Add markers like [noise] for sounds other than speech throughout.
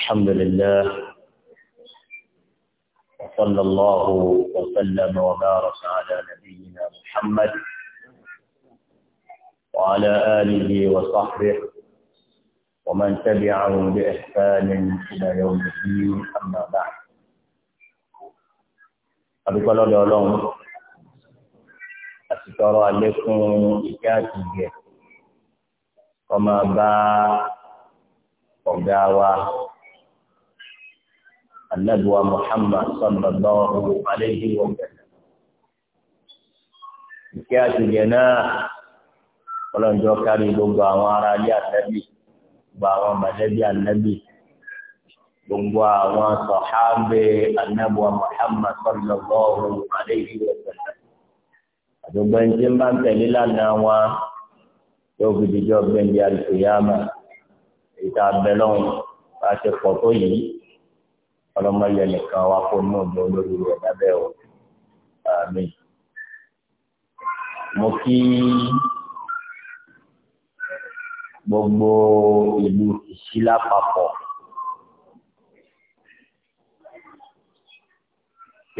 الحمد لله وصلى الله وسلم وبارك على نبينا محمد وعلى آله وصحبه ومن تبعه بإحسان إلى يوم الدين أما بعد أبي قال الله لهم أشكر عليكم إكاتي وما با ọ̀gá wa النبوة محمد صلى الله عليه وسلم ìkẹ́ àtìlẹ́ náà ọlọ́njọ́ kárí gbogbo àwọn ará ilé ànábì gbogbo àwọn mọ̀lẹ́bí ànábì gbogbo àwọn sọ̀hábẹ́ ànábì Muhammad sallallahu alaihi wa sallam àdúgbò ẹni tí ń bá ń tẹ̀lé lánàá wa yóò fi dijọ́ gbẹ̀ndé àlùfẹ́yàmà ìta abẹ́lọ́hùn bá a ti pọ̀ tó yìí ọlọ́mọ yẹ nìkan wá kó náà jọ lórí rẹ̀ lábẹ́ o àmì. mo kí gbogbo ìlú ìṣílá papọ̀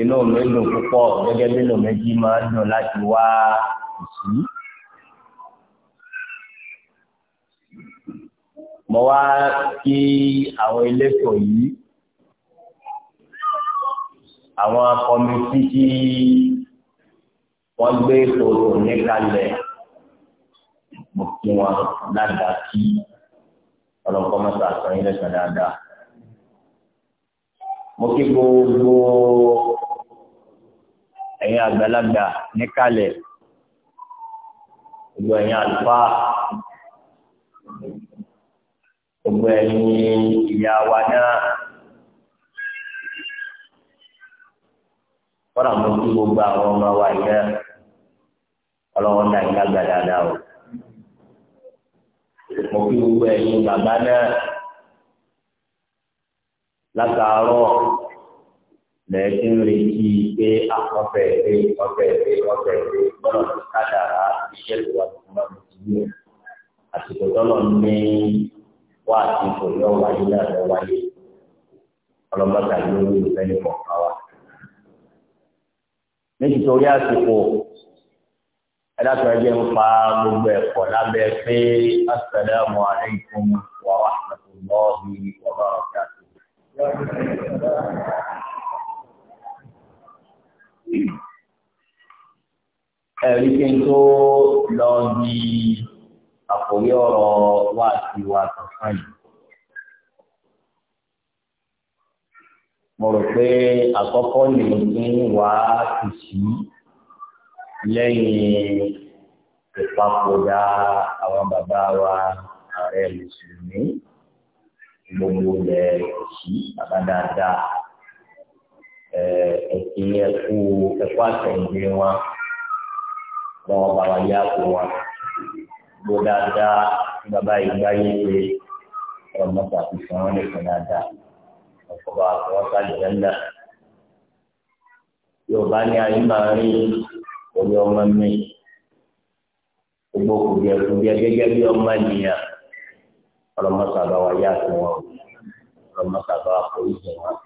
inú mi dùn púpọ̀ gẹ́gẹ́ bí inú méjì máa ń dùn láti wá ìsí. mo wá kí àwọn elétò yìí àwọn kọmitì tí wọ́n gbé tòótò níkalẹ̀ mo kí wọn dáadáa kí ọlọ́nkọ́ mọ́tò àtọ́yìn lẹ́sẹ̀ dáadáa. mo kí gbogbo ẹ̀yin àgbàlagbà níkalẹ̀ gbogbo ẹ̀yin àlùfáà gbogbo ẹ̀yin ìyá wa náà. kọ́nà mo kí gbogbo àwọn ọmọ wa yìí náà ọlọ́wọ́n náà yìí lágbà dáadáa o mo kí gbogbo ẹ̀yin bàbá náà látàárọ̀ lẹ́ẹ̀kí ń retí pé àkọ́fẹ́ pé ọ̀fẹ́ pé ọ̀fẹ́ pé gbọ́dọ̀ ti kádàrá iṣẹ́ ìwádìí náà mo ti yẹ àsìkò tọ́lọ̀ ní wá àti ìfòyọ́ wáyé náà lọ wáyé ọlọ́mọdé àti olóyè ìfẹ́ ní kọ̀ọ̀kan wa nítorí àsìkò ẹdáàtọ̀ ẹgbẹ́ ń fa gbogbo ẹ̀kọ́ lábẹ́ pé assalamu alaikum wa rahmatullahi wa barakatuh. ẹ̀rí kí n tó lọ di àkórí ọ̀rọ̀ wá sí wa tọ̀sán yìí. mo rò pé àkọ́kọ́ lè ní wàá tù sí lẹ́yìn ìpapòdà àwọn bàbá wa ààrẹ mùsùlùmí gbogbo ilẹ̀ òsì àbádáadáa ẹ̀sìn ẹ̀kú ẹ̀kọ́ àtẹ̀yìndé wọn lọ́wọ́ bàbá yá kó wọn gbogbo dáadáa bàbá ìgbáyé pé ọmọ tàbí fún nìkan dáadáa ọba àfọwọ́sá jẹ́ńdà yorùbá ní ayé máa rí orí ọmọ mi gbogbo kùdìẹ̀kùdìẹ̀ gẹ́gẹ́ bí ọmọ ènìyàn ọlọmọsàbà wa yá fún wọn ọlọmọsàbà wa kò ìsìn wọn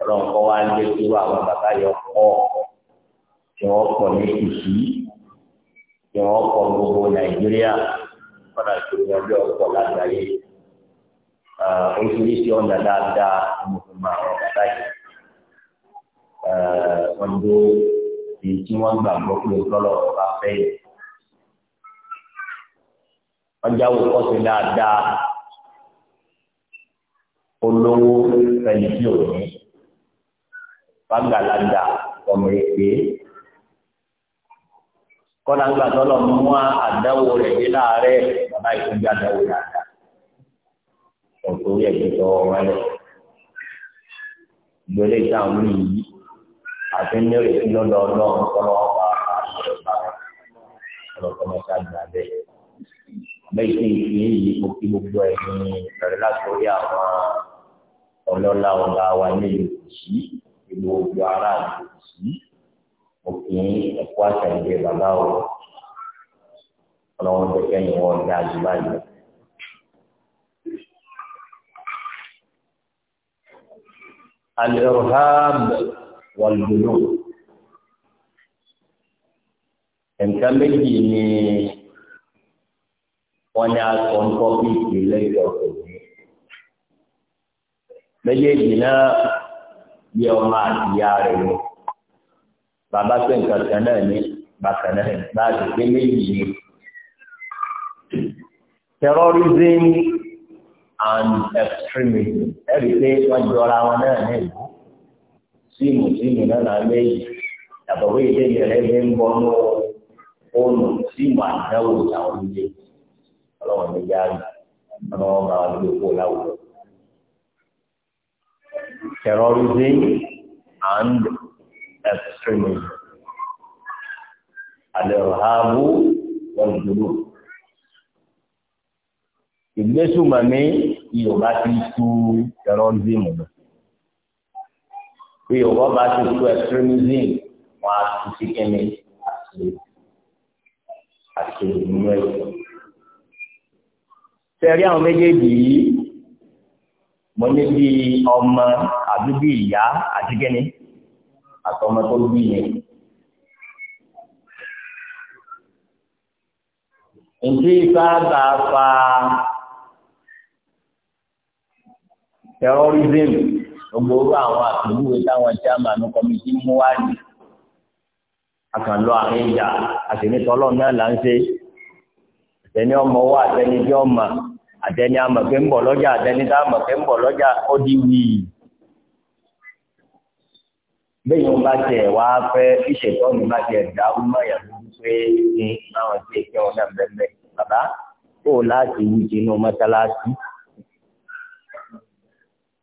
ọlọmọkọ wa ń lé sí wa àwọn bàbá yọ pọ̀ tí wọn pọ̀ ní ìsí tí wọn pọ̀ gbogbo nàìjíríà wọn àti ìrìnàjò ọ̀pọ̀ lágbàáyé oríṣiríṣi ọ̀nà dáadáa gbogbo àwọn ọ̀gá báyìí wọ́n dó èyí tí wọ́n gbàgbọ́ pé tọ́lọ̀ bá fẹ́ yìí. wọ́n jáwó kọ́sí dáadáa olówó fẹ́ni tí ò ní fàgbàlagbà ọmọ èké kọ́nà ńgbà tọ́lọ̀ mú àdáwò rẹ̀ dé láàárẹ̀ bàbá ìtúndì àdáwò dáadáa ọ̀tún yẹ̀ kí tọ́ ọmọ gbélé ìtàwọn yìí àti nírètí lọ́dọ̀ ọlọ́run tọ́lọ́ ọba àṣọba ọlọ́kọ́mọ ṣáàgbà bẹ́ẹ̀. bẹ́ẹ̀ sì fi èyí kó kí gbogbo ẹ̀yìn rẹ̀ látòrí àwọn ọlọ́lá ọba wa nílùú kù sí ìlú gbogbo aráàlú kù sí òkín ẹ̀kọ́ àtàlẹ́ bàbá o ọlọ́run tẹ̀kẹ́ yìí wọ́n dáa jù báyìí. al-irhab wal-julud nǹkan méjì ni wọ́n ní aṣọ nǹkan bí ìpìlẹ̀ ìjọba òní méjèèjì náà yẹ ọmọ àtìyá rẹ̀ lọ bàbá pé nǹkan kan náà ní bàkan náà bá a ti pé méjì ni terrorism and extremism ẹ̀rí pé wọ́n jọra wọn náà ní ìlú síìmù síìmù náà náà méjì yàtọ̀ pé ìdí ìrẹ̀lẹ̀ fi ń bọ́ ní fóònù síìmù àdáwò làwọn ilé ọlọ́wọ́n ní yáàrá ọlọ́wọ́n bá wà lórí òkú láwùjọ. terrorism and extremism alẹ́rọ̀háàbù wọ́n dúró. ìgbésùmọ̀mí tí o bá ti tú terrorism lọ bí o bá ti tú extremism wọn á tú sí kẹ́mi àti àti ìlú ẹ̀sìn. sẹ́rí àwọn méjèèjì yìí mo ní bí ọmọ àbí bí ìyá àti kẹ́ni àtọmọ tó bí yẹn. ntí sábà fa. terrorism gbogbo orú àwọn àpèjúwe táwọn chairman kọmitì mú wá ní akànlọ àárín ìjà àtẹnitọ́lọ́ náà là ń ṣe àtẹni ọmọ owó àtẹni tí ọmọ àtẹni amọ̀pẹ́ ń bọ̀ lọ́jà àtẹni tá amọ̀pẹ́ ń bọ̀ lọ́jà ó di wíì bẹ́ẹ̀ ni bá tẹ̀ wá fẹ́ ìṣètò bá tẹ̀ dá ọmọ ìyàwó pé ní àwọn tí èké wọn náà bẹ́ẹ̀ bẹ́ẹ̀ bàbá kó o láti wí tinú mọ́sálásí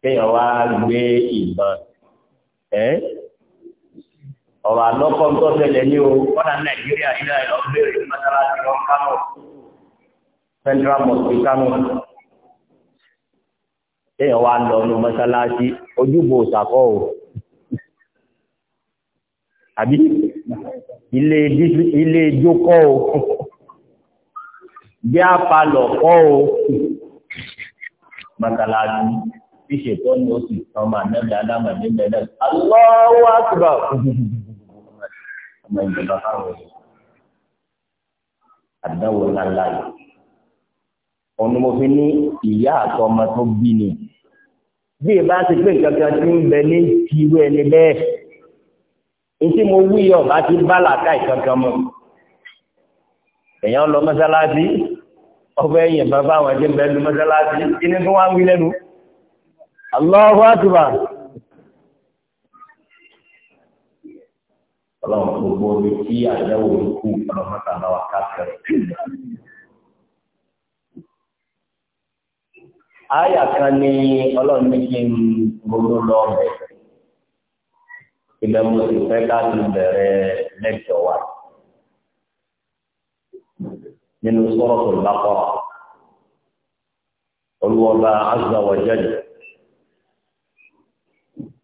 kéèyàn wá gbé ìbọn ẹ́ ọ̀rọ̀ àlọ́kọ́ tó ṣẹlẹ̀ ní o kọ́nà nàìjíríà ilẹ̀ ọ̀gbẹ́rẹ̀ mọ́sálásí wọn kánò central mosque kánò kéèyàn wá lọ nu mọ́sálásí ojúbò ṣàkọ́ o àbí ilé ilé ijó kọ́ o bí a palọ̀ kọ́ o mọ́sálásí bí ṣètò ní oṣù kan máa nẹ́bí alámọ̀dé mẹ́lẹ̀ Allahu Akbar ọmọ ìjọba káwọn yìí àdáwò ńláńlá yìí òun ni mo fi ní ìyá àtọmọ tó bí ni bí ìbá ti pé nǹkan kan ti ń bẹ ní tìrú ẹni bẹ́ẹ̀ ntí mo wí ọba ti bá làákà ìkankan mọ èèyàn lọ mọ́sálásí ọbẹ̀ yẹn bàbá àwọn ẹ̀jẹ̀ bẹ́ẹ̀ lu mọ́sálásí kí ni tí wọ́n á wí lẹ́nu. Allahu Akbar. Ọlọ́run gbogbo omi tí àjẹ́wò ikú ọlọ́mọta bá wa káàkiri. Àyà kan ní ọlọ́run ní kí n gbogbo lọ bẹ̀. Ibẹ̀ mo sì fẹ́ ká ti bẹ̀rẹ̀ lẹ́jọ́ wa. Nínú Suratul Baqara. Olúwọba Azza wa Jalla.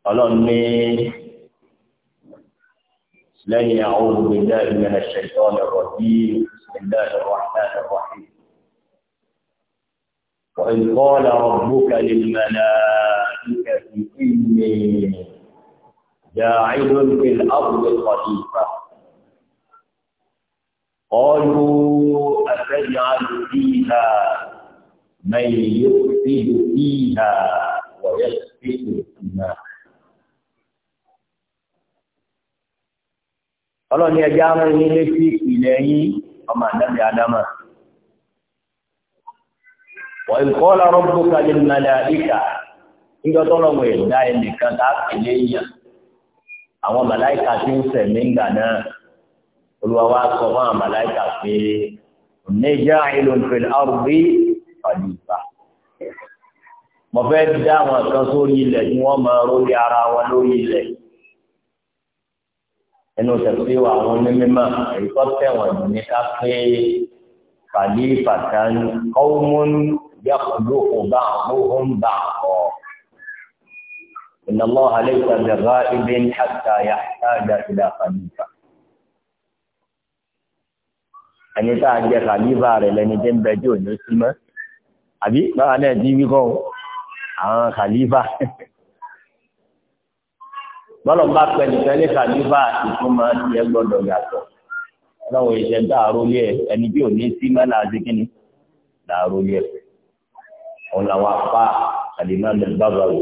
ọlọ́run ní lẹ́yìn àwọn olùgbèjà ìmẹ̀lẹ̀ ṣẹ̀ṣẹ̀ ọ̀nàrọ̀ bí ìṣẹ̀lẹ̀ ọ̀rọ̀ àtàlẹ̀ wáyé. قال ربك للملائكة إني جاعل في الأرض خليفة قالوا أتجعل فيها من يفسد فيها ويسفك الناس ọlọ́ni ẹja rán yín létí ilẹ̀ yín ọmọ àdábì adama wọ́n ìkọ́ lọ́rọ́ bókà ní màláìkà níjọ́ tọ́lọ́wọ̀ ẹ̀dá ẹnìkan tá a pè léyìn àwọn màláìkà tí ń sẹ̀mí ńgbà náà olúwa wa sọ fún àwọn màláìkà pé oníjà ìlú fil ardi mo fẹ́ dá àwọn kan sórí ilẹ̀ tí wọ́n máa rórí ara wọn lórí ilẹ̀ yìí. nínú tẹ̀sí àwọn onímọ̀ èyí tẹ̀wọ̀n jù ní ká pé kàlífàtà kọ́wọ́mún yàkùdó kò bá àbúhùn bá ọ̀. ìnáwó àlẹ́sà bẹ̀rẹ̀ ibi ní àtà yàtàdà ìlà fà. ẹni tá a jẹ kàlífà fà tẹ́ ń bẹ tí ò ní sí mọ́ àbí báwa náà ti wí kọ́ àwọn kàlífà. bọ́lọ̀ bá pẹ́ nìkan ní kàlífà ìtumọ̀ tiẹ̀ gbọ́dọ̀ yàtọ̀ ọlọ́run ìṣẹ́ dàrú lé ẹ ẹni bí ò ní sí mẹ́la àdékínní dàrú lé ẹ òun làwọn apá àdìmọ́ ní bàbáwò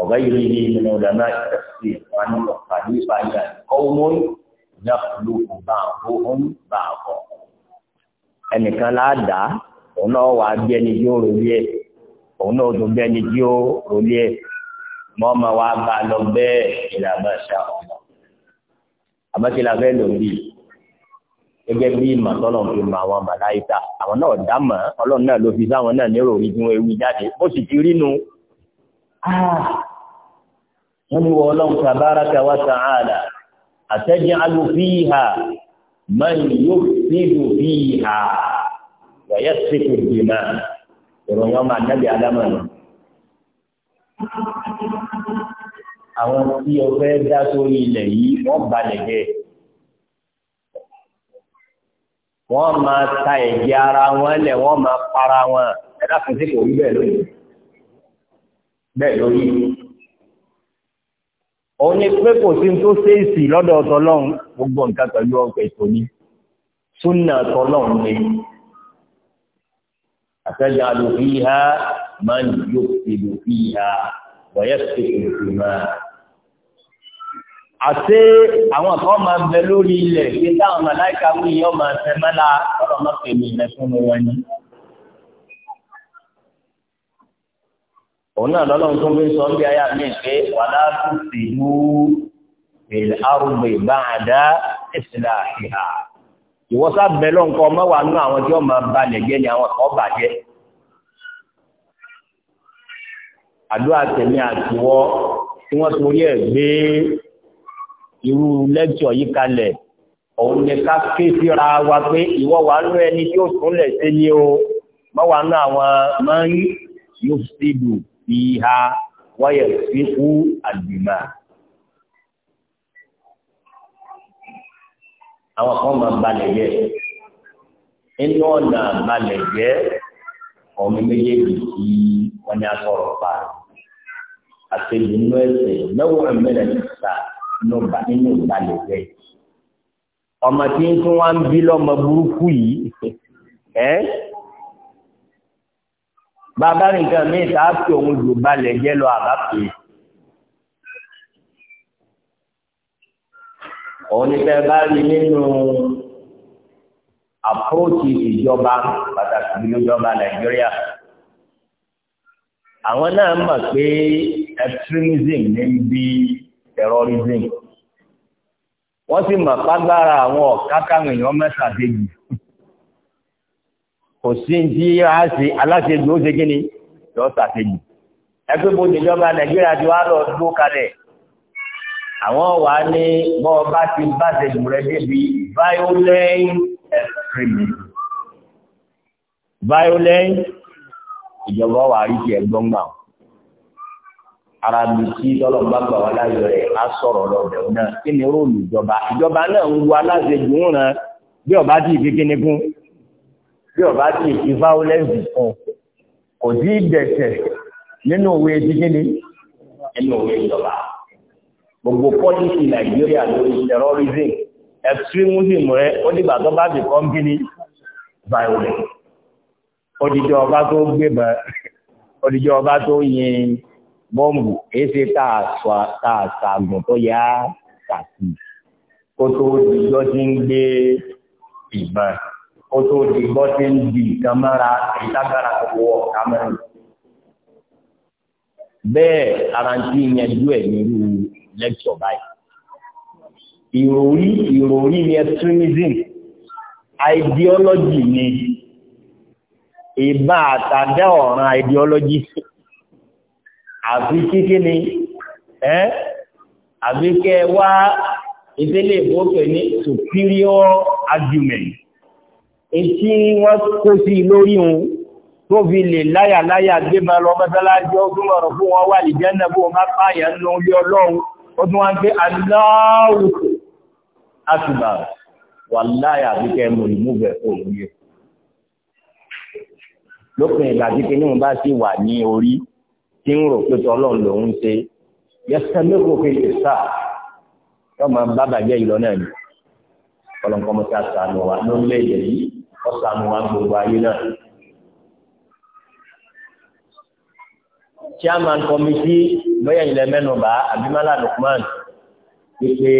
ọ̀gá yìí ní ìlú ọ̀dàmá ìtẹ̀sí wọn ní kàlífà yà kọ́wọ́ yàtúlùkù bá òun bá kọ́ ẹnìkan láàdá òun náà wà bí ẹni tí ó rò lé ẹ náà ó bí ẹni tí ó rò lé mọ́ ma wá bá lọ bẹ́ẹ̀ ìlànà ṣá ọ̀nà àbákẹ́lá fẹ́ lò rí gẹ́gẹ́ bí ìmọ̀ tọ́lọ́n fi mọ àwọn màláìka àwọn náà dámọ̀ ọlọ́run náà ló fi sáwọn náà nírò orí tí wọ́n ewu jáde ó sì ti rínu ah! wọ́n ní wọ́n ọlọ́run tabaraka wa ta'ala ataj'alu fiha man yufsidu fiha wa yasfiku dima ìròyìn ọmọ àdábì adámọ̀ nù àwọn tí o fẹ́ dá sórí ilẹ̀ yìí wọ́n balẹ̀ jẹ́ wọ́n máa ta ẹ̀jẹ̀ ara wọn lẹ̀ wọ́n máa para wọn ẹ̀dá kan sí kò rí bẹ́ẹ̀ lónìí bẹ́ẹ̀ lórí òun ni pé kò sí tó ṣèèsì lọ́dọ̀ ọ̀tọ̀lọ́run gbogbo nǹkan pẹ̀lú ọ̀pẹ̀ ètò ni súnà ọ̀tọ̀lọ́run ni àtẹ̀jáde fi há máa ń yóò yufsidu fiha wa yasfiku dimaa. àti àwọn kan máa bẹ lórí ilẹ̀ kí táwọn màláìka wí yọ máa fẹ́ mọ́lá ọ̀rọ̀ máa fẹ́ mi ilẹ̀ fún wọn ni. òun náà lọ́lọ́run tó ń gbé sọ bí aya mi pé wàlá tufsidu fil ardi ba'da islahiha ìwọ́sà bẹ́ẹ̀ lọ́nkọ́ mọ́wàá nú àwọn tí wọ́n máa balẹ̀ jẹ́ ni àwọn kan bàjẹ́. àdúrà tẹ̀mí àtiwọ́ tí wọ́n torí ẹ̀ gbé irú lẹ́kṣọ̀ yìí kalẹ̀ òun ni ká ké síra wa pé ìwọ wà nú ẹni tí ó súnlẹ̀ sí ni o mọ́ wà nú àwọn máa ń yóòsídù ìhà wáyẹ̀ síkú àdìmá. àwọn kan máa balẹ̀ yẹ inú ọ̀nà balẹ̀ yẹ ọ̀mí méjèèjì tí wọ́n ní asọ̀rọ̀ pa àtẹ̀yìn inú ẹ̀sẹ̀ lọ́wọ́ ẹ̀mẹ́rẹ̀ níta inú ìbàlẹ̀ rẹ̀. ọmọ tí ń tún wá ń bí lọ́mọ burúkú yìí [laughs] ẹ́ bàbá nìkan míì tá a fi òun lò balẹ̀ jẹ́ lọ àbápè. òun ni fẹ́ bá rí nínú àpótí ìjọba pàtàkì ìjọba Nàìjíríà àwọn náà mọ̀ pé extremism ní bí terrorism wọ́n sì mọ̀ págbára àwọn ọ̀kákàwọn èèyàn mẹ́ta déjì kò sí tí a ṣe aláṣejù ó ṣe kí ni lọ ṣàṣejù ẹgbẹ́ bó ti jọba nàìjíríà ti wá lọ dúró kalẹ̀ àwọn wà ní bọ́ bá ti bá ṣejù rẹ débi violent extremism violent ìjọba wà rí ti ẹ̀gbọ́n gbà wọn ara mi tí tọ́lọ́mbà gbà wá láyọ̀ rẹ̀ á sọ̀rọ̀ lọ́bẹ̀ náà kí ni róòlù ìjọba ìjọba náà ń wo aláṣejù ń ràn bí ọba tí ìfi kíni kún bí ọba tí ìfi fáwọlẹ́sì kún kò sí ìdẹ̀sẹ̀ nínú òwe ti kíni nínú òwe ìjọba gbogbo pọ́lísì nàìjíríà lórí terrorism extremism rẹ ó dìgbà tó bá become kíni violent ó dìjọ ọba tó gbébọn ó tó yin bọ́ǹbù èsì tá a ṣàgùn tó yá kàkì kó tó dìjọ́ tí ń gbé ìbọn kó tó dìjọ́ tí ń di nǹkan mọ́ra ìtagbára kòkó ọ̀ká mẹ́rin. bẹ́ẹ̀ arantí yanjú ẹ̀ nírú lẹ́kṣọ̀ báyìí. ìròrí ìròrí ni extremism ideology ni ìbá àtàdá ọ̀ràn ideology àbí kíkí ni ẹ́ àbí kẹ́ wá ìdílé ìbókẹ̀ ní superior argument etí wọ́n kó sí lórí òun tó fi lè láyàláyà gbé ma lọ mọ́sálásí ó tún lọ́rọ̀ fún wọn wà lè jẹ́nà bó má pààyàn lọ orí ọlọ́run ó tún wá ń pé aláwùkù àtùbà wà láyà àbí kẹ́ mú ìmúbẹ̀ òun yẹ lópin ìgbà ní wọn bá sì wà ní orí tí ń rò pé tọ́lọ́run lòún ṣe yẹsẹ̀lẹ́ kò fi lè sá yọ máa bá bàjẹ́ ìlọ náà ni ọlọ́nkọ́ mọ́ sí àṣàánú wa ló ń lé èdè yìí ọ̀ṣàánú wa gbogbo ayé náà. chairman committee bóyá ilẹ̀ mẹ́nuba abimala lukman pípé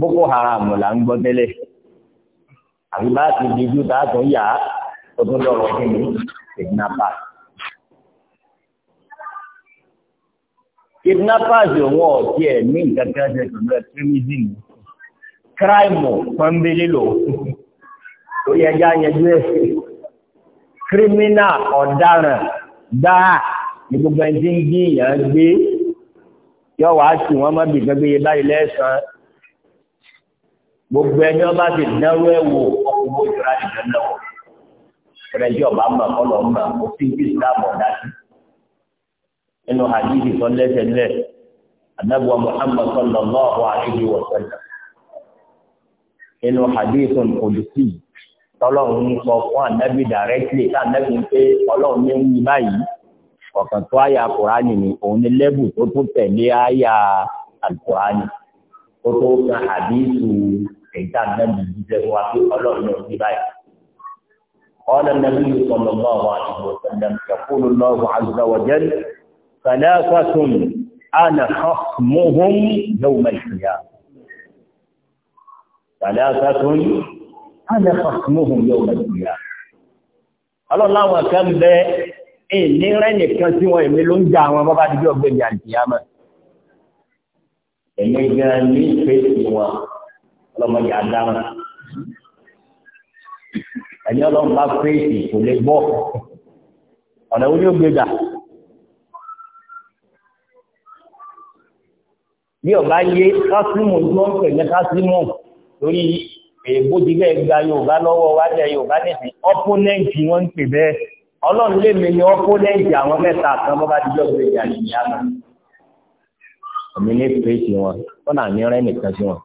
boko haram là ń gbọ́ tẹ́lẹ̀ àbí bá ti di ju tààtún yá ó tún lọ́rọ̀ kí ni kidnapper. kidnappers òun ọ̀tí ẹ̀ ní ìkankan ṣe pẹ̀lú extremism crime pọ́nbélé lò ó yẹ já yẹjú ẹ̀ criminal ọ̀daràn gbáà ní gbogbo ẹni tí ń bí èèyàn gbé yọ wàá sì wọn má bì gbẹgbẹ yẹ báyìí lẹ́sàn án gbogbo ẹni ọba ti dánwó ẹ wò ọkùnrin ìjọra ìjọ náà rẹ̀ jọba mọ̀ kọ́ lọ́ọ́ mọ̀ òfin ìsìlámù ọ̀dá sí nínú hadithi tó lẹ́sẹ̀lẹ̀ anábùwà muhammad sallallahu alayhi wa sallam nínú hadithi kòdùsí tọ́lọ́run ń sọ fún anábì directly tá anábì ń pé ọlọ́run ní ń yí báyìí ọ̀kan tó àyà kùránì ni òun ní lẹ́bù tó tún tẹ̀lé àyà àkùránì tó tó ka hadithi èyí tá anábì fún wa pé ọlọ́run ní ń báyìí. قال النبي صلى الله عليه وسلم يقول الله عز وجل ثلاثة أنا خصمهم يوم القيامة ثلاثة أنا خصمهم يوم القيامة ọlọ́lá àwọn kan bẹ ní rẹ́nì kan tí wọ́n èmi ló ń jà àwọn bọ́bá dídí ọgbẹ́ ìjà ìjìyàmà èmi gan ní fèsì wọn ọlọ́mọdé adáwọn ẹni ọlọ́mọba fèsì kò lè gbọ́ ọ̀nà oníògbèdà bí ọba yé kásímù tí wọ́n ń pè ní kásímù lórí èbódi bẹ́ẹ̀ gba yorùbá lọ́wọ́ wájà yorùbá nìsín ọ́pọ́nẹ́ǹtì wọ́n ń pè bẹ́ẹ̀ ọlọ́run lè mi ní ọ́pọ́nẹ́ǹtì àwọn mẹ́ta kan bọ́ bá dijọ́ gbé nìyá náà èmi ní wọn fúnà mi rẹ́ nìkan sí wọn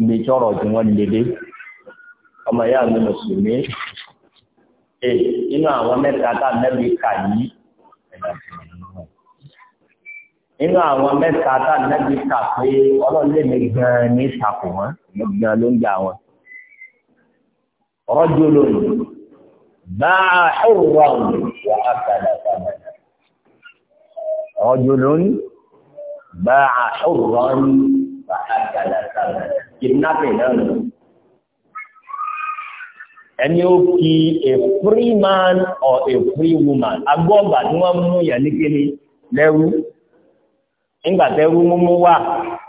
ibi tí tí wọ́n lè ọmọ nínú àwọn mẹ́ta tá nàbí pé ọlọ́lẹ̀ mi gan ní ìsàkó wọn gan ló ń gbà wọn. rọ́jò lónìí bá a ṣòwò wà á kàdà kàdà. rọ́jò lónìí bá a ṣòwò wà á kàdà kàdà. kìnnàpẹ̀ náà lọ. ẹni ó kí a free man or a free woman agbọ́ngbà tí wọ́n mú yẹn ní kíni lẹ́rú ńgbàtẹ́rú múmú wà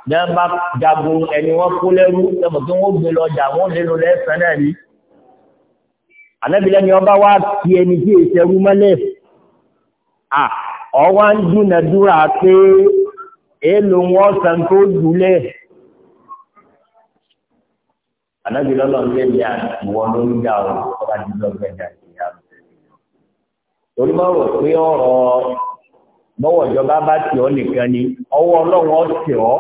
ní wọn bá jagun ẹni wọn kó lẹ́rú lọ́mọ tí wọ́n gbé lọ́jà wọn lé lọ lẹ́sàn-án náà rí àlẹ́bìlẹ́ni ọba wa ti ẹni tí èsì ẹrú mọ́lẹ̀ à ọwọ́ ń dúnàdúrà pé èèlò wọn san tó dùlẹ̀ àlẹ́bìlọ́lọ́ ń lẹ́yìn àwọ̀ lórí dà ọba dídọ́gbẹ̀dà ìyá torí bá rò pé ọ̀rọ̀ bọ́wọ̀ ìjọba bá tì ọ́ nìkan ni ọwọ́ ọlọ́run tì ọ́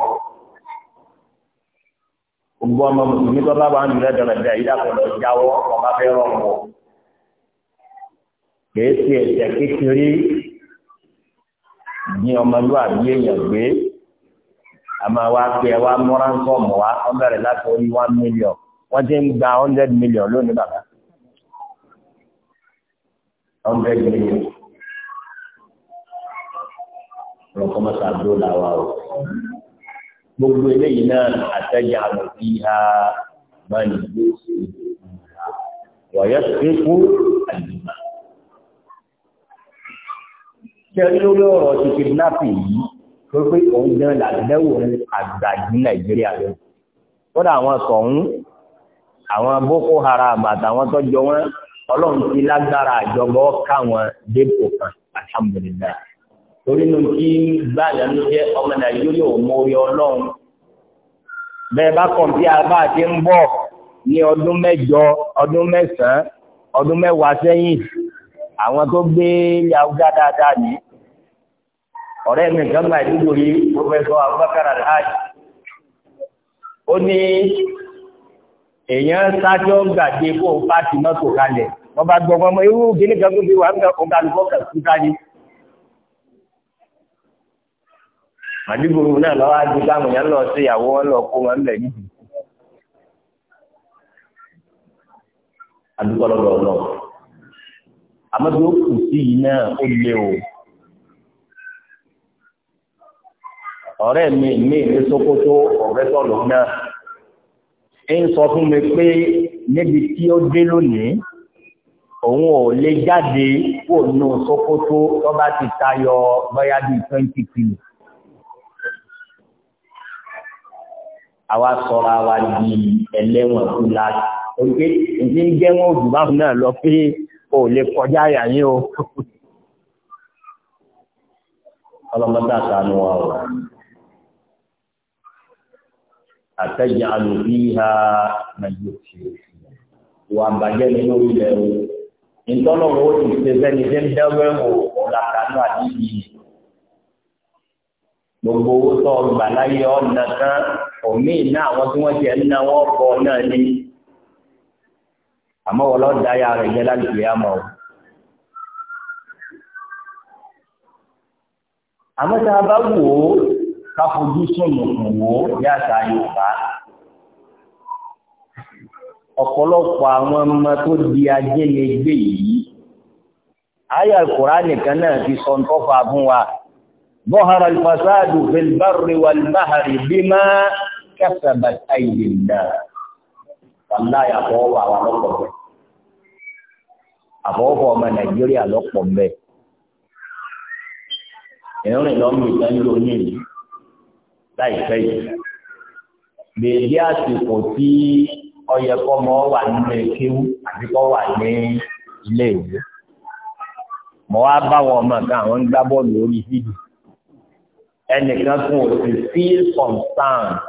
gbogbo ọmọ mùsùlùmí tó bá wà ń lọ dọ̀rọ̀dọ̀ ìdàpọ̀lọ̀ jáwọ́ ọba fẹ́ rọrùn wọ̀ kìí ṣe ẹ̀ṣẹ̀ kékeré ní ọmọlúwàbí èèyàn gbé àmọ́ wa pé ẹ wá múra ń sọ̀mù wa wọ́n láti orí one million wọ́n ti ń gba hundred million lónìí bàbá hundred million ọlọ́kọ́ mọ́sá dóòlà wa o. gbogbo eléyìí náà àtẹ́jà lọ sí ha máa ń gbé wàyà sẹ́kù àdìmá. kẹ́rin lórí ọ̀rọ̀ ti kidnapping yìí tó pé òun gan làdẹ́wò àgbà ní nàìjíríà lọ. kódà àwọn kọ̀ọ̀hún àwọn boko haram àtàwọn tọ́jọ́ wọn ọlọ́run ti lágbára àjọgbọ́ káwọn dépò kan alhamdulilayi torí nu kí gbáàyàn ló jẹ́ ọmọ nàìjíríà ò mọ orí ọlọ́run bẹ́ẹ̀ bá kàn bí abá ti ń bọ̀ ní ọdún mẹ́jọ ọdún mẹ́sàn-án ọdún mẹ́wàá sẹ́yìn àwọn tó gbé yàwùjá dáadáa ní ọ̀rẹ́ mi kan máa dúró yìí pọfẹsọ Abubakar Alhaji ó ní èèyàn sájọ́ gbàdé kó pàtì mọ́tò kalẹ̀ wọ́n bá gbọ́ ọmọ irú kìnnìkan tó fi wà ń bẹ ọ̀gá lùkọ́ kàkúta ni. àdìgbòrò náà lọ́wọ́ adi káwọn èèyàn lọ sí ìyàwó wọn lọ kó wọn bẹ̀ níbi. adúgbò lọ́dọ̀ ọ̀lọ́ àmọ́ bí ó kù sí yìí náà ó lé o. ọ̀rẹ́ mi mi ní sokoto ọ̀rẹ́ sọ̀rọ̀ náà ń sọ fún mi pé níbi tí ó dé lónìí òun ò lè jáde kó nu Sókótó tó bá ti tayọ bóyá bíi twenty kilos. àwa sọ̀rọ̀ àwa di ẹlẹ́wọ̀n kú la oge ǹjẹ́ ń jẹ́ wọn òdùbá náà lọ pé o lè kọjá àyà yín o. ọlọ́mọdé àtàánú wa o. àtẹ̀jẹ́ àlùbí ha nàìjíríà ti ìwà àbàjẹ́ nínú ilẹ̀ o. ìtọ́lọ́wọ́ ti ṣe fẹ́ni ṣe ń dẹ́wẹ́ wò ó làkàánú àdìyí. gbogbo owó tó gbà láyé ọ̀nà kan òmí iná àwọn tí wọ́n jẹ́ ńlá wọ́n náà ni àmọ́ wọ́n lọ da ya rẹ̀ jẹ́ ma ọ. o. àmọ́ tá a bá wò ó ká fojú sùnùkùn wò ó Yorùbá ọmọ tó di ajé lè gbé yìí àyà nìkan náà sọ fún wa. ظهر الفساد في البر والبحر بما كسبت أيدي الناس والله يقوى àwọn lọ́pọ̀ bẹ́ẹ̀ àfọwọ́fọ́ ọmọ nàìjíríà lọ́pọ̀ bẹ́ẹ̀ ìrìn lọ́mú ìtẹ́jú oníyìí láìpẹ́ yìí bèbí àsìkò tí ọyẹ kọ́mọ wà nínú ekéwú àti kọ́ wà ní ilé ìwé mọ́ wá báwọn ọmọ kan àwọn ń gbá bọ́ọ̀lù orí fídíò ẹnìkan kún ò sì feel concerned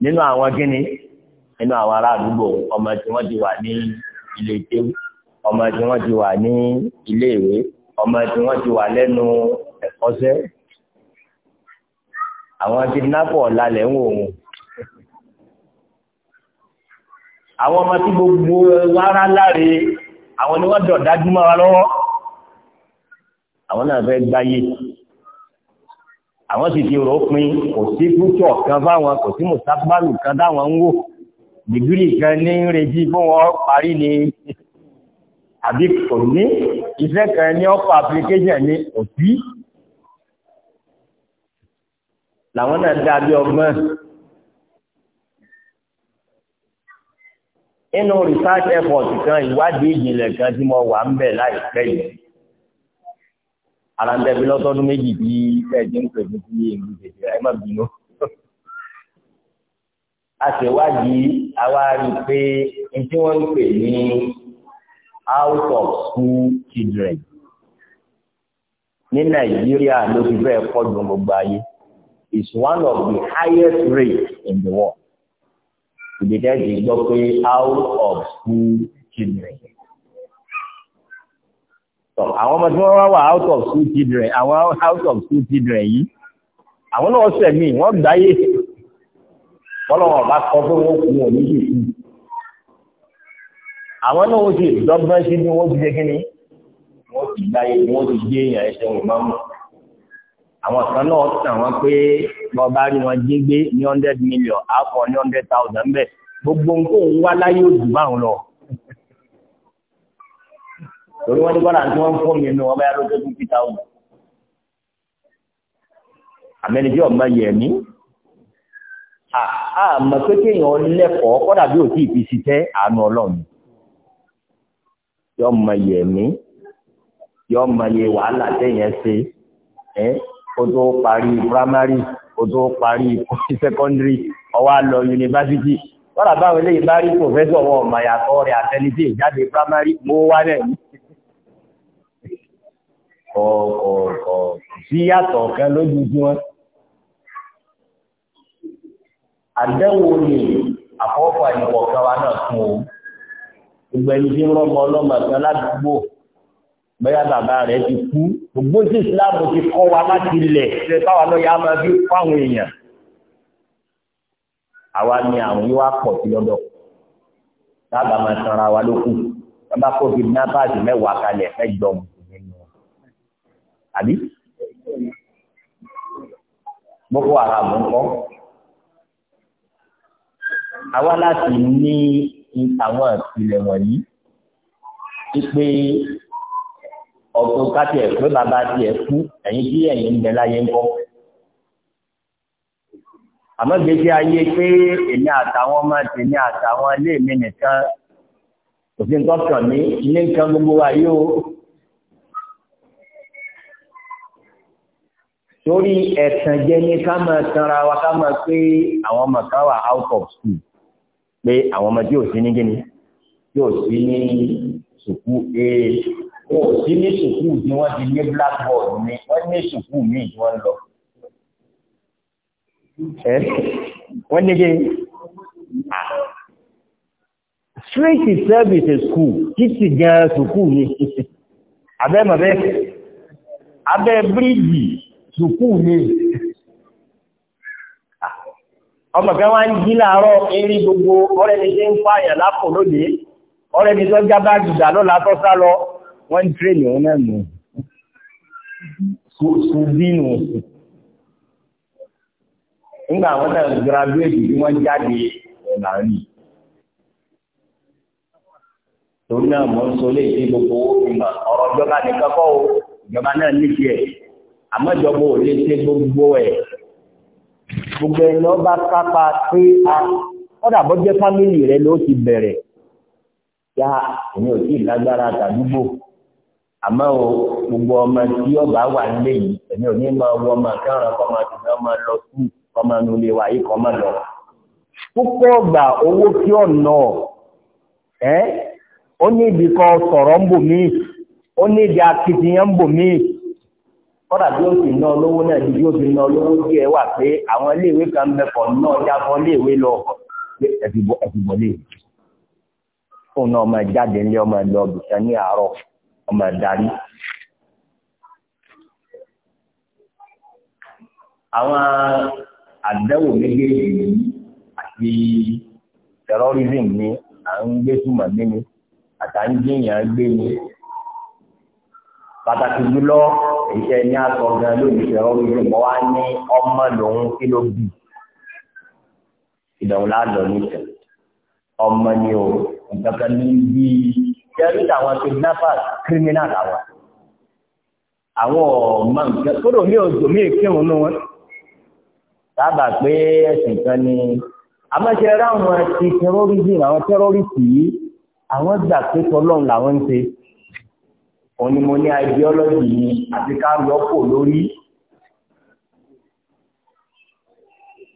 nínú àwọn gíní nínú àwọn ará àdúgbò ọmọ tí wọ́n ti wà ní ilé ìtẹ́wù ọmọ tí wọ́n ti wà ní ilé ìwé ọmọ tí wọ́n ti wà lẹ́nu ẹ̀kọ́ṣẹ́ àwọn ti nápọ̀ lálẹ́ ń wò wọn. àwọn ọmọ tí gbogbo wàrà láre àwọn ni wọ́n dọ̀ dájú mọ́ wa lọ́wọ́ àwọn náà fẹ́ gbáyé àwọn sì ti rò ó pin kò sí púpọ̀ kan fáwọn kò sí mùsàgbàlù kan dáwọn ń wò dìgírì kan ní ń retí fún wọn parí ni àbí kò ní iṣẹ́ kan ní ọ̀pọ̀ application ní òbí làwọn náà dá bí ọgbọ́n. inú research effort kan ìwádìí ìjìnlẹ̀ kan tí mo wà ń bẹ̀ láìpẹ́ yìí ara ń dẹbi lọ́sọ́dún méjì bí ẹ̀jẹ̀ ń pè mí sí èmi tètè ẹ̀ má bínú. a ṣèwádìí àwa rí i pé n tí wọ́n ń pè ní out of school children ní nàìjíríà ló fi fẹ́ pọ̀ ju gbogbo ayé is one of the highest rates in the world. ìdíjẹ́ ti gbọ́ pé out of school children àwọn ọmọ tí wọ́n wá wà out of school children àwọn out of school children yìí àwọn náà sẹ̀mí wọ́n gbáyé fọlọ́wọ́n bá kọ́ pé wọ́n kú wọn níbi ìlú àwọn náà ó ti dọ́gbọ́n sí bí wọ́n ti jẹ́ kínní wọ́n ti gbáyé wọ́n ti gbé èèyàn ẹsẹ̀ wọn máa mọ̀ àwọn kan náà tàn wọ́n pé wọ́n rí wọn jí gbé ní hundred million àpọ̀ ní hundred thousand bẹ́ẹ̀ gbogbo nǹkan òun wá láyé òjò báwọn lọ torí wọ́n ní kọ́nà tí wọ́n ń fún mi nù ọmọ yàrá òjò fifty thousand àmẹ́ni tí ọmọ yẹ̀ mí àmọ́ pé kéèyàn lẹ́kọ̀ọ́ kọ́dà bí òtí ìfi ṣiṣẹ́ àánú ọlọ́run yọ mọ yẹ̀ mí yọ mọ yẹ wàhálà téèyàn ṣe ẹ́ kó tó parí primary kó tó parí secondary ó wá lọ yunifásitì kọ́dà báwọn eléyìí bá rí pòfẹ́sọ̀ wọn ọ̀mọ̀ yàtọ̀ rẹ̀ àtẹnitì ìjáde primary mo wá náà kọ̀ọ̀kọ̀ọ̀kọ̀ sí yàtọ̀ kan lójú tí wọ́n. àdẹ́wò ni àkọ́kọ́ ìkọ̀ọ̀kan wa náà fún o gbogbo ẹni tí ń rọ́mọ ọlọ́mọ kan ládùúgbò bẹ́yà bàbá rẹ̀ ti kú gbogbo tí Islam ti kọ́ wa láti ilẹ̀ ṣe káwa náà yá máa fi fáwọn èèyàn àwa ni àwọn yìí wá pọ̀ sí lọ́dọ̀ lábàá máa sanra wa lókù bàbá kó fi náà báàgì mẹ́wàá kalẹ̀ fẹ́ jọmọ́ àbí boko haram ń kọ́ àwa láti ní àwọn ìpìlẹ̀ wọ̀nyí pípé ọ̀tọ̀ káti ẹ̀ pé bàbá ti ẹ̀ kú ẹ̀yìn tí ẹ̀yìn ń bẹ láyé ń kọ́ àmọ́ gbèsè ayé pé èmi àtàwọn ọmọ tèmi àtàwọn ilé mi nìkan òfin tọ́kàn ní ilé nǹkan gbogbo wa yóò torí ẹ̀tàn jẹ́ ní ká máa tanra wa ká pé àwọn ọmọ kan wà out of school pé àwọn ọmọ tí ò sí ní gíní tí ò sí ní sùkú ee wọn ò sí ní sùkú ni wọ́n ti ní blackboard ni wọ́n ní sùkú míì tí wọ́n lọ. wọ́n ní gíní straight itself is a school títí gan sùkú ni abẹ́ mọ̀ bẹ́ẹ̀ abẹ́ bíríìjì sùkú ni ọmọ kan wá ń jí láàárọ̀ eré gbogbo ọ̀rẹ́ mi ṣe ń pààyàn lápò lóde ọ̀rẹ́ mi tó jábá jùdà lọ́la tó sá lọ wọ́n ń tírèlì òun náà nù sùdínù nígbà àwọn náà gírádúrèdì bí wọ́n jáde láàárín torí náà mọ̀ ń sọ lé ìdí gbogbo ọ̀rọ̀ ìjọba nìkan kọ́ ìjọba náà nífẹ̀ẹ́ àmọ́jọba ò lè ṣe gbogbo ẹ̀ gbogbo ẹni ọba kápá pé a kọ́dà bọ́ jẹ́ fámìlì rẹ ló ti bẹ̀rẹ̀ yá èmi ò tí lágbára tàdúgbò àmọ́ o gbogbo ọmọ tí ọba wà nílé yìí èmi ò ní máa wọ ọmọ kẹrin kọ́ máa ọmọ lọ sí ọmọ nulẹ̀ yìí kọ́ máa lọ. púpọ̀ owó kí ọ̀nà ó ní ibi kan sọ̀rọ̀ ń bò míì ó ní ibi akitiyan ń bò kọ́dà bí ó sì ná olówó náà ni bí ó sì ná olówó díẹ̀ wà pé àwọn iléèwé kan ń bẹ náà jábọ́ iléèwé lọ ẹ̀fìbọ̀ lè fún náà ọmọ jáde ọmọ ẹ̀lọ́ ọ̀bùsẹ̀ ní àárọ̀ ọmọ terrorism ni à ń gbé ni pàtàkì jùlọ iṣẹ́ ní aṣọ gan lónìí ìṣẹ̀rọ ìlú mọ́ wá ní ọmọ lòun kí ló bì ìdọ̀hún láàdọ̀ nìkan ọmọ ni o nǹkan kan ní bí jẹ́rí àwọn kidnappers criminal àwọn àwọn ọmọ nǹkan kódò ní oṣù mí kírun nù wọn sábà pé ẹ̀sìn kan ni àmọ́ṣe ráwọn ti terrorism àwọn terrorist yìí àwọn gbà pé tọlọ́run làwọn ń ṣe òun ni mo ní ideology ni àti ká rọ́pò lórí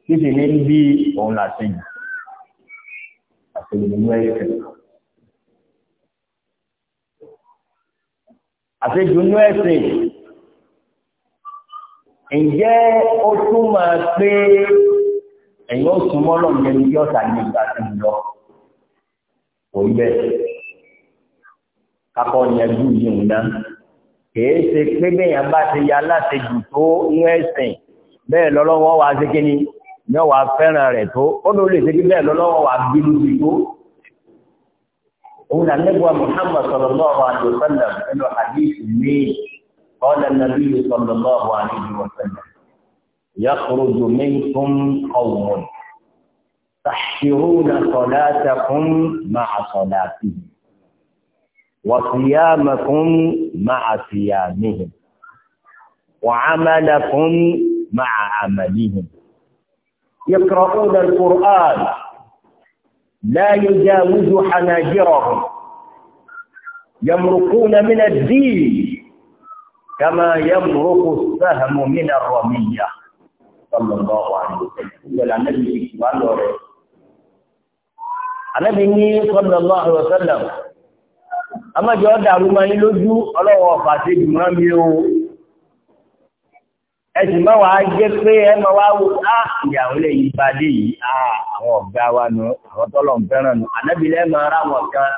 títí ní bí òun làṣejù àṣejù nínú ẹ̀sìn àṣejù nínú ẹ̀sìn ǹjẹ́ ó túmọ̀ pé ẹ̀yin ó súnmọ́ lọ́nà ẹni tí ọ̀sà ní ìgbà tó ń lọ kò bẹ́ẹ̀ kakọ yanjú yìí ná kìí ṣe pé bẹ́yàn bá ti ya láti jù tó inú ẹ̀sìn bẹ́ẹ̀ lọ́lọ́wọ́ wa ṣe kí ni ní ọwà fẹ́ràn rẹ̀ tó ó ló lè ṣe kí bẹ́ẹ̀ lọ́lọ́wọ́ wa bínú sí tó òun àlẹ́gbà Muhammad sallallahu alaihi wa sallam nínú hadith mi qala an-nabiy sallallahu alaihi wa sallam yakhruju minkum qawmun tahshiruna salatakum ma'a salatihim وصيامكم مع صيامهم وعملكم مع عملهم يقرؤون القرآن لا يجاوز حناجرهم يمرقون من الدين كما يمرق السهم من الرمية صلى الله عليه وسلم النبي صلى الله عليه وسلم amájọ dàrú máa yín lójú ọlọ́wọ́ ọ̀fà sí ìdùnnà mi o ẹsìn máa wàá jẹ́ pé ẹ máa wá wo á ìyàwó lè yí padì yìí á àwọn ọ̀gá wa nu àwọn tọ́lọ̀ ń fẹ́ràn nu ànábì lẹ́ máa rà wọ̀n kan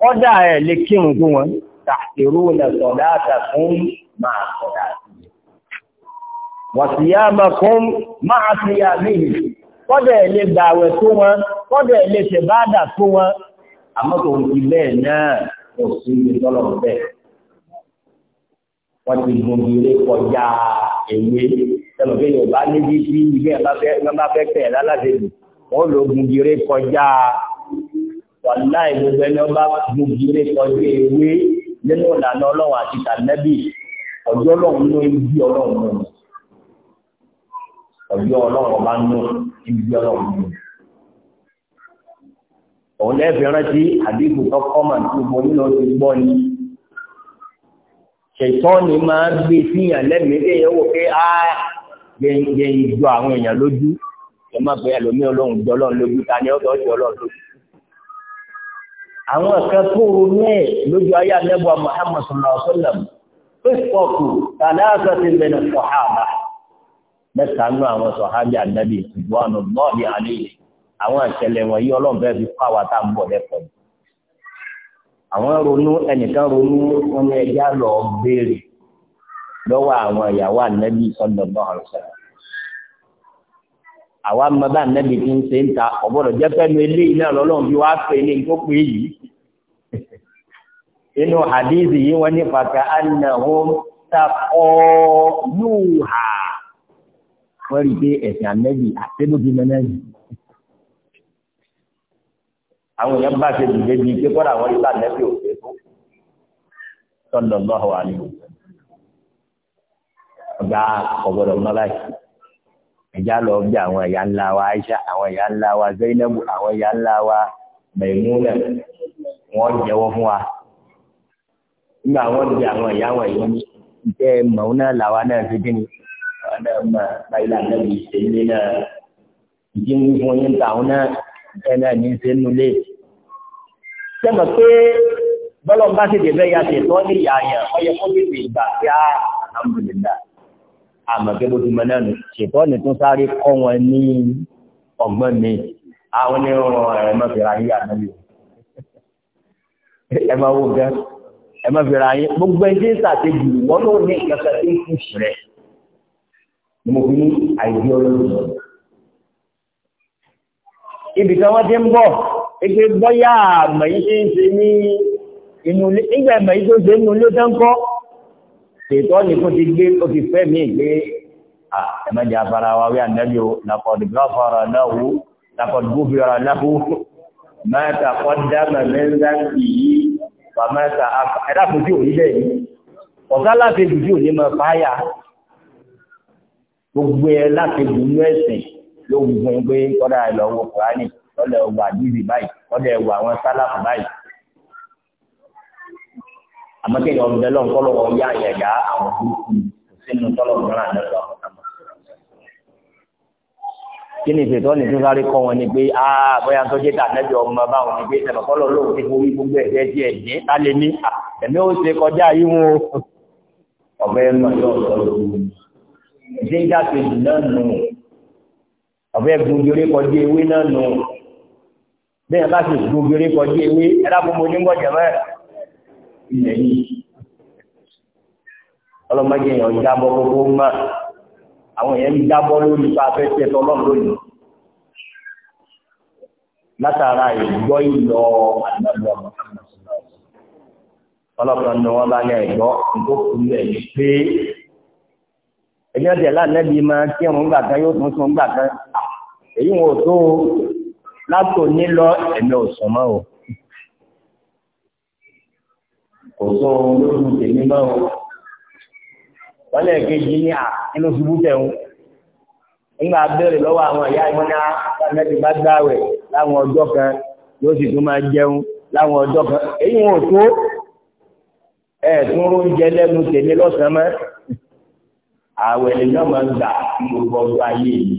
kọ́dà ẹ̀ lè kírun fún wọn tàṣírò nà sọ̀dá àtàkùn máa sọ̀dá sí i wọ́n sì máa kún máa sì kọ́dà ẹ̀ lè gbàwẹ̀ fún wọn kọ́dà ẹ̀ lè ṣèbáàdà fún wọn àmọ́ kò ń ti bẹ́ẹ̀ náà kò sí ibi tọ́lọ̀ bẹ́ẹ̀. Wọ́n ti gun ilé kọjá èwe tẹ̀lọ̀ bí Yorùbá níbi tí ilé ẹ̀ bá fẹ́ tẹ̀ lálàdé lù. Wọ́n lò gun ilé kọjá wàlá ìgbogbo ẹni ọba gun ilé kọjá èwe nínú ìlànà ọlọ́run àti tànẹ́bì ọjọ́ ọlọ́run ló ń bí ọlọ́run lọ. Ọjọ́ ọlọ́run ọba ń lọ ń bí ọlọ́run lọ. òun lẹ́fẹ̀ẹ́ rántí àdínkù tó kọ́mà tó mo nílò ti gbọ́ ni ṣètọ́ni máa gbé síyàn lẹ́mìí kéèyàn wò pé á gbẹ̀yìn jọ àwọn èèyàn lójú ẹ má pé ẹlòmí ọlọ́run jọ ọlọ́run lójú ta ni ọ̀dọ̀ jọ ọlọ́run lójú. àwọn kan tó ronú ẹ̀ lójú ayé anẹ́bọ̀ Muhammad sallallahu alaihi wasallam fífọ́kù tàdáàkà ti bẹ̀rẹ̀ sọ̀hábà mẹ́ta nú àwọn sọ̀hábà àdábì ìbúwánu bọ́ọ̀lì àlẹ́ yìí. àwọn ìṣẹ̀lẹ̀ wọ̀nyí Ọlọ́run bẹ́ẹ̀ fi kọ́ àwa tá à ń bọ̀ lẹ́kọ̀ọ́ àwọn ronú ẹnìkan ronú wọn ní ẹjá lọ béèrè lọ́wọ́ àwọn ìyàwó ànábì sallallahu alaihi wasallam àwa mọ̀ bá ànábì tí ń ṣe ń ta ọ̀gbọ́dọ̀ jẹ́ pẹ́nu eléyìí náà lọ́lọ́run bí wàá pè ní tó pé yìí [laughs] inú hadithi yìí wọ́n ní fàkà annahum taqaluha wọ́n rí i pé ẹ̀sìn ànábì àtẹ́lógún mẹ́rin àwọn èèyàn bá ṣe dìde bíi pé kọ́dà àwọn ìgbà nẹ́bí òfin tó sọ́dọ̀ lọ́hùn àlejò ọgbà ọgbọdọ mọ báyìí ẹjá lọ bí àwọn ẹ̀yà ńlá wa Aisha àwọn ẹ̀yà ńlá wa Zainabu àwọn ẹ̀yà ńlá wa Maimuna wọn jẹ́wọ́ fún wa nígbà wọn di àwọn ẹ̀yà wọn yìí jẹ màwọn náà làwa náà fi dín ní àwọn náà mà báyìí làwọn náà fi ṣe ilé náà ìdí ń fún yín ta àwọn náà ẹ̀nà ní ṣe nù lé. Sẹ́mọ̀ pé bọ́lọ̀ bá sì dé bẹ́yà ṣe tọ́ ní ìyàyàn ọyẹ kó lè fi ìgbà sí àmàlùmílà. Àmọ̀ pé bó ti mọ náà nù, ṣètọ́ ni tún sáré kọ́ wọn ní ọgbọ́n mi. Àwọn ní ọ̀rọ̀ ẹ̀rọ mọ́ fi ra yí àmàlù. Ẹ máa Gbogbo ẹni tí ń wọ́n ló ní ìkẹ́kẹ́ tí ń kú sí Mo fi ní àìdí ọlọ́run ibìkan wọ́n ti ń bọ̀ ike bọ́yá àmọ̀yí ṣe ń ṣe ní inú ilé nígbà àmọ̀yí tó ṣe nínú ilé tán kọ́ ṣètò ní kó ti gbé ó ti fẹ́ mí gbé ẹ̀mẹ́jẹ afárá wa wí ànábì o làkọ̀dù gbáfara náà wò làkọ̀dù gbófinra náà wò mẹ́ta kọ́ dámà mẹ́ta yìí wà mẹ́ta ẹ̀dá kò ni ló wù fún un pé kọ́dà ẹ̀ lọ wo kùránì kọ́dà ẹ̀ wà bíbí báyìí kọ́dà ẹ̀ wà àwọn sálàfù báyìí. àmọ́ kéèyàn ọ̀dọ́ lọ́n kọ́ lọ́wọ́ yá àyàjá àwọn burúkú sínú tọ́lọ̀ mìíràn lọ́sọ̀ kí ni ìfètò ní tún sáré kọ́ wọn ni pé aa bóyá tó jẹ́ tàbí ọmọ báwọn ni pé tẹ̀lọ́kọ́lọ́ lóun ti fún gbogbo ẹ̀jẹ̀ díẹ̀ díẹ̀ tá lè ní ẹ̀mí ó ṣe kọjá yìí wọn o ọ̀bẹ ẹ̀ ń lọ sí ọ̀sán lóru ìdíjà kejì náà nù ọ̀bẹ gbogbo kọjá ewé náà nù bẹ́ẹ̀ bá sì gbogbo kọjá ewé ẹ̀dábùnmọ́ onígbọ̀jẹ̀ mẹ́rẹ̀ ilẹ̀ yìí ọlọ́mọdé yẹn jábọ́ gbogbo mọ́ àwọn yẹn ń jábọ́ lórí ipa afẹ́fẹ́ tọ́lọ́m lónìí látara ìgbọ́ ìlọ àdàlọ́ ọlọ́kan ni wọ́n bá ní ẹ̀gbọ́ nǹkó kú ẹ̀yìn pé ẹ̀yìn ọ̀dẹ̀ lánàá bíi máa kí ẹ̀wọ̀n gbà kan yóò tún sún gbà kan èyí wọn ò tó o látò ní lọ ẹ̀mí ọ̀sán mọ́ o kò sọ olóògùn tèmi mọ́ o wọ́n kejì ní à nínú ṣubú tẹ̀hún nígbà béèrè lọ́wọ́ àwọn ìyá ìmọ̀nà àti bá gbáwẹ̀ láwọn ọjọ́ kan yóò sì tún máa jẹun láwọn ọjọ́ kan èyí wọn ò tó ẹ̀ẹ̀tún oúnjẹ lẹ́nu tèmi lọ́sàn-án mọ́ àwẹ̀ náà máa ń gbà ní gbogbo ayé yìí.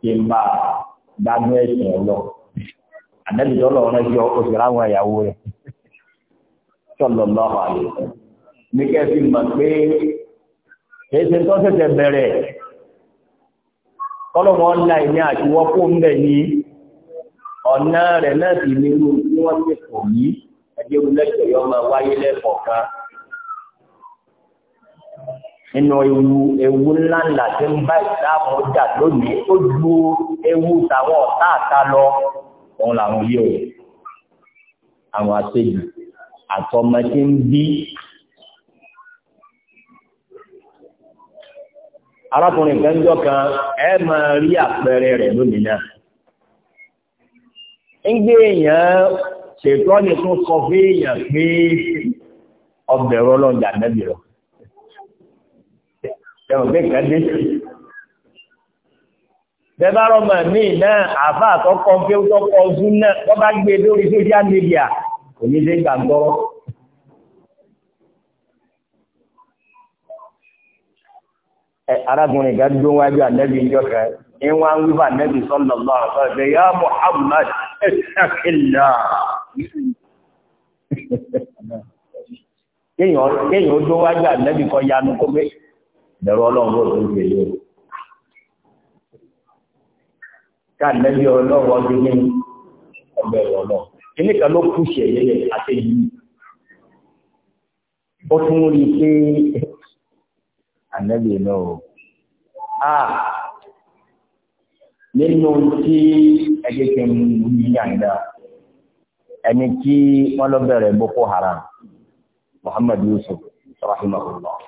kí n bá dájú ẹ̀sìn ọlọ ànábì tọ́lọ̀ ọ̀rọ̀ yọ oṣù láwọn ìyàwó rẹ̀ sọ̀lọ̀ lọ́wọ́ àlè ní kẹ́sì mọ̀ pé kìí ṣe tó ṣẹ̀ṣẹ̀ bẹ̀rẹ̀ kọ́lọ̀mọ́ ńlá ìní àti wọ́pọ̀ ń bẹ̀ ní ọ̀nà rẹ̀ náà sì ní irú tí wọ́n ti kò yí ẹgbẹ́ olùlẹ́sẹ̀ yọ máa wáyé lẹ́kọ̀ọ̀kan nínú ewu ewu ńláńlá tí ń bá ìsìláàmù jà lónìí ó ju ewu tàwọn ọ̀tá àta lọ òun làwọn yìí o àwọn àṣejù àtọmọ tí ń bí. arákùnrin kan jọ kan ẹ máa rí àpẹẹrẹ rẹ̀ lónìí náà ń gbé èèyàn ṣètọ́ ni tún sọ fún èèyàn pé ọbẹ̀rọ ọlọ́jà nẹ́bì rẹ̀ ẹ̀wọ̀n gbé nǹkan dé. bẹ́ẹ̀ rọmọ mi náà àfa àtọkọ fíwútọ́ kọ ọdún náà wọ́n bá gbé e lórí social media kò ní lè gbà gbọ́rọ́. arákùnrin kan dún wájú ànẹ́bí ìjọ kan ní ń ànẹ́bí ya Muhammad kéèyàn ó dún wájú bẹ̀rù ọlọ́run bó tó ń ṣe yóò. káàdínlẹ́bí ọlọ́run ọdún ní ọgbẹ́ ọlọ́run kíní kan ló kú ṣe yẹyẹ àti yìí ó tún rí i pé ànábì náà a nínú tí ẹgbẹ́ tí ń yí yàǹda ẹni tí wọ́n lọ bẹ̀rẹ̀ Boko Haram Muhammad Yusuf rahimahullah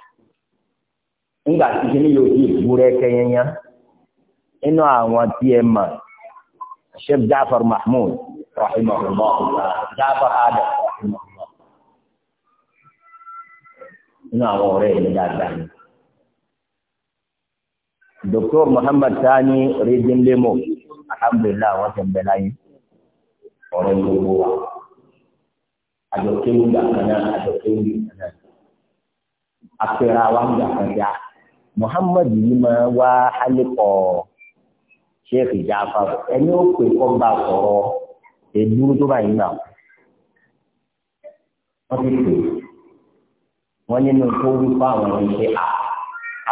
nígbà tí kí ni yóò di ìgbúrẹ́ kẹyẹnyá inú àwọn tí ẹ mọ̀ sheikh jaafar mahmood rahimahullah jaafar adam rahimahullah inú àwọn ọ̀rẹ́ yìí dáadáa ni dr muhammad sani redin lemo alhamdulilayi wọn ti bẹ láyé ọ̀rọ̀ gbogbo wa àjọkéwù gbàgbọ́n náà àjọkéwù gbàgbọ́n náà apẹ̀rẹ̀ àwọn gbàgbọ́n náà. Muhammad yìí máa wá alẹ́kọ̀ Sheikh Jaafar ẹni ó pè kọ́ bá sọ̀rọ̀ èdúró tó báyìí náà wọ́n ti pè wọ́n nínú kó wípé àwọn ẹni pé à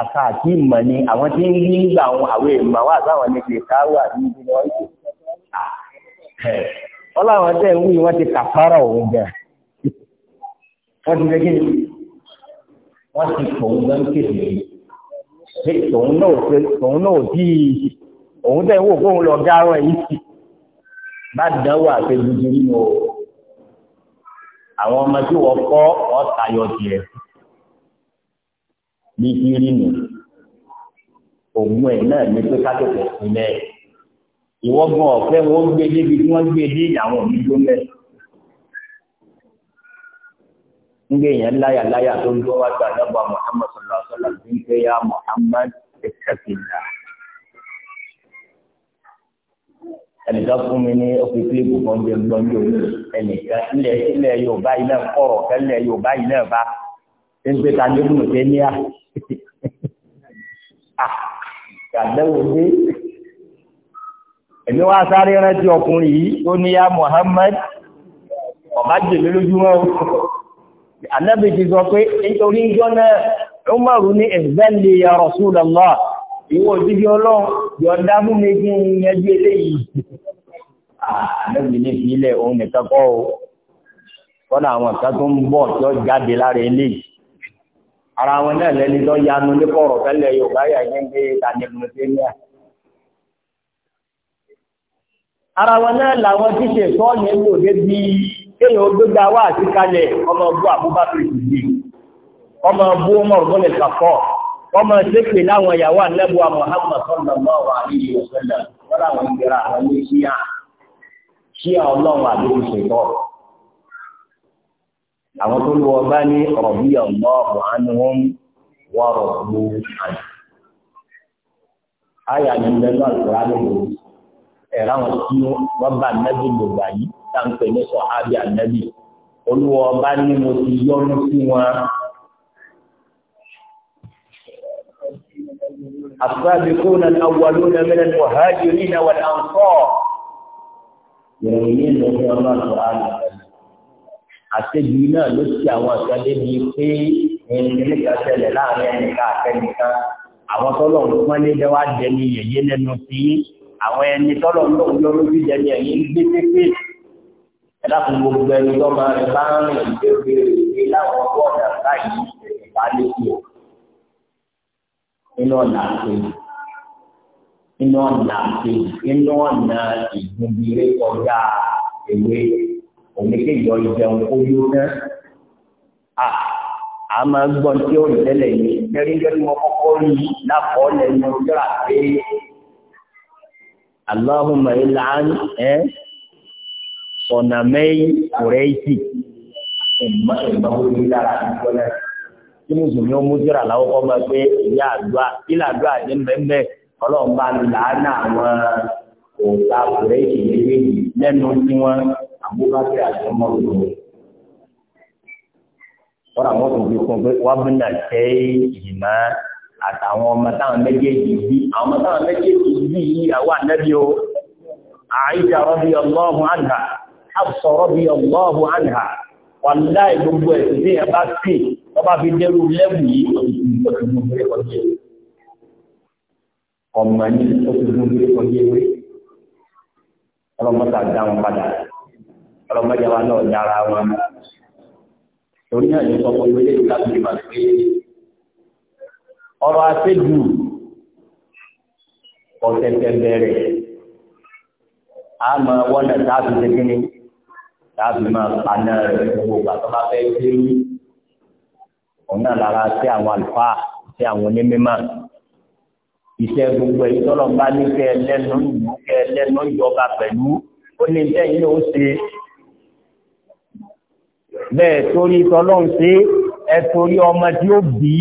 àṣà àti ìmọ̀ ni àwọn tí ń rí nígbà àwọn àwọn èèmọ̀ wà táwọn ní pé káwà ní ìdílé wọn ìpè wọ́n láwọn tẹ̀ ń wí wọ́n ti kàfárà òun jẹ wọ́n ti fẹ́ kí ni wọ́n ti pòun gan kéde yìí tòun náà ṣe tòun náà dí i òun tẹ̀ ń wò kóun lọ gárọ̀ ẹ̀ yìí bá dánwò àti dúdú nínú o àwọn ọmọ tí wọ́n kọ́ ọ́ tayọ tiẹ̀ bí kiri nù ògùn ẹ̀ náà ní pé kátòkò sílẹ̀ ìwọ́gbọ̀n ọ̀fẹ́ wọn gbé débi tí wọ́n gbé dé àwọn òbí tó mẹ́. ń gbé yẹn láyà láyà tó ń dúró wájú àdàbọ̀ Muhammad sallallahu alaihi wasallam ń pé ya Muhammad ìṣẹ́kìlá. ẹnìkan fún mi ní ọkùnrin kílípù kan jẹ gbọ́njọ ẹnìkan ilẹ̀ ilẹ̀ Yorùbá ilẹ̀ kọ̀rọ̀ kẹlẹ̀ Yorùbá ilẹ̀ bá ṣe ń pè ta ní ìbùnú tẹ́ ní à. àgbẹ̀wò dé sọ pé nítorí ìjọ náà. Umaru ní ìgbẹ́lẹ̀ eh, ya Rasulullah, ìwọ òjíjí ọlọ́run, yọ̀ndá mú mi kí n yẹjú eléyìí. Ah, Ààrẹ́bì ní ìfilẹ̀ òun nìkan kọ́ o. Kọ́nà àwọn kan tó ń bọ̀ tí ó jáde lára eléyìí. Ara wọn náà lẹ́ni tó yanu ní kọ̀rọ̀ tẹ́lẹ̀ Yorùbá yà ní gbé tani Mùsùlùmíà. Ara wọn náà làwọn tí ṣe sọ́ọ̀nì ń lò débi kéèyàn ó gbégbá wá àti ọmọ ọgbọ́ wọ́n máa bú Umar ibn al-Khattab wọ́n máa ṣépè láwọn ìyàwó àlẹ́bùwà Muhammad sallallahu alayhi wa sallam wọ́n làwọn ń gbéra àwọn ní ṣíà ṣíà ọlọ́run àdúgbò ṣètọ́ àwọn tó lọ bá ní rọ̀bí ọlọ́run àníwọ̀n wọ́rọ̀ ló àná. Àyà ni lẹ́nu àgbà lòlò ẹ̀rọ àwọn tí wọ́n bá nẹ́bí lògbà yìí tá ń pè ní sọ̀hábì ànẹ́bì. Olúwa ọba ní mo ti yọ́nú sí wọn السابقون الأولون من المهاجرين والأنصار ìròyìn ló fi ọlọ́run tó á lọ àtẹ̀jú náà ló ti àwọn àtẹ̀lé bi pé ẹnìkan kan ṣẹlẹ̀ láàrin ẹnìkan àtẹnìkan àwọn tọ́lọ̀ ń pọ́n lé dẹ́wà dẹni yẹ̀yẹ́ lẹ́nu sí àwọn ẹni tọ́lọ̀ ń lòun lọ́rọ́ bí dẹni ẹ̀yìn ń gbé pépé ẹ̀dáàfin gbogbo ẹni tó máa ń bá ń rìn dé bèrè láwọn bọ́ọ̀dà báyìí ìbálòpọ̀ inú ọ̀nà àkejì inú ọ̀nà àkejì inú ọ̀nà ìgbìnbíre kọjá ewé oníkéjọ ìjẹun oyún náà a a máa gbọ́ tí ó rí tẹ́lẹ̀ yìí kẹrìndé ni mo kọ́kọ́ rí lápọ̀ọ́lẹ̀ ní ọjọ́ àti aláhùnmọ̀ ìlànà ẹ̀ sọ̀nàmẹ́yìn kùrẹ́sì ìmọ̀ ìmọ̀ lára ìjọ tí mùsùlùmí ó mú síra láwọn kọ́ máa pé ìyá àdúrà ìlà àdúrà ní mẹ́mẹ́ ọlọ́run bá lu làánà àwọn òòta kùrẹ́ẹ̀kì méjèèjì lẹ́nu tí wọ́n àbúbákẹ́ àtọmọ́ lò ó. wọ́n àwọn tó fi kún pé wọ́n bí náà tẹ́ ìmọ̀ àtàwọn ọmọ táwọn méjèèjì bí àwọn ọmọ táwọn méjèèjì bí àwọn ànábì o àìjà rọ́bì ọlọ́hun àná àbùsọ̀ rọ́bì ọlọ́hun àná wàlúùdá ìgbogbo ẹ̀sìn ọba fi dẹ́rù lẹ́bù yìí ọ̀tún gbogbo ẹ̀kọ́jẹ́ ọmọ ní ọ̀tún gbogbo ẹ̀kọ́jẹ́ wé ọlọ́mọta dá wọn padà ọlọ́mọdé wa náà dára wọn torí náà ní sọ pé wọlé ìta fi mà pé ọ̀rọ̀ àṣejù ọ̀tẹ̀tẹ̀ bẹ̀rẹ̀ àmọ́ wọn náà tá ṣe kínní tá a máa pa rẹ̀ gbogbo àtọ́ fẹ́ òun náà lára sí àwọn àlùfáà sí àwọn onímọ̀ iṣẹ́ gbogbo èyí tọ́lọ̀ bá ní kẹ́ lẹ́nu ìlú kẹ́ lẹ́nu ìjọba pẹ̀lú ó ní tẹ́yìn ó ṣe bẹ́ẹ̀ torí tọ́lọ́n ṣe ẹ torí ọmọ tí ó bí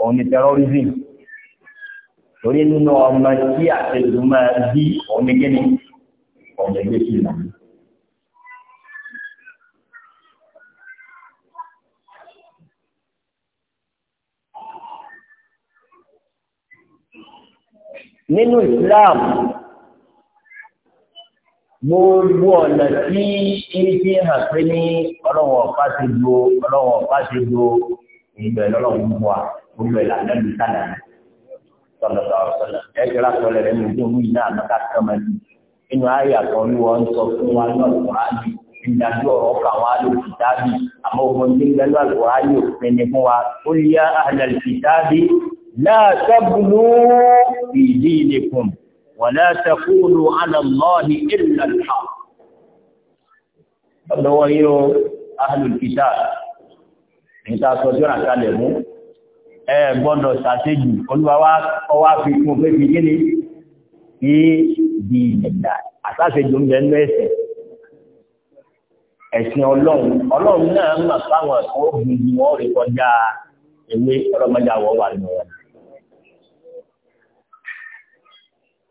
òun ni terrorism torí nínú ọmọ tí àtẹ̀jùmọ̀ bí òun ni gíní òun ni gbèsè nínú Islam gbogbo ọ̀nà tí ibi hàn pé ní ọlọ́wọ́ ọ̀pá ti do ọlọ́wọ́ ọ̀pá ti do ìgbẹ́ lọ́lọ́wọ́ gbogbo à gbogbo ẹ̀ lànà ní sànà sọ̀lọ̀sọ̀lọ̀ ẹ kíra sọ̀lọ̀ rẹ̀ ní ìdóhùn yìí náà mọ́ta kàn máa ní inú ayé àtọ́lú wọn sọ fún wa ní ọ̀kùnrin ìdájọ́ ọ̀rọ̀ kà wá ló kìtàbí àmọ́ ogun tí ń gbẹ́lú àlùkò ayé òfin ni fún wa ó yá àlẹ́ kìtàbí لا تبلوا في دينكم ولا تقولوا على الله إلا الحق lọ́wọ́ yíó ahàlùkítà níta sọ tí ó rà kalẹ̀ mú ẹ gbọ́dọ̀ sàtẹ́jù olúwàwá fi kún pé fi gíní kí di ìdẹ̀dà àtàṣẹ́jù ń bẹ ní ẹ̀sẹ̀ ẹ̀sìn ọlọ́run ọlọ́run náà ń mà fáwọn ẹ̀kọ́ gbùngbùn wọn kọjá ewé ọlọ́mọdé àwọ̀ wà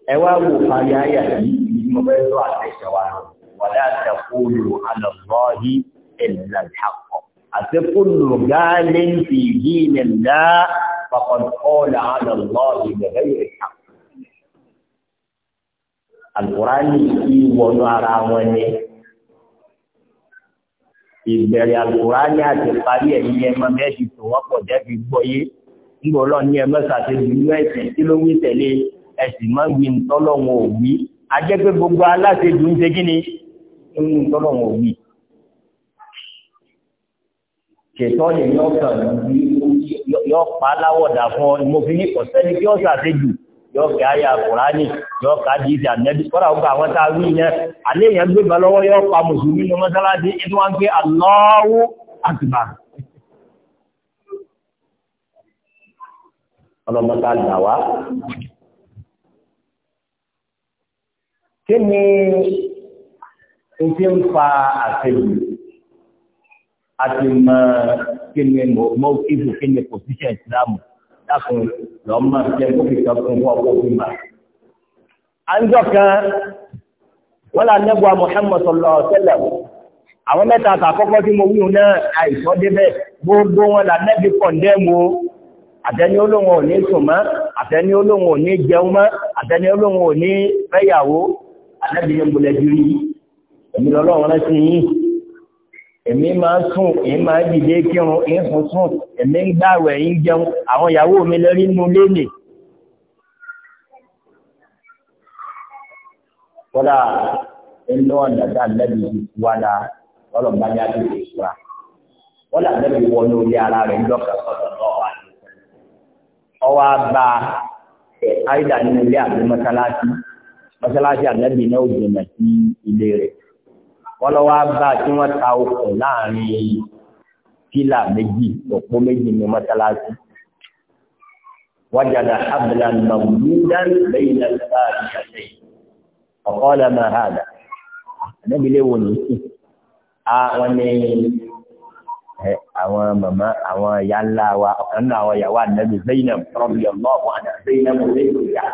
ẹ wá wò parí ayà yìí ní mo fẹ́ sọ àtẹ̀sẹ̀ wa lọ wàlẹ́ àtẹ̀kùlù alọ́lọ́hí ẹ̀lẹ́lá ìhàkọ́ àtẹ̀kùlù gáálé ń fi ìdí ilẹ̀ ńlá pàpàkọ́ọ̀lá alọ́lọ́hí gẹ̀gẹ́ yìí ìhàkọ́. Àlùkùránì kí wọnú ara wọn ni ìbẹ̀rẹ̀ àlùkùránì àti parí ẹ̀yìn ẹ̀mọ́ mẹ́ẹ̀ẹ́dì tó wọ́pọ̀ jẹ́ fi gbọ́ yé ńgbọ́ lọ ní ẹ̀mọ́ sàṣẹ́jú ẹ̀sìn kí ló wí tẹ̀lé ẹ̀sìn máa wí ntọ́lọ́wọ̀n òwí ajẹ́ pé gbogbo aláṣejù ń ṣe kí ni ń ntọ́lọ́wọ̀n òwí. ṣètọ́ lè yọ kàn ní yọ pa aláwọ̀dà fún ọ ni mo fi ní ọ̀sẹ́ni kí ọ̀sẹ̀ àṣejù yọ kẹ́ àyà kùránì yọ kà á di ìsì ànẹ́bí kọ́dà gbogbo àwọn tá a wí yẹn alẹ́ yẹn gbé ba lọ́wọ́ yọ pa mùsùlùmí ní mọ́sálásí ètò wọn gbé Allahu Akbar. ọlọ́mọ gbà wá kí ni ìdí ń fa àtẹ̀lù àti mọ kí ni mo kíbu kí ni pòsíṣẹ̀ ìsìlámù dákun lọ́ọ́ mọ̀ jẹ́ kó kan fún ọkọ̀ fún ma. àńjọ kan wọ́n là nẹ́bùa Muhammad sallallahu alaihi wasallam àwọn mẹ́ta àtàkọ́kọ́ tí mo wíhun náà àìsọ́ débẹ̀ gbogbo wọn là nẹ́bí kọ̀ndẹ́mu o àtẹni olóhùn ò ní sùn mọ́ àtẹni olóhùn ò ní jẹun mọ́ àtẹni olóhùn ò ní fẹ́yàwó alábi ní mo lẹ́bi rí èmi lọ́lọ́run rẹ́ sí yín èmi máa ń sùn èmi máa ń dìde kírun èmi fún sùn èmi ń gbààwẹ̀ ń jẹun àwọn ìyàwó mi lẹ́rí nu lélẹ̀. kódà nínú ọ̀nà tá a lẹ́bi wà lá ọlọ́gbà ní àdúgbò ìṣura wọ́n là lẹ́bi wọnú ilé ara rẹ̀ ńlọ́kà sọ̀tọ̀ lọ́wọ́ àti ọwọ́ àbá àìdá nínú ilé àbí mọ́sálásí mọ́sálásí ànábì náà ó jìnà sí ilé rẹ̀ wọ́n lọ wá bá tí wọ́n ta okùn láàrin pílà méjì òpó méjì ní mọ́sálásí wájàdà abdullahi mahmudan lẹ́yìn lẹ́sà ìṣẹ̀lẹ̀ ọ̀kọ́ lẹ́mọ hàdà ànábì lè wò ní sí àwọn ní àwọn màmá àwọn ìyá ńlá wa ọ̀kan náà àwọn ìyàwó ànábì Zainab radiyallahu anha Zainab lẹ́yìn ìyá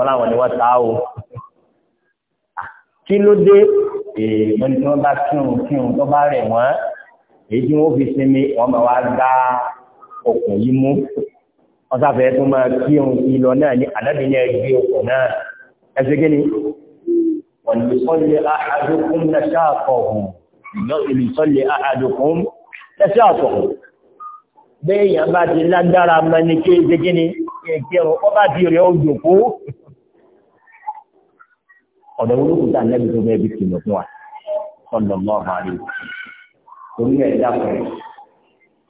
wọn làwọn ni wọ́n ta o kí ló dé èèyàn tí wọ́n bá kírun kírun tó bá rẹ̀ wọ́n èyí tí wọ́n fi sinmi wọ́n máa wá gbá okùn yìí mú wọ́n sáfẹ́ tó máa kírun kí lọ náà ní àdábìnrin ẹgbẹ́ okùn náà ẹsẹ̀ kí ni wọ́n lè sọ́lẹ̀ àádókùn lẹ́sẹ̀ àkọ́hùn lè sọ́lẹ̀ àádókùn lẹ́sẹ̀ àkọ́hùn bẹ́ẹ̀ yẹn bá ti lágbára mẹ́ni kí ẹsẹ̀ kí ni kí ẹ̀kẹ́ ọ̀dọ̀ wo ló kù tá nẹ́bi tó bẹ́ẹ̀ bí kìlọ̀ fún wa sọ̀dọ̀ mọ́ ọ̀hún àrí torí ẹ̀ dákọ̀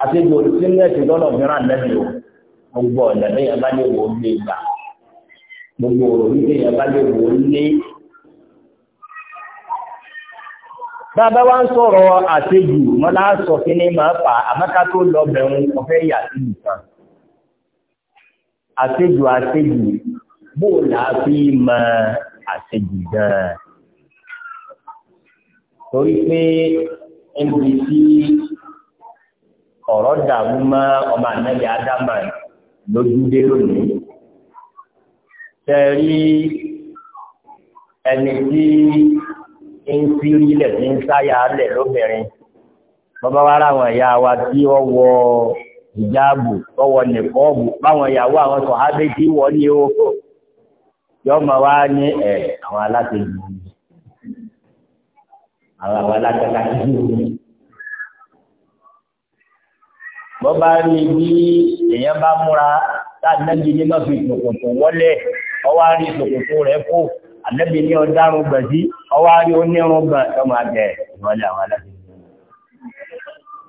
àtẹ́jọ́ sílẹ̀tì lọ́dọ̀ mìíràn nẹ́bi o gbogbo ọ̀nà lẹ́yìn bá lè wò ó lé gbà gbogbo òròrí lẹ́yìn bá lè wò ó lé. bàbá wa ń sọ̀rọ̀ àtẹ́jù wọn sọ kí ni máa fà àmọ́ká tó lọ bẹ̀rùn ọ̀fẹ́ yà sí nìkan àtẹ́jù àtẹ́jù bóòlà fi máa àṣejù gan torí pé níbi tí ọ̀rọ̀ dàrú mọ́ ọmọ ànábì ádámà lójúdé lónìí rí ẹni tí ń ilẹ̀ ní sáyà lẹ̀ lóbìnrin bọ́bá wá ráwọn ẹ̀yà wa tí wọ́n wọ ìjáàbù àwọn tí wọ́n ní yọmọ wa ní ẹ àwọn alátẹjú àwọn àwọn alátẹjú bọ́ bá rí bí èèyàn bá múra táàdínlẹ́bí ní máa fi ìsòkòtò wọlé ọwá rí ìsòkòtò rẹ̀ kó àdẹ́bí ní ọdárùn gbà sí ọwá rí onírun gbà ọmọ àgbẹ̀ ìwọlé àwọn alátẹjú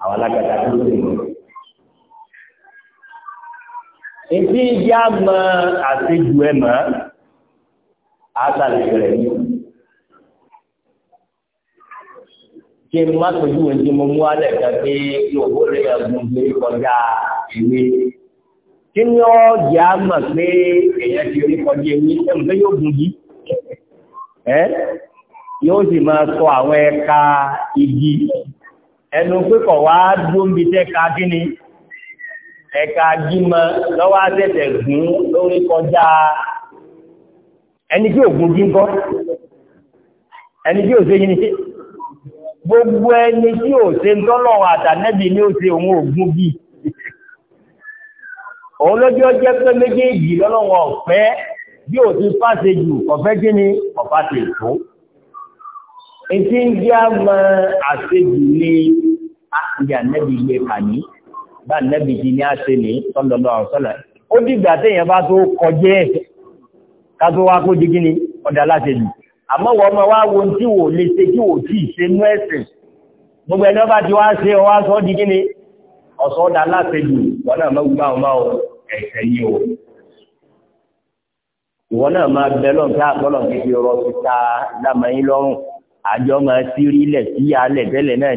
àwọn alágbàtà tó lè mú. Èdè ìjà mọ àṣejù mọ́ àtàlẹ̀ rẹ̀ ní. kí n má pẹ̀lú ohun tí mo mú alẹ̀ kan pé yòówó rẹ̀ ẹ̀gbọ́n gbé kọjá ìwé. kí ni ó yà á mọ̀ pé èèyàn ti rí kọjá ìwé ẹ̀mí pé yóò gun yìí. ẹ́ yóò sì máa sọ àwọn ẹ̀ka igi ẹnu pípọ̀ wá dúnbi tẹ́ka kí ni ẹ̀ka gímọ lọ́wọ́ àtẹ̀tẹ̀ gún lórí kọjá ẹni tí ògùn jí ń kọ́ ẹni tí ò ṣe yìí gbogbo ẹni tí ò ṣe ń tọ́lọ̀ àtànẹ́bì ní ó ṣe òun ògùn bí òun lójú ọjẹ́ pé méjèèjì lọ́lọ́wọ́ ọ̀fẹ́ bí ò ti fàṣe jù ọ̀fẹ́ kí ni ọ̀fà ti tó etí ń jẹ́ àmọ́ àṣejù ní àṣìyà nẹ́bì ilé kàní bá nẹ́bì ti ní àṣẹ ní sọ́lọ́lọ́ ọ̀sọ́lọ́ ó dìgbà téèyàn bá tó kọjá ẹ̀ kátó wá kó dígí ni ọ̀dà láti lù àmọ́ wọ́n ọmọ wa wo tí wò lè ṣe tí wò tí ì ṣe nú ẹ̀sìn gbogbo ẹni ọba ti wá ṣe ọ wá sọ dígí ni ọ̀sọ́ ọ̀dà láti lù wọ́n náà mọ́ gbà ọmọ ẹ̀sẹ̀ yìí o ìwọ náà máa bẹ lọ́nkẹ́ àgbọ̀lọ̀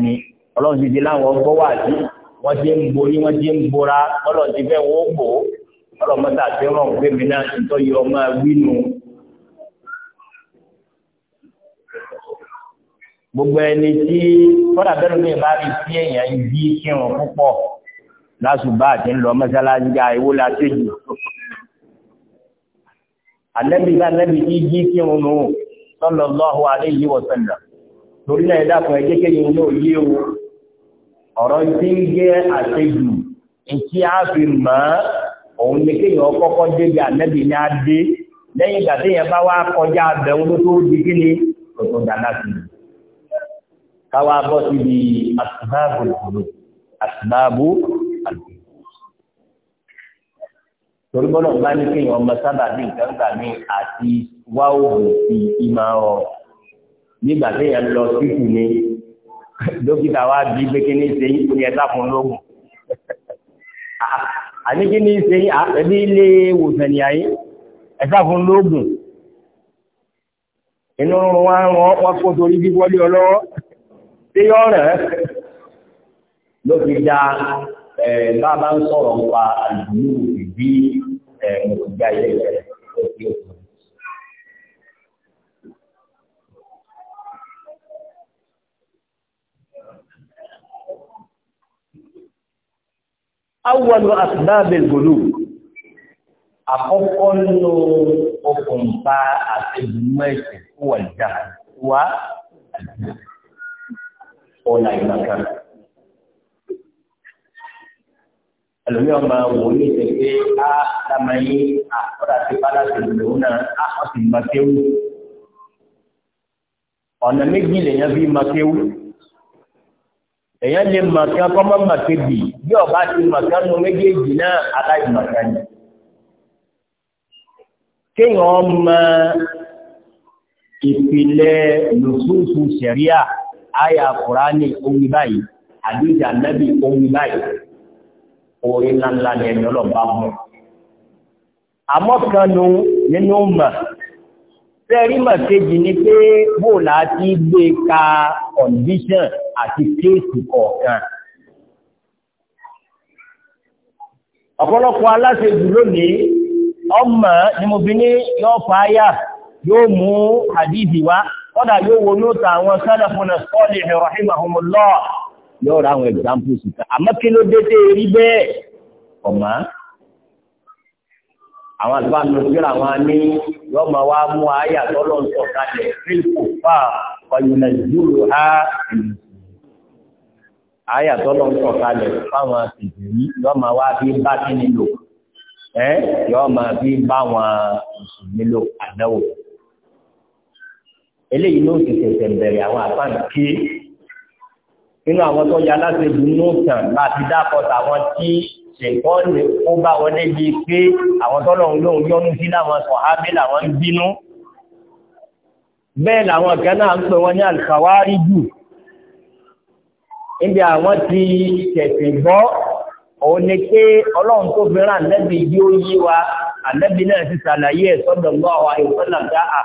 ni ọlọ́run ti di láwọn gbọ́ wà sí wọ́n ti ń borí wọ́n ti ń bora ọlọ́run ọlọ́mọta àti ọmọ òun gbẹ̀mí náà tó yọ ọmọ wínú. gbogbo ẹni tí kọ́dà bẹ́ẹ̀ lómi bá rí sí èèyàn yí kírun púpọ̀ lásùbà àti ńlọ mọ́sálásí gba ewu láti jù. Ànábì bá ànábì tí yí kírun nù sallallahu alayhi wa sallam. Torí náà ẹ̀dá kan ẹ̀jẹ̀ kéyìn náà yé o. Ọ̀rọ̀ tí ń gé àṣejù, ìtí á fi òun ni kéèyàn kọ́kọ́ débi ànẹ́bì ní adé lẹ́yìn ìgbà téèyàn bá wá kọjá abẹ́hùn tó di kí ni tuntun dáná sí i káwá bọ́ síbi àsìbáàbò ìgbòho àsìbáàbò àgbè torí bọ́lá ń bá ní kéèyàn ọmọ sábà ní nǹkan gbà mí àti wá òògùn sí ìmọ̀ ọ nígbà téèyàn lọ síkù ni dókítà wa bí pékinní ṣe ń kú ni ẹ lóògùn [laughs] ah, àníkí ní ṣe àpẹbí ilé ìwòsàn ní ayé ẹ̀sà fún lóògùn inú wọn wọ́n kó torí bí wọ́lé ọlọ́wọ́ tí yọ́ rẹ̀ ló fi dá bá bá ń sọ̀rọ̀ nípa àdúgbò ìbí ẹ̀mùsùgbà ilé ìrẹ̀ awọlọ àtúbàbẹ̀ gbòòlù àkọ́kọ́ nínú okùnfà àtẹ̀gbùmọ̀ ẹ̀sìn wà dà wá ọ̀nà ìgbàkan. ẹlòmí ọmọ wò ní ìpèsè a dàmáyé àkọ́dà tí bá láti lò ó náà a ọ̀sìn máa kéwù ọ̀nà méjì lèèyàn fi máa kéwù èyàn lè màkàn kọ́mọ́ màkébì bí ọba ti màkàn nu méjèèjì náà aláìmàkàn ni. kéèyàn ọmọ ìpìlẹ̀ lùsùsù sẹ̀ríà àyà kùránì omi báyìí àdìjà nàbì omi báyìí orí ńláńlá ni ẹni ọlọ́ba mọ̀. àmọ́ kan nu nínú mà sẹ́rí màkejì ni pé bóòlà ti gbé ka condition àti kéèsì kọ̀ọ̀kan. ọ̀pọ̀lọpọ̀ aláṣejù lónìí ọmọ ni mo bí ní yóò fàáyà yóò mú hadithi wá kọ́dà yóò wo lóòtà àwọn sálàfúnà sọ́ọ̀lì rahimahumullah yóò ra àwọn examples kan àmọ́ kí ló dé tẹ́ rí bẹ́ẹ̀ ọ̀mọ́ àwọn àlùfáà ló síra wọn ní yóò máa wá mú àyà tọ́lọ́ sọ̀kalẹ̀ fílkù fáà ọ̀yùnà ìdúró ha àyà tọ́lọ́ ń sọ̀kalẹ̀ fáwọn àtìsí yìí yọ́ máa wá bí bá kí ni lò ẹ́ yọ́ máa bí bá wọn mùsùlùmí lò àdáwò. eléyìí ló ti tẹ̀sẹ̀ bẹ̀rẹ̀ àwọn àfáàní ké nínú àwọn tó yá láti dùnú tàn láti dápọ̀ tàwọn tí ṣèkọ́ni ó bá wọn débi pé àwọn tọ́lọ̀ ń lóun yọ́nú sí láwọn sọ̀hábí làwọn ń bínú bẹ́ẹ̀ làwọn kan náà ń pè wọ́n ní àlùkàwárí jù níbi àwọn ti tẹ̀sìn gbọ́ òun ni pé ọlọ́run tó fi rán ànábì yí ó yí wa ànábì náà ti ṣàlàyé ẹ̀ sọ́dọ̀ gbọ́ àwọn ìfọ́nà dáa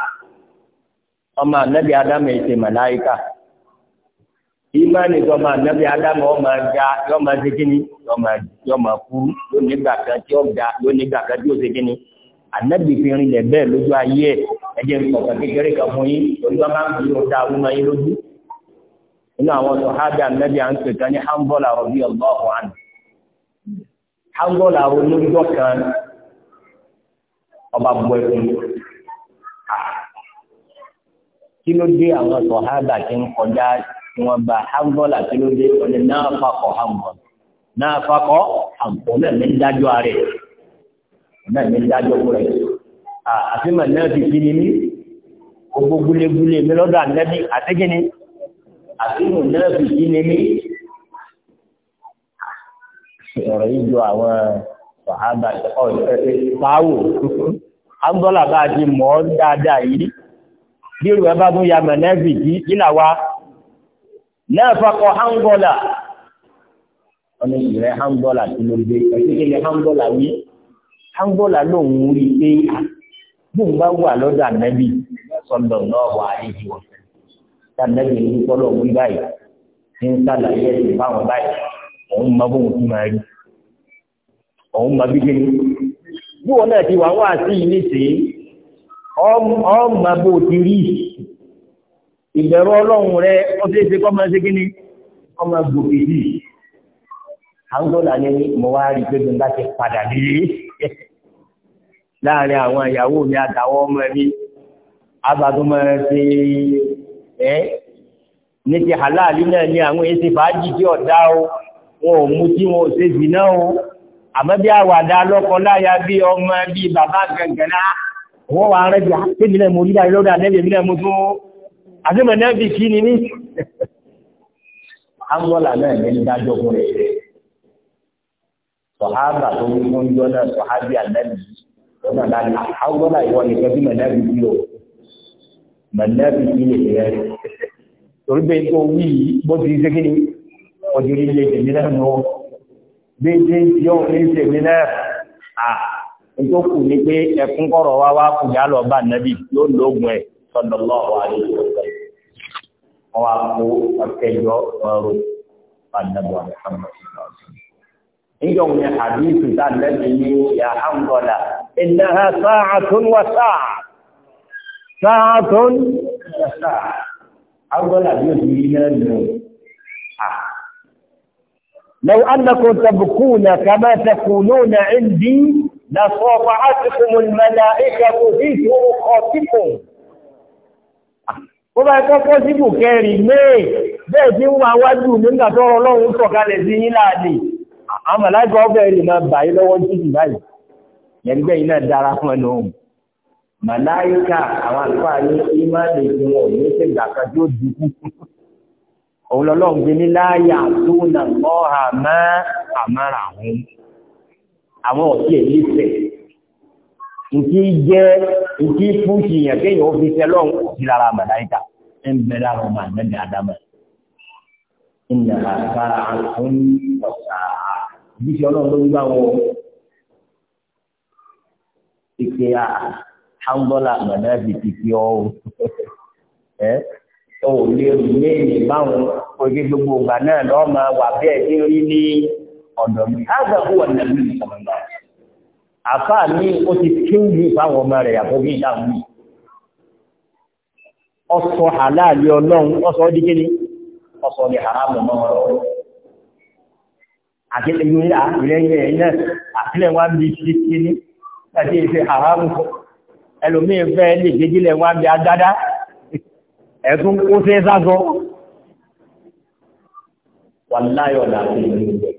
ọmọ ànábì ádámù ètè màláìkà ìmánì tó ọmọ ànábì ádámù ọmọ ga yọmọ ṣe kíni yọmọ kú yóò nígbà kan tí ó ga yóò nígbà kan tí ó ṣe kíni ànábì fi rinlẹ̀ bẹ́ẹ̀ lójú ayé ẹ̀ ẹ̀jẹ̀ nǹkan kékeré kan fún yín lójú ọmọ àwọn yóò dá ọmọ yín lójú inú àwọn sọ̀hábì ànábì à ń pèta ní hanbọ́là rọ̀bí ọlọ́ọ̀hún àná hanbọ́là olóńgbò kan ọba bọ ẹkún kí ló dé àwọn sọ̀hábà tí ń kọjá tí wọ́n bá hanbọ́là kí ló dé ọ̀nà náà fakọ̀ hanbọ́là náà fakọ̀ hanbọ́là náà ní dájọ́ rẹ̀ náà ní dájọ́ rẹ̀ àfihàn náà ti fi ni mí gbogbo gúlégúlé mi lọ́dọ̀ ànábì àti mùnẹ́ẹ̀bì yìí ni mí. ọ̀rọ̀ yìí ju àwọn sàhábà pàwò àǹdọ́là bá ti mọ̀ ọ́ dáadáa yìí bí olùwẹ́ bá tún ya mùnẹ́ẹ̀bì yìí kí là wá náà fakọ̀ àǹdọ́là wọ́n ní ìrẹ́ àǹdọ́là tí ló gbé ẹ̀kíkẹ́ àǹdọ́là wí àǹdọ́là lòun rí pé ah, bóun bá wà lọ́dọ̀ ànábì sọ̀dọ̀ náà wà á yé wọn sànẹ́bí ìlú kọ́lọ̀ wí báyìí ti ń sàlàyé ẹ̀sìn fáwọn báyìí òun mọ bóun ti máa rí òun mọ bí kíni bí wọn náà ti wà wá sí ilé sí ọmọ bó ti rí ìbẹ̀rù ọlọ́run rẹ ó ṣe kọ́ máa ṣe kíni ọmọ gòkè sí àńgọ́là ni mo wá rí pé bí n bá ti padà nílé láàrin àwọn ìyàwó mi àtàwọn ọmọ mi abàdúmọ̀ ṣe ẹ́ ní ti halali náà ni àwọn èsì fàájì tí ọ̀dá o wọn ò mú tí wọn ò ṣe jì náà o àmọ́ bí àwàdà lọ́kọ láya bí ọmọ bí bàbá gàngànà wọ́n wà rẹ̀ bí àpébí náà mo dídá lọ́dà nẹ́bẹ̀ mí náà mo tún àtìmọ̀ náà bí kí ni mí. angola [laughs] náà ní dájọ́ fún rẹ̀ sọ̀hábà tó ń gbọ́n jọ náà sọ̀hábì ànábì lọ́nà dáadáa angola ìwọ nìkan sí mọ̀ náà bí kí o mọ̀lẹ́bí ilé rẹ̀ torí bẹ́ẹ̀ tó wí bó ti ṣe kí ni ọdún ilé tèmi náà nù bí ṣe ń ti ọ̀hún ní tèmi náà à nítorí kù ní pé ẹkún kọ̀rọ̀ wá wá kù yá lọ́ọ́ bá nàbì yóò lóògùn ẹ̀ sọ̀dọ̀ lọ́wọ́ àlejò wọn wá kó ọ̀kẹ́jọ́ ọ̀rọ̀ bá nàbì sáàtọ́ ní ṣàṣà agbọ́là bí òsì yìí náà lọ à lọ́wọ́ annakun tàbùkú na kàmá tàkùnú na ìdí na sọ́fà átìkùnmù mẹ́lá ìkàkù sí ìṣòro kọtíkùn ó bá kọ́kọ́ sí bùkẹ́rì mẹ́ẹ̀ bẹ́ẹ̀ tí wà wájú nígbà màláyíkà àwọn àlùfáà ní ìmáàlì tí wọn ò ní ṣe gbàkan tó dùkú òun lọ́lọ́run gbé ní láàyè àtúnà mọ́ha mọ́ àmàrà àwọn àwọn ọ̀sẹ̀ nífẹ̀ nkí jẹ́ nkí fúnṣì yẹn kéèyàn ó fi ṣe lọ́run sí lára màláyíkà ń bẹ lára ọmọ àgbẹ̀dẹ àdámọ̀ ìnà àgbára àtún ọ̀sà bí ṣe ọlọ́run ló ń gbà wọ́n ìpè àà. angola mọ̀nà fi ti fi ọ́ o [laughs] oge gbogbo ìgbà náà lọ́ máa wa bẹ́ẹ̀ ní orí ní ọ̀dọ̀ mi ágbà kó wà nínú ìlú ìsọ̀rọ̀ mi ó ti kíw mi fáwọn ọmọ ya yàtọ̀ bí mi ọsọ àláàlì ọsọ ọsọ haramu ti ṣe haramu ẹlòmíì fẹ́ lè gbéjílẹ̀ wá bí agbádá ẹ̀tún kó sí sásọ wà láyọ̀ láti ìlú ìgbẹ̀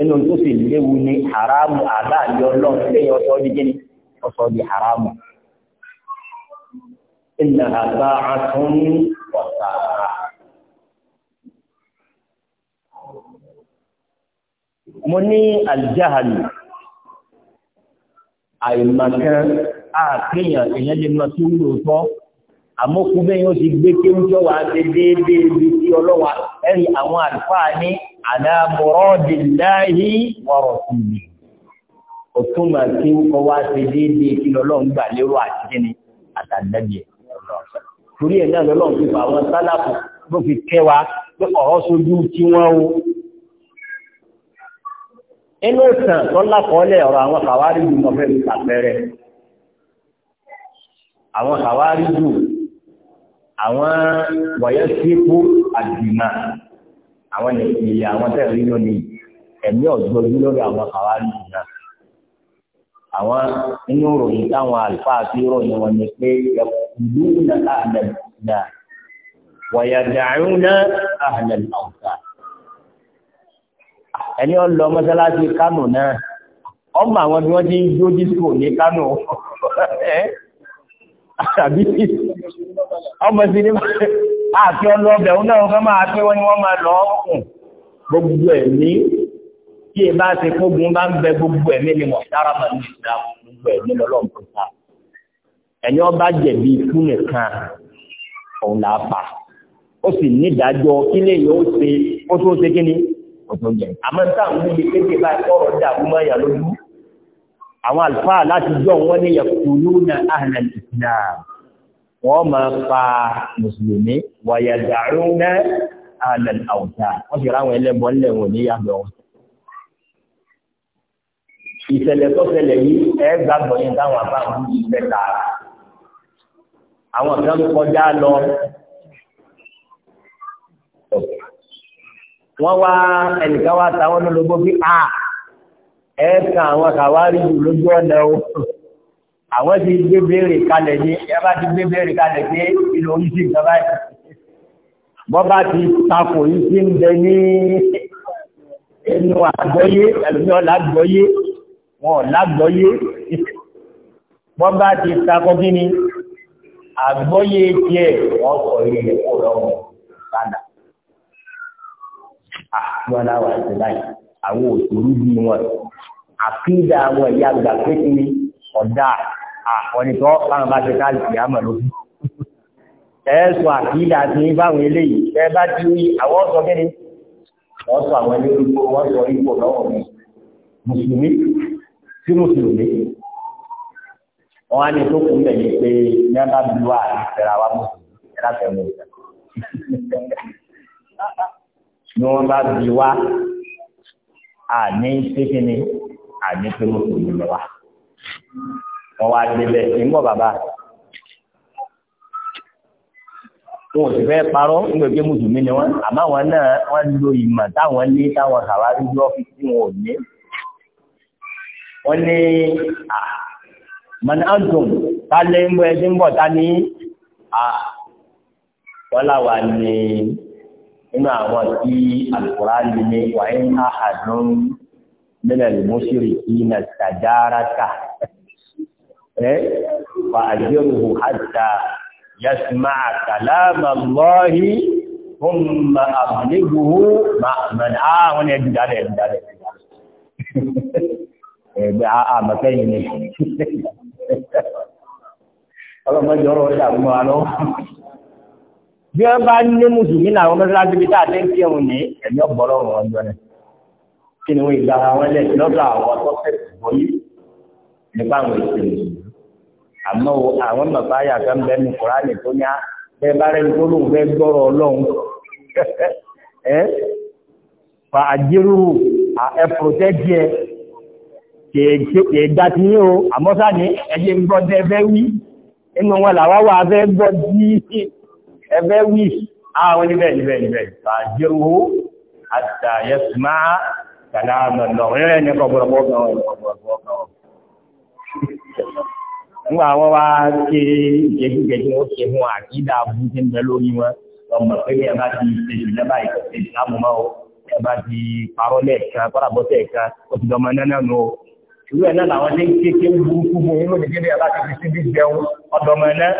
inú tó sì léwu ní haramu àdáàlẹ́ ọlọ́run lẹ́yìn ọ̀sọ́ di haramu ilẹ̀ àgbà àtún ọ̀sàrà mo ní aljahalu àìmọ̀kẹ́ àkíyàn èèyàn lè mọ tí ó lò tọ́ àmókù bẹ́ẹ̀ yóò ti gbé kí ó wà ṣe déédéé ibi tí ọlọ́wà ẹ̀rí àwọn àlùfáà ní àdàbọ̀rọ̀ dìláhì wọ̀rọ̀ tìlì òtún mà kí ó wá ṣe déédéé kí lọ́lọ́run gbà lérò àti kíni àtàlẹ́bìẹ̀ torí ẹ̀ náà lọ́lọ́run fi àwọn sálàpù ló fi kẹ́ wa pé ọ̀rọ̀ sojú tí wọ́n o inú ìtàn tó lákọọ́lẹ̀ ọ̀rọ̀ àwọn kàwárí jù mọ̀ fẹ́mi pàpẹrẹ àwọn kàwárí jù àwọn wọ̀yẹ́ sípò àdìmà àwọn ìyẹ àwọn tẹ̀rí lónìí ẹ̀mí ọ̀gbọ́jú lórí àwọn kàwárí jù náà àwọn inú ròyìn táwọn àlùfáà fi ròyìn wọn ni pé yẹkùlú náà àhàlẹ̀ náà wọ̀yẹ̀ dàrú náà àhàlẹ̀ náà ẹni ọlọ mọ́sálásí kánò náà ọmọ àwọn bí wọ́n ti ń jó disco ní kánò [laughs] àbí ọmọ sí ní àti ọlọ́bẹ̀ òun náà fẹ́ máa pé wọ́n ni wọ́n máa lọ ọkùn gbogbo ẹ̀mí tí èbá ti kógun bá ń bẹ gbogbo ẹ̀mí ni wọ́n dára mọ̀ ní ìgbà gbogbo ẹ̀mí lọ́lọ́mùkú ta ẹni ọba jẹ̀bi ikú nìkan òun là á pa ó sì nídàájọ́ kí yóò ṣe ó tó ṣe kí ni ọ̀tọ̀ jẹ́ àmọ́ táwọn níbi kéde báyìí kọ́rọ̀ dà fún mọ́yà lójú àwọn àlùfáà láti jọ wọn ní yàkùnú na àhànà ìsìnà wọ́n máa pa mùsùlùmí wàyà dàrú ná àhànà àwùjá wọ́n sì ráwọn ẹlẹ́bọ ńlẹ̀ wọn ní yàgbọ́ ìṣẹ̀lẹ̀ tó ṣẹlẹ̀ yìí ẹ gbàgbọ́ yẹn táwọn àbáwọn yìí fẹ́ tààrà àwọn kan kọjá lọ wọ́n wá ẹnìkan wá táwọn ológun bí a ẹ̀ kan àwọn kàwárí jù lójú ọ̀nà o àwọn ti gbé béèrè kalẹ̀ ní ẹ bá ti gbé béèrè kalẹ̀ pé ìlú orí sí ìjọba ẹ̀ bọ́ bá ti takò yìí sí ń bẹ ní inú àgbọ́yé ẹlòmíọ́ lágbọ́yé wọn lágbọ́yé wọ́n bá ti takọ́ kí ni àgbọ́yé tiẹ̀ wọ́n sọ ilé ẹ̀kọ́ lọ́wọ́ padà àwọn aláwọ àti báyìí àwọn òṣèlú bí wọn àkídà àwọn ẹ̀yà àgbà pé kí ni ọ̀dà àkọ́nìtọ́ báwọn bá ti káàlì ìyá mọ̀ lójú. ẹ sọ àkídà àti ní báwọn eléyìí ẹ bá ti rí àwọn sọ kí ni wọ́n sọ àwọn eléyìí wọ́n sọ ipò lọ́wọ́ mi mùsùlùmí sí mùsùlùmí wọn á ní tó kún bẹ̀ yìí pé ní bí wa àti ìfẹ́ra wa mùsùlùmí ẹ láti ẹ̀ ni wọ́n bá bi wá àní pékinni àní pé mùsùlùmí ni wá wọ́n wá débẹ̀ ìmọ̀ bàbá wọn ò sì fẹ́ parọ́ nígbà pé mùsùlùmí ni wọ́n àmọ́ àwọn náà wọ́n lo ìmọ̀ táwọn ní táwọn kàwárí lọ tí wọn ò ní. wọ́n ní mọ̀nà ọ̀dùn ta lè ń bọ̀ ẹ́ tí ń bọ̀ ta ní wọ́n láwa ní nínú àwọn tí Al-Qur'ani ní wa in ahadun min al-mushrikina istajaraka ẹ́ fa ajirhu hatta yasma'a kalama Allahi thumma ablighu ma'man àwọn ẹ̀dùdálẹ̀ ẹ̀dùdálẹ̀ ẹ̀gbẹ́ àmọ̀kẹ́yìn ni ọlọ́mọdé ọ̀rọ̀ ọ̀dà fún bí wọ́n bá ní mùsùlùmí làwọn mẹ́sàlásí bí táà lẹ́yìn tí òun ní ẹ̀mí ọ̀gbọ́rọ̀ ọ̀rọ̀ ọjọ́ rẹ̀ kí ni wọ́n ìgbà wọn lẹ̀ lọ́dọ̀ àwọn tọ́sẹ̀ bọ́yì nípa àwọn èsì mùsùlùmí àmọ́ àwọn bàbá yàtọ̀ ń bẹ́ nu kùránì tó ní bẹ́ẹ̀ bá rẹ̀ tó lóun fẹ́ gbọ́rọ̀ ọlọ́run [laughs] ẹ́ fa àjẹrù ẹ pòtẹ́tì ẹ kèé dá ẹgbẹ́ wí àwọn níbẹ̀ níbẹ̀ níbẹ̀ fàájírúhú àtàyẹsùmá kàlámà lọ́rẹ́ ní kọ̀bọ̀rọ̀bọ̀ kan ọ̀rọ̀ nígbà wọn wá ṣe ìjẹjújẹjú ó ṣe fún àkídà abú tí ń bẹ lórí wọn ọmọ pé ní ẹbá ti ṣe jù lẹ́bà ìkọ̀ṣe ìsìlámù mọ́ o ẹbá ti parọ́ lẹ́ẹ̀kan kọ́làbọ́sẹ̀ kan ó ti dọmọ náà nù o ìwé ẹ̀ náà làwọn ṣe ń kéke burúkú bu inú nìkéde ẹbá ti jẹun ọdọmọ náà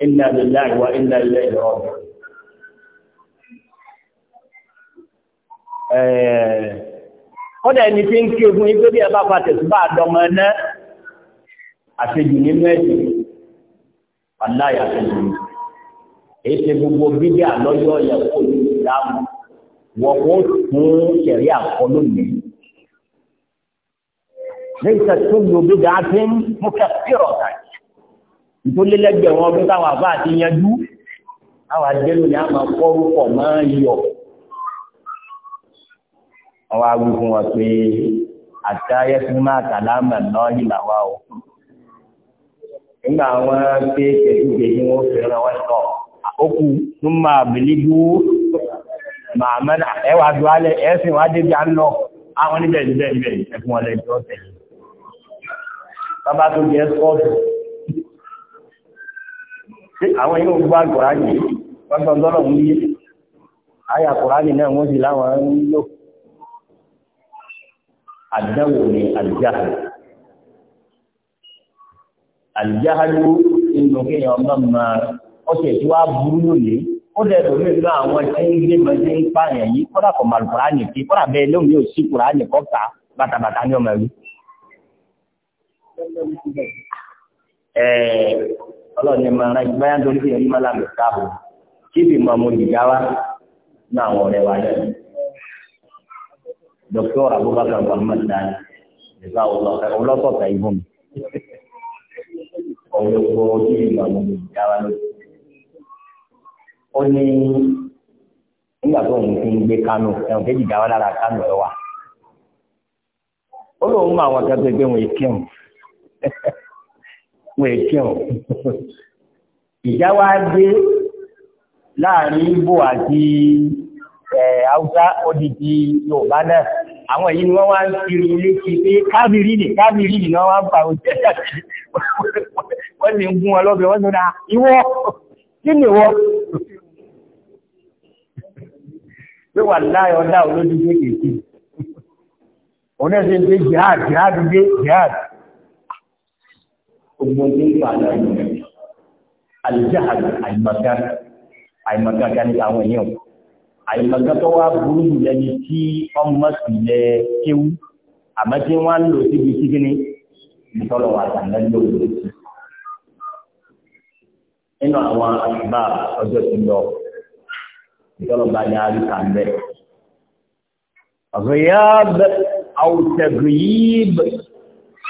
inna lillahi wa inna ilayhi raji'un. kọ́dà eh, ẹni tí ń ké fún yín pé bí ẹ bá fa tẹ̀síbà àdọ́mọ ẹ̀ná àṣejù nínú ẹ̀sìn aláyà àṣejù nínú èyí gbogbo bíbí àlọ́yọ̀ yẹn kò ní ìdáàmú wọ́n kò fún ṣẹ̀rí àkọlù mi. lẹ́yìn tó lò bí ìtólélẹ́gbẹ̀rún ọdún táwọn àbá àti yanjú àwọn àjẹ́lò ni a máa kọ́ orúkọ máa ń yọ. àwọn agbègbè fún wa pé àtàyẹ fún máa tàlámà náà yìí làwa o. nígbà àwọn pé kẹ̀kẹ́ ni wọ́n fẹ́ràn wọn lọ àkókò tó máa bèlè dúró màmá ẹ wàá dùn alẹ ẹ sì wàá débi à ń lọ àwọn níbẹ̀ níbẹ̀ níbẹ̀ ẹ fún wọn lẹ́jọ́ tẹ̀lé. bàbá tó jẹ́ sọ́ọ̀tù tí àwọn yóò gbọ́ àgbọ̀rá yìí wọ́n sọ lọ́nà ń yé àyà kùránì náà wọ́n sì láwọn ń lò àdáwò ní àlìjáhàlù àlìjáhàlù inú kéèyàn ọmọ máa ọ̀sẹ̀ tí wàá burú lónìí ó dẹ̀ tó lè lọ àwọn tí ń gbé mọ tí ń pààyàn yìí kọ́dà kọ̀ màlù kùránì kí kọ́dà bẹ́ẹ̀ lóun yóò sí kùránì kọ́ta bàtàbàtà ní ọmọ rí ọlọ́run ní máa rántí báyà ń torí fìyà yìí máa làmì káàbọ̀ kí ibi mọ̀ mo dìgá wa ní àwọn ọ̀rẹ́ wa náà Dr. Abubakar Muhammad Dani nígbà ọlọ́sọ̀tà ìbọn mi ọ̀yọ̀kọ̀ kí ibi mọ̀ mo dìgá wa lójú. ó ní nígbà tó ń fi gbé Kánò ẹ̀wọ̀n kéjì dá wa lára Kánò ẹ̀ wà ó lóun mọ àwọn akẹ́kọ̀ọ́ ẹgbẹ́ wọn ẹ̀kẹ́ ọ̀ ìjà wa dé láàrin Ìgbò àti Haúsá odidi Yorùbá náà àwọn èyí ni wọ́n wá ń kiri létí pé kábìrì nì kábìrì nì náà wá ń pa òjẹ́ wọ́n sì ń gún wọn lọ́bẹ̀ wọ́n sọ́dá ìwọ kí ni wọ́n pé wà láyé ọ̀dá olódúgbé kìí òun náà ṣe ń pé jihad jihad gbé jihad gbogbo ní ìbàdà yìí alìjáhàlì àìmọ̀ká àìmọ̀ká kání àwọn èèyàn àìmọ̀ká tó wá burú lẹ́ni tí ọmọ sì lẹ kéwú àmọ́ tí wọ́n ń lò síbi sí kíní ìtọ́lọ̀ àtàlẹ́ lórí èsì nínú àwọn àgbà ọjọ́ tí lọ ìtọ́lọ̀ bá ní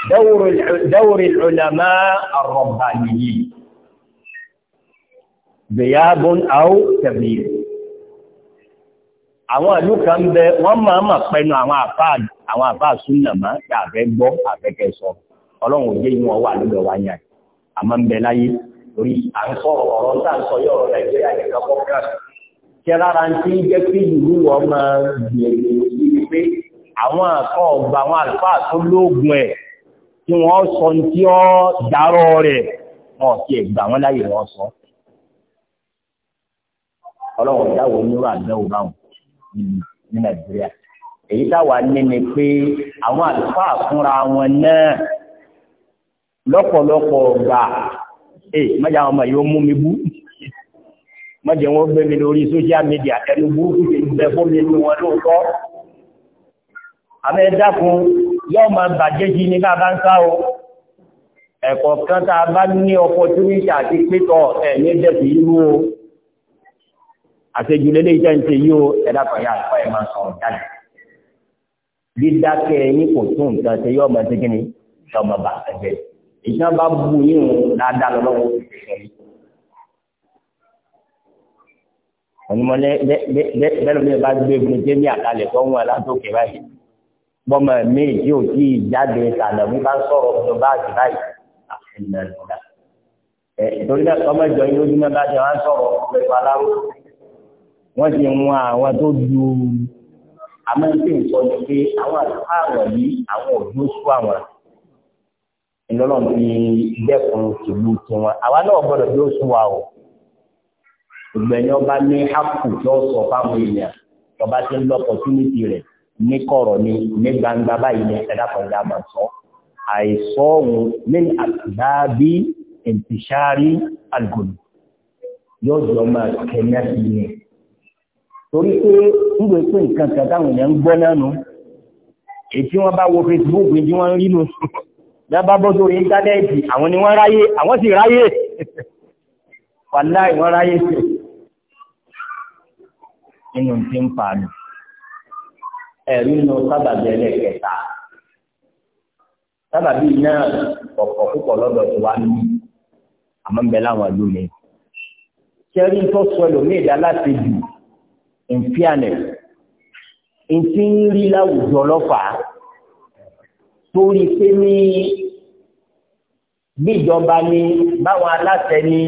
دور العلماء الربانيين بياب أو تبليغ àwọn ìlú kan ń bẹ wọ́n máa ma pẹnu àwọn àfáà àwọn àfáà súnà má tí a fẹ́ gbọ́ àfẹkẹ sọ Ọlọ́run òye yìí wọ́n wà lọ́dọ̀ wa yàn àmọ́ ń bẹ láyé torí à ọ̀rọ̀ ń sọ tí wọ́n sọ tí ó dárọ́ rẹ̀ wọ́n ti ẹ̀gbà wọn láyè wọ́n sọ. ọlọ́run ìdáwó onírú àdáwò báwọn ní nàìjíríà èyí táwa ní ni pé àwọn àlùfáà fúnra wọn náà lọ́pọ̀lọpọ̀ gbà ẹ mọ́jà wọn yóò mú mi bú mọ́jà wọn gbé mi lórí social media ẹnu burúkú ti gbẹ fún mi ní wọn lóòótọ́ àmì ẹ̀dá fún yóò máa bàjẹ́ jí ní bá bá ń sá o ẹ̀kọ́ kan tá a bá ní opportunity àti pétọ̀ ẹ̀ ní dẹ̀kù yíwú o àṣejù lélẹ́ iṣẹ́ ń ṣe yí o ẹ̀dá kan yà àpá ẹ̀ máa sọ̀rọ̀ jáde dídákẹ́ ẹ̀yìn kò tún nǹkan ṣe yóò máa ṣe kí ni yóò máa bà ẹ̀jẹ̀ ìṣẹ́ bá bu yín o dáadáa lọ́wọ́ onímọ̀ lẹ́ẹ̀lẹ́ẹ̀lẹ́ bá gbé egun jẹ́ ní àkàlẹ̀ tó bọ́mọ mi tí ò tí ì jáde sàlẹ̀ mi bá sọ̀rọ̀ ọ̀dọ̀ báàgì báyìí àfihàn ah, ìgbà. ẹ torí náà ọmọ ìjọ yìí lójúmọ́ bá ti wá sọ̀rọ̀ ọ̀pẹ̀lú aláwọ̀ wọ́n ti mú àwọn tó ju amẹ́ńtì sọ ni pé àwọn àlùfáàrọ̀ yìí àwọn òjò sú àwọn ìlọ́lọ́run ti dẹ́kun tìlú tiwọn àwa náà gbọ́dọ̀ yóò sú wa o ìgbẹ̀yìn ọba ní hapù tó sọ fáwọn èèyàn ọba ti ń lọ opportunity rẹ̀ ní kọ̀rọ̀ ni ní gbangba báyìí ní ẹ̀dá pẹ̀lú àmọ̀ sọ àìsọ òun min àtìdábí ìntìṣárí àgùn yóò jọ máa kẹ́nyà sí ni torí pé ń gbé pé nǹkan kan táwọn èèyàn ń gbọ́ náà nù èyí wọ́n bá wo Facebook ní wọ́n ń rí nù dábàá bọ́ sórí íńtánẹ́ẹ̀tì àwọn ni wọ́n ráyè àwọn sì ráyè wàláì wọ́n ráyè sí nínú tí ń fa nù ẹ̀rí nu sábàbí ẹlẹ́kẹta sábàbí náà ọ̀pọ̀ púpọ̀ lọ́dọ̀ tó wá ní àmọ́ ń bẹ láwọn ìlú mi sẹ́rí tó sọ ẹlòmíì dá láti jù ń fi àná ntí ń rí láwùjọ lọ́fàá torí pé ní gbíjọba ni báwọn aláṣẹ ni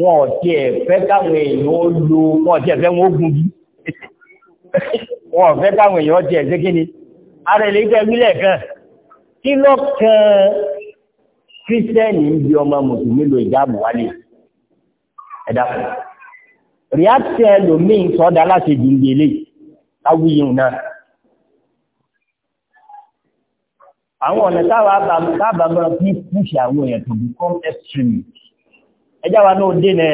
wọn ò tiẹ̀ fẹ́ káwọn èèyàn ó lo wọn ò tiẹ̀ fẹ́ wọn ó gun jù wọn ò fẹ́ káwọn èèyàn jẹ ẹ̀ṣẹ́ kí ni ara ilé tẹ wílẹ̀ kan kí ló kan kírísítẹ́nì ń bi ọmọ mùsùlùmí lo ìjáàbù wálé ẹ̀dá fún rìátì ẹlòmíín sọ́dá láti dùn délé káwíyìn náà àwọn ọ̀nà táwa bàbá máa fi kúṣì àwọn èèyàn tó bí kọ́ extreme ẹjá wa náà dé náà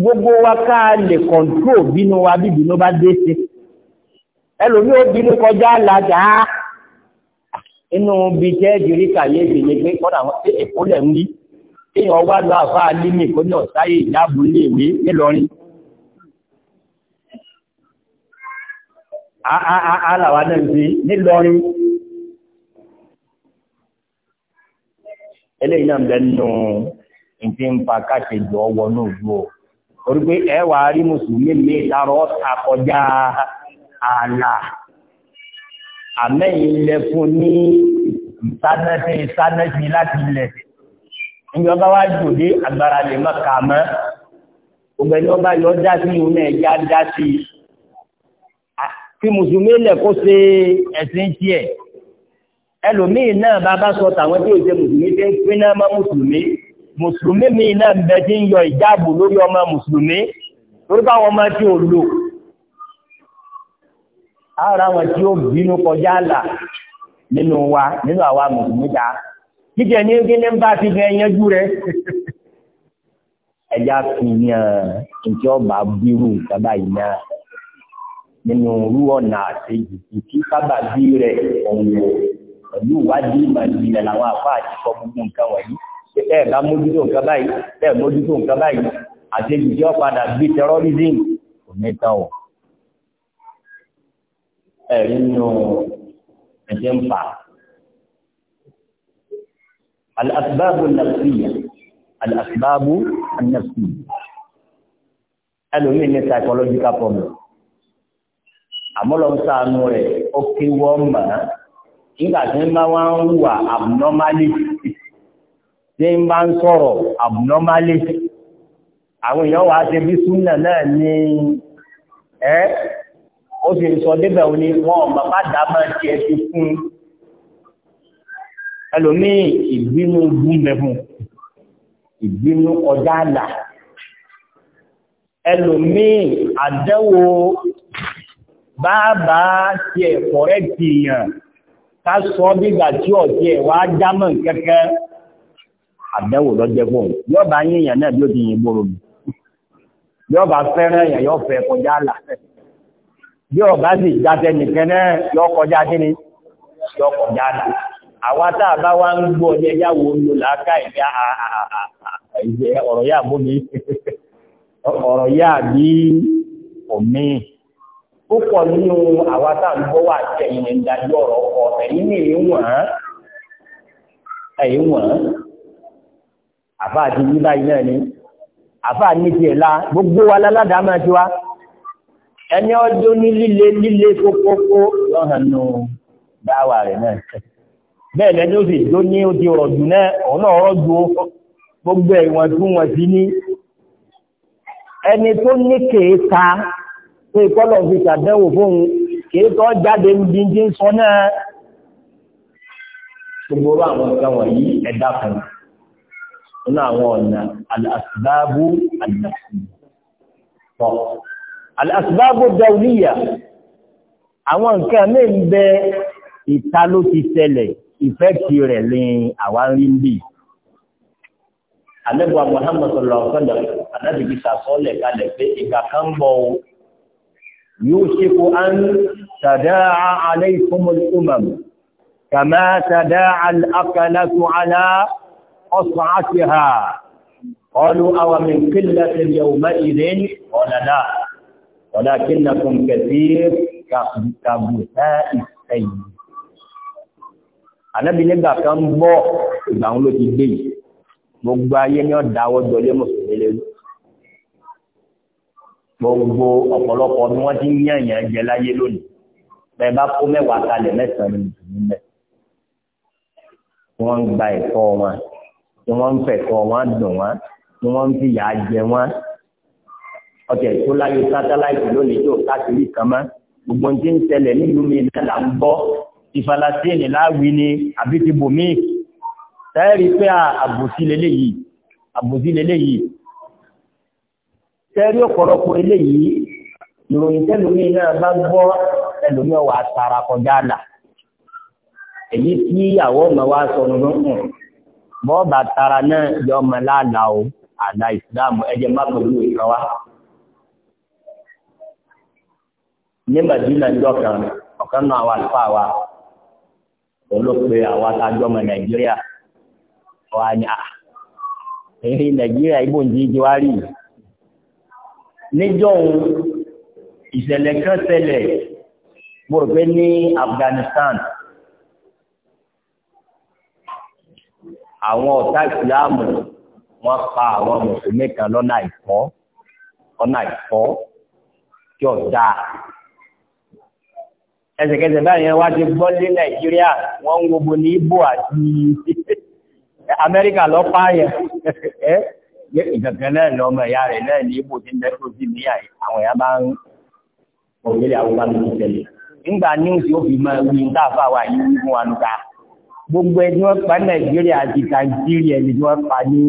gbogbo wa ká lè kọ̀ǹtró bínú wa bí bínú bá dé sí ẹlòmí ó bínú kọjá làjà inú bí jẹ́ ìdírí kàyéèdè ni pé kọ́nà àwọn tí èkó lẹ̀ ń rí kéèyàn wá lọ àfa límì kó ní ọ̀sáyè ìyáàbò iléèwé ńlọrin. àlàwà náà ti ńlọrin. eléyìí náà bẹ́ẹ̀ nù ní ń pa káṣe jọ wọnú ìlú o orí pé ẹ wà rí mùsùlùmí mi tààrọ àkọjá ààlà àmẹ́yìn ilẹ̀ fún ní ìsánẹ́sí ìsánẹ́sí láti ilẹ̀ ìjọba wá jòdé agbára lè má kà mọ́ ògbẹ́ni ọba yọ dá sí ìhun náà já dá sí i kí mùsùlùmí lẹ̀ kó ṣe ẹ̀sìn tiẹ̀ ẹlòmíì náà bá bá sọ tàwọn tí ò ṣe mùsùlùmí tí ń pín náà má mùsùlùmí mùsùlùmí mi náà ń bẹ tí ń yọ ìjáàbù lórí ọmọ mùsùlùmí lórí báwọn ọmọ tí ò lò ara wọn tí ó bínú kọjá àlà nínú wa nínú àwa mùsùlùmí ta jíjẹ ní kíní ń bá ti fẹ yanjú rẹ ẹja fìyàn ntí ọba bírù bàbá yìí náà nínú irú ọ̀nà àtẹ̀jù ìtí sábà bí rẹ̀ ọ̀wọ̀ pẹ̀lú ìwádìí ìmọ̀ ìjìnlẹ̀ làwọn àfáà ti sọ gbogbo nǹkan wọ̀nyí ẹ̀ bá mójútó nǹkan báyìí ẹ̀ mójútó nǹkan báyìí àtẹ̀jù tí ó padà bí terrorism kò ní tán o. ẹ̀ nínú ẹ̀jẹ̀ ń fà. الأسباب النفسية الأسباب النفسية ẹlòmíì ní psychological problem àmọ́ lọ́n sànù rẹ̀ ó kéwọ́ mọ̀ nígbà tí wọ́n bá ń wà abnormally tí ń bá ń sọ̀rọ̀ abnormally àwọn èèyàn wà á ṣe bí súnà náà ní ẹ́ ó sì sọ débẹ̀ òní wọn bàbá dábàá tí ẹ ti fún ẹlòmíì ìbínú gúnbẹ̀fún ìbínú ọjà àlà ẹlòmíì àdẹ́wò bàbá tí ẹ̀kọ́ rẹ̀ tìyàn ká sọ bí gbà tí ọ̀tí ẹ̀ wá dámọ̀ kẹ́kẹ́ àbẹ̀wò lọ́jẹ́ fún òun yóò bá yín èèyàn náà bí ó ti yìn gbòòrò mi yóò bá fẹ́ràn èèyàn yóò fẹ́ kọjá là yóò bá sì jáde nìkan náà yóò kọjá kí yóò kọjá là àwa tá a bá wá ń gbọ́ ọjọ́ ẹ̀yà wo ló làákà ìyá ah, ah, ah, ọ̀rọ̀ yà bó mi [laughs] ọ̀rọ̀ yà bí omi púpọ̀ nínú àwa tá à ń gbọ́ wà tẹ̀yìn ìdájọ́ ọ̀rọ̀ ọ̀rọ̀ ẹ̀yìn ni wọ̀n ẹ̀yìn wọ̀n àfa àti yí báyìí náà ni àfa ní tiẹ̀ la gbogbo wa láládàá máa ti wá ẹni ọdún ní líle líle kókókó lọ́hàn nù dáwà rẹ̀ náà bẹ́ẹ̀ lẹ́ni ó sì tó ní ó ti rọ̀jù náà òun náà rọ̀jù ó gbogbo ìwọ̀n tí wọ́n ti ní ẹni tó ní kèéta pé kọ́lọ̀ fi ṣàdánwò fóun kèéta jáde níbi tí ń sọ náà gbogbo àwọn nǹkan wọ̀nyí ẹ̀dá kan nínú àwọn ọ̀nà alàsìbáàbù àdàsìbọ̀. alàsìbáàbù dáwùlíyà àwọn nǹkan mí ń bẹ ìta ló ti ṣẹlẹ̀ ìfẹ́kì rẹ̀ ní àwa ń rí ń bì. àlẹ́bùwà Muhammad sọlọ ọ̀sọ́dọ̀ àdábìbí sàsọ́lẹ̀ kalẹ̀ pé ìgbà kan bọ̀ o yóò ṣe kó أصعتها قالوا أو من قلة يومئذ قال لا ولكنكم كثير كبثاء السيل أنا nígbà kan ń bọ̀ ìgbà òun ló ti dé yìí. Gbogbo ayé ni ó dáwọ́ jọlé Mùsùlùmí lérú. Gbogbo ọ̀pọ̀lọpọ̀ ni wọ́n ti ń yàn jẹ láyé lónìí. Bẹ́ẹ̀ bá kó mẹ́wàá kalẹ̀ mẹ́sàn-án ni Mùsùlùmí mẹ́. Wọ́n ń gba ẹ̀kọ́ wọn ni wọ́n ń fẹ̀kọ́ wọn dùn wọn ni wọ́n ń fìyà jẹ wọn ọ̀tẹ̀ tó láyé sátáláìtì lónìí tó káàkiri kan mọ́ gbogbo ní ti ń ṣẹlẹ̀ nílùú mi náà ń gbọ́ ti Falasíìnì láàwí ni àbí ti bòmí tẹ́rì pé àbòsí leléyìí àbòsí leléyìí tẹ́rì ọ̀pọ̀lọpọ̀ eléyìí ìròyìn tẹ́lómi náà bá gbọ́ ẹlòmí ọ̀wà àtàrà kọjá àlà èyí tí ìyàwó ọmọ wa sọ nínú bọ́ọ̀bà tara náà yọ ọmọ láàlá o àlà ìsìláàmù ẹjẹ́ má pẹ̀lú ìkan wá. ní Madina ìjọ kan ọ̀kan náà wà lùfà wa olóòpè àwa tá a jọmọ Nàìjíríà wà ní à ah, èyí Nàìjíríà ibò ń jí jẹ wá rí ìṣẹ̀lẹ̀ kan ṣẹlẹ̀ mo rò pé ní Afghanistan. àwọn ọ̀tá ìsìláàmù wọ́n pa àwọn mùsùlùmí kan lọ́nà àìkọ́ ọ̀nà àìkọ́ kí ọ̀dà ẹsẹ̀kẹsẹ̀ báyìí wá ti gbọ́ ní nàìjíríà wọ́n ń gbogbo ní àti [laughs] amẹ́ríkà Amerika yẹn [laughs] ẹ́ ìgbẹ̀gbẹ̀ náà ní ọmọ ìyá rẹ̀ náà ní ti ń dẹ́kọ̀ sí ní àwọn ìyá bá ń pọ̀ nílẹ̀ àwọn bá ń tẹ̀lé nígbà ní ó fi máa gbogbo ẹni wọ́n pa nàìjíríà àti nàìjíríà ni wọ́n pa ní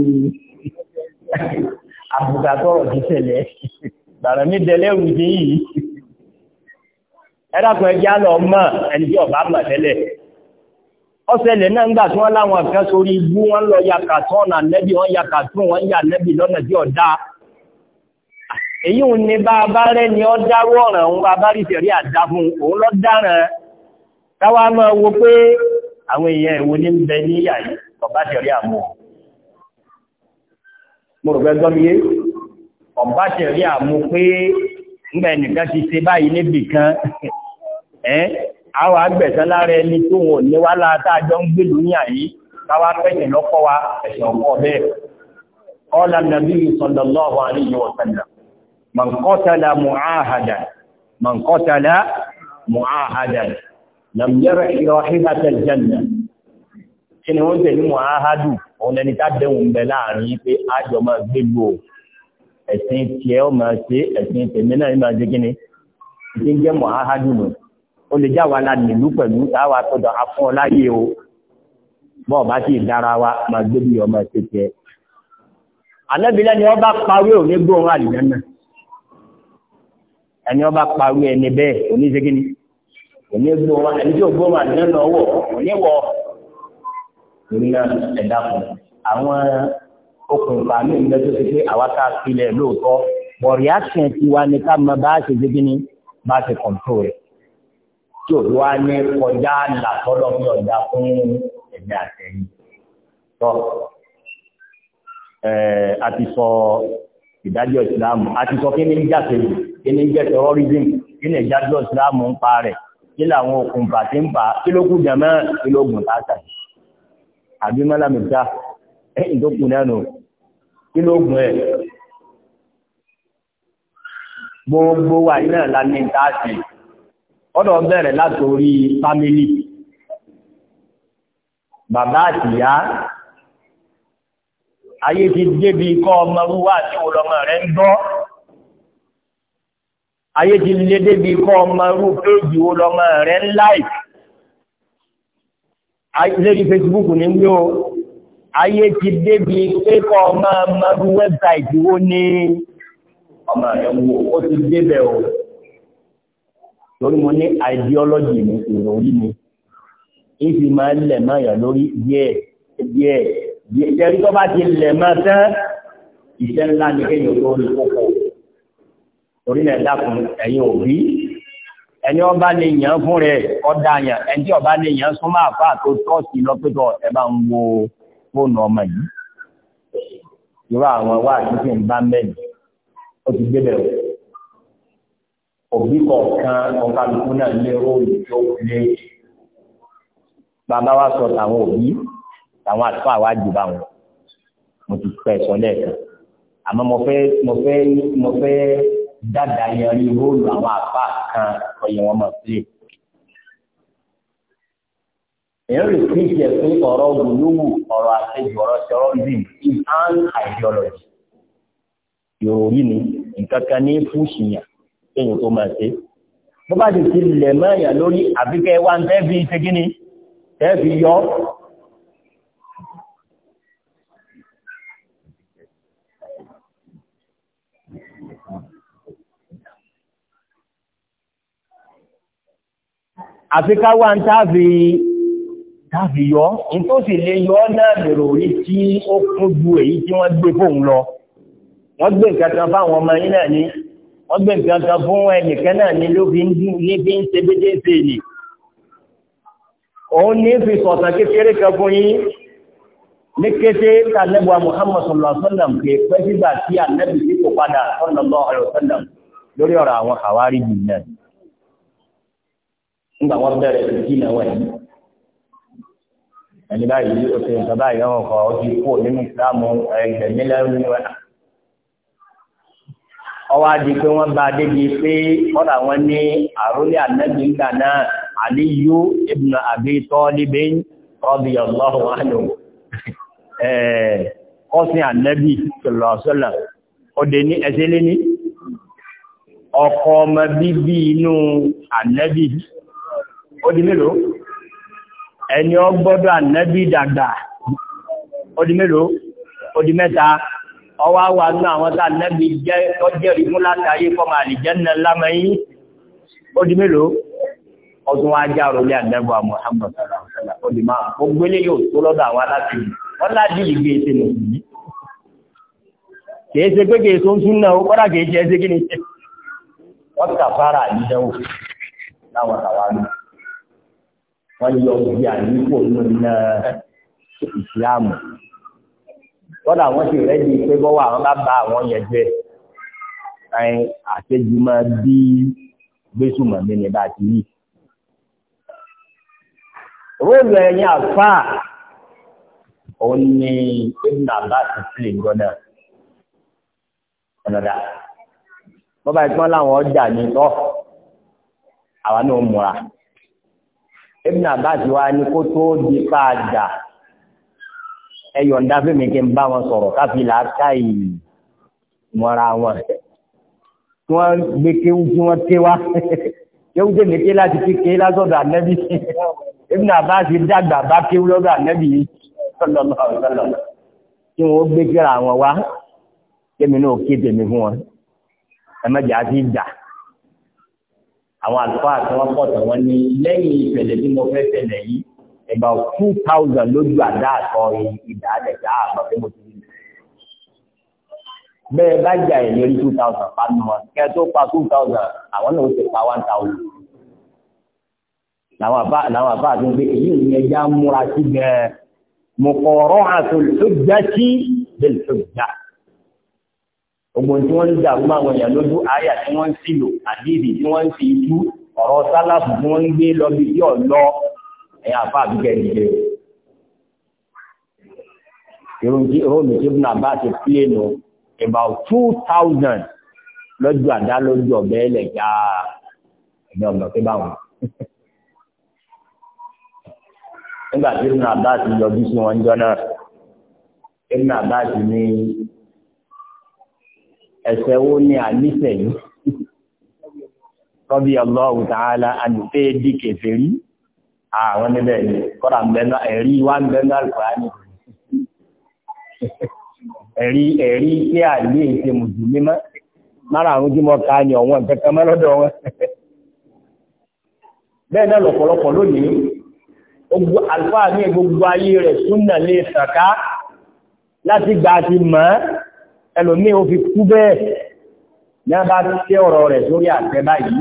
àbùkà tọrọ ti tẹ̀lé gbàrà mi tẹ̀lé òwúdí yìí ẹ̀dàkùn ẹ̀jẹ̀ àlọ́ mọ̀ ẹni tí ọba mọ̀ tẹ́lẹ̀ ọ̀sẹ̀lẹ̀ náà ń gbà tí wọ́n láwọn kan sórí ibú wọn lọ ya kàtún ọ̀nà nẹ́bí wọn ya kàtún wọn ya nẹ́bí lọ́nà tí ọ̀dá èyí ń ní bá a bá rẹ́ ni ọ́ dárú ọ̀ràn òun bá bá rí ìṣẹ̀rí àdá fún òun lọ́ dáràn táwa máa wo pé àwọn èèyàn ìwo ní bẹ ní ìyà yìí ọba tẹ̀rí àmú mo rò fẹ́ gbọ́ mi yé ọba tẹ̀rí àmú pé ńgbà nìkan ti ṣe báyìí níbì kan ẹ́ àwọn agbẹ̀sán lára ẹni tó wọn ní wá látàjọ ń gbèlú ní àyí káwá pẹ̀yìn lọ́kọ́ wa ẹ̀sẹ̀ sallallahu alayhi wa sallam man qatala mu'ahadan nàmjẹ́rẹ̀ ìrọ̀híhà tẹ̀lẹ̀jẹ̀nà kí ni wọ́n tẹ̀ ní mọ̀háhádù òun ẹni tàbẹ̀wọ̀n bẹ láàrin pé àjọ máa gbégbò ẹ̀sìn tí ẹ ọmọ ṣe ẹ̀sìn tèmi náà máa jẹ́ kíni ìdí ń jẹ́ mọ̀háhádù nù ó lè já wa la nílú pẹ̀lú táwa tọ́jọ́ afọ́ láyé o bọ́ọ̀ bá sì dára wa máa gbégbò ọmọ ṣe tiẹ̀ anábìlẹ̀ ni wọ́n bá parí òní gbóhùn àlìyàn náà ẹni wọ́n bá ẹni bẹ́ẹ̀ oníṣẹ́gíní òní gbọ́ wa ẹni tí ò gbọ́ wa nínú òní wọ torí náà ẹ̀dá kan àwọn okùnfà mi ń bẹ tó ṣe pé àwa ká filẹ̀ lóòótọ́ bọ̀ reaction tiwa ni ká mọ bá ṣe gbégbé ni bá ṣe control rẹ̀ tí òdu wa ní kọjá làtọ́lọ́ ní ọ̀dà fún ẹ̀mí àtẹ̀yìn tọ́ a ti sọ ìdájọ́ ìsìlámù a ti sọ kí ni ń jà kejì kí ni ń jẹ́ terrorism kí ni ìdájọ́ ìsìlámù ń pa kí làwọn òkùnfà tí ń fà kí ló kù jàmọ́ kí ló gùn tààtà àbí mọ́lámìta ẹ̀yìn tó kù náà nù kí ló gùn ẹ̀ gbogbo wa iná la ní tààtì ọ̀dọ̀ bẹ̀rẹ̀ látòrí fámílì bàbá àtìyá ayé ti débi kọ́ ọmọ wíwá àti òlọmọ rẹ̀ ń gbọ́ ayé ti lé débi kọ́ ọmọ irú péjì wo lọ́mọ rẹ̀ ń láìpì lórí facebook ní ń yóò ayé ti débi pé kọ́ ọmọ ọmọ irú wẹ́bsáìtì wo ní ọmọ rẹ̀ ń wò ó ti débẹ̀ o lórí mo ní ideology ní èrò yìí ni ìfì máa ń lẹ̀ máa yàn lórí díẹ̀ díẹ̀ díẹ̀ tẹ́rí tó bá ti lẹ̀ máa tán ìṣẹ́ ńlá ni kéèyàn tó rí kókó torí náà dákun ẹ̀yin òbí ẹni ọba lè yàn fún rẹ̀ ọ̀dà yàn ẹni tí ọba lè yàn súnmọ́ àfa tó tọ́sí lọ́pẹ́tọ̀ ẹ bá ń wo fóònù ọmọ yìí irú àwọn wá àtúntò ń bá mẹ́rin ó ti gbé bẹ̀rẹ̀ òbí kọ̀ọ̀kan ọ̀kadùnkún náà ní róòlù tó lé bàbá wa sọ tàwọn òbí tàwọn àlùfáà wa jù bá wọn mo ti pẹ̀ sọ lẹ́ẹ̀kan àmọ́ mo fẹ́ mo fẹ́ mo fẹ́ dáadáa yẹn rí róòlù àwọn àpá kan ọyẹ wọn mọ̀ sí. èyí rè fi jẹ pé ọ̀rọ̀ gbòlówù ọ̀rọ̀ àtẹjù ọ̀rọ̀ ṣọrọ zim is an ideology. ìròyìn ni nǹkan kan ní fúùsìyàn kéèyàn tó máa ṣe. bó bá ti ti lẹ̀ mọ́ ẹ̀yà lórí àbíkẹ́ wa ń fẹ́ fi ṣe kí ni fẹ́ fi yọ ọ́. àfi ká wá ń táàfi táàfi yọ nítorí sì lè yọ náà lèrò orí tí ó kún ju èyí tí wọ́n gbé fóun lọ wọ́n gbé nǹkan kan fáwọn ọmọ yín náà ní wọ́n gbé nǹkan fún ẹnìkan náà ní ló fi ń dún ń ṣe béjèèṣe nì òun ní fi sọ̀tàn kékeré kan fún yín ní kété tàlẹ́bùwà Muhammad sallallahu alaihi wasallam pé pẹ́ sígbà tí ànẹ́bì sí kò padà sallallahu alaihi wasallam lórí ọ̀rọ̀ àwọn àwárí yìí ńgbà wọ́n bẹ̀rẹ̀ ìdí náà wẹ̀ yìí ẹni báyìí o ti nǹkan báyìí náà kọ ọ ti kú nínú ìsìlámù ẹgbẹ̀mí lẹ́rú ni wọ́n. ọwọ́ adi pé wọ́n bá débi pé kọ́dà wọn ní àrólé ànábì ńgbà náà Aliyu ibn Abi Talib radiyallahu anhu kọ́sìn ànábì sallallahu alaihi wasallam ọdẹ ní ẹsẹ̀ lé ní ọkọ̀ ọmọ bíbí inú ànábì Odi melo, mélòó ẹni ọ gbọ́dọ̀ ànábì dàgbà ó di mélòó ó di mẹ́ta ọwá wà ní àwọn tá ànábì jẹ́rìí mú látàrí fọ́mà àlìjẹ́nà lámẹ́yí ó di mélòó ọdún wa já rọlé àdẹ́bọ̀ Muhammad sallallahu alaihi wasallam ó di máa gbogbo ilé yóò tó lọ́dọ̀ àwọn aláṣẹ ni wọ́n kà fara wọ́n yọ òbí àdínkù nínú ìsìláàmù kọ́dà wọ́n ti rẹ́ di pé bọ́wọ́ àwọn bá ba àwọn yẹn jẹ́ ẹ̀ẹ́n àṣejù máa bí gbésùmọ̀ mi ní bá ti rí. róòlù ẹ̀yìn àfà òun ni ibn abbas sílè gbọ́dọ̀ ọ̀nàdà bọ́bá ìpọ́n láwọn ọjà ní tọ́ àwa náà múra. Ibn Abbas wa ni kó tó di padà ẹyọ̀ ń dáfẹ́ mi kí n bá wọn sọ̀rọ̀ káfí làákà yìí mọ́ra wọn. Tí wọ́n gbé kéwú tí wọ́n ké wá. Kéwú tèmi ké láti fi ké lásọ̀dọ̀ ànẹ́bí. Ibn Abbas dàgbà bá kéwú lọ́dọ̀ ànẹ́bí yìí. Tí wọ́n gbé kíra wọn wá. Kémi náà ké fún wọn. Ẹ mẹ́jà ti dà àwọn àlùfáà tí wọ́n pọ̀ tán wọ́n ní lẹ́yìn ìṣẹ̀lẹ̀ bí mo fẹ́ ṣẹlẹ̀ yìí ẹ̀gbà two thousand lójú àdá àtọ̀ ìdá àdẹ̀dá àgbà pé mo ti rí bẹ́ẹ̀ bá jà ẹ̀ lórí two thousand pa nù wọn kẹ́ tó pa two thousand àwọn náà ó ti pa one thousand làwọn àbá làwọn àbá àti pé èyí ni ẹja múra sí gẹ̀ẹ́ mọ̀kọ̀ọ̀rọ̀ àti olùsọ̀jà sí bẹ́ẹ̀ olùsọ̀jà gbogbo tí wọ́n ń dàrú àwọn èèyàn lójú àyà tí wọ́n ń sílò àdìdì tí wọ́n ń fi tú ọ̀rọ̀ sálàfù tí wọ́n ń gbé lọ bí yóò lọ ẹ̀yà àfa àbíkẹ́ ìdíje. irunji rómi tí ibùnà bá ti pílé nù about two thousand lọ́jọ́ àdá lójú ọ̀bẹ́ ilẹ̀ já ẹ̀mí ọ̀nà pé báwọn. nígbà tí ibùnà bá ti yọjú sí wọn jọ náà ibùnà bá ti ní ẹ̀ṣẹ̀ wo ni àníṣẹ̀ yìí tọ́bí ọlọ́run tààlà àdùfẹ́ dì kèfèrí àwọn níbẹ̀ kọ́ra mẹ́nà ẹ̀rí wá mẹ́nà àlùkùránì ẹ̀rí ẹ̀rí tí a lè ṣe mùsùlùmí mọ́ mára àwọn ojúmọ́ ká ní ọ̀wọ́n ìfẹ́kẹ́ mọ́ lọ́dọ̀ wọn bẹ́ẹ̀ náà lọ̀pọ̀lọpọ̀ lónìí àlùfáà ní gbogbo ayé rẹ̀ súnà lè sàká láti gba ti mọ́ ẹlòmí ó fi kú bẹ́ẹ̀ ní a bá tẹ́ ọ̀rọ̀ rẹ̀ sórí àtẹ báyìí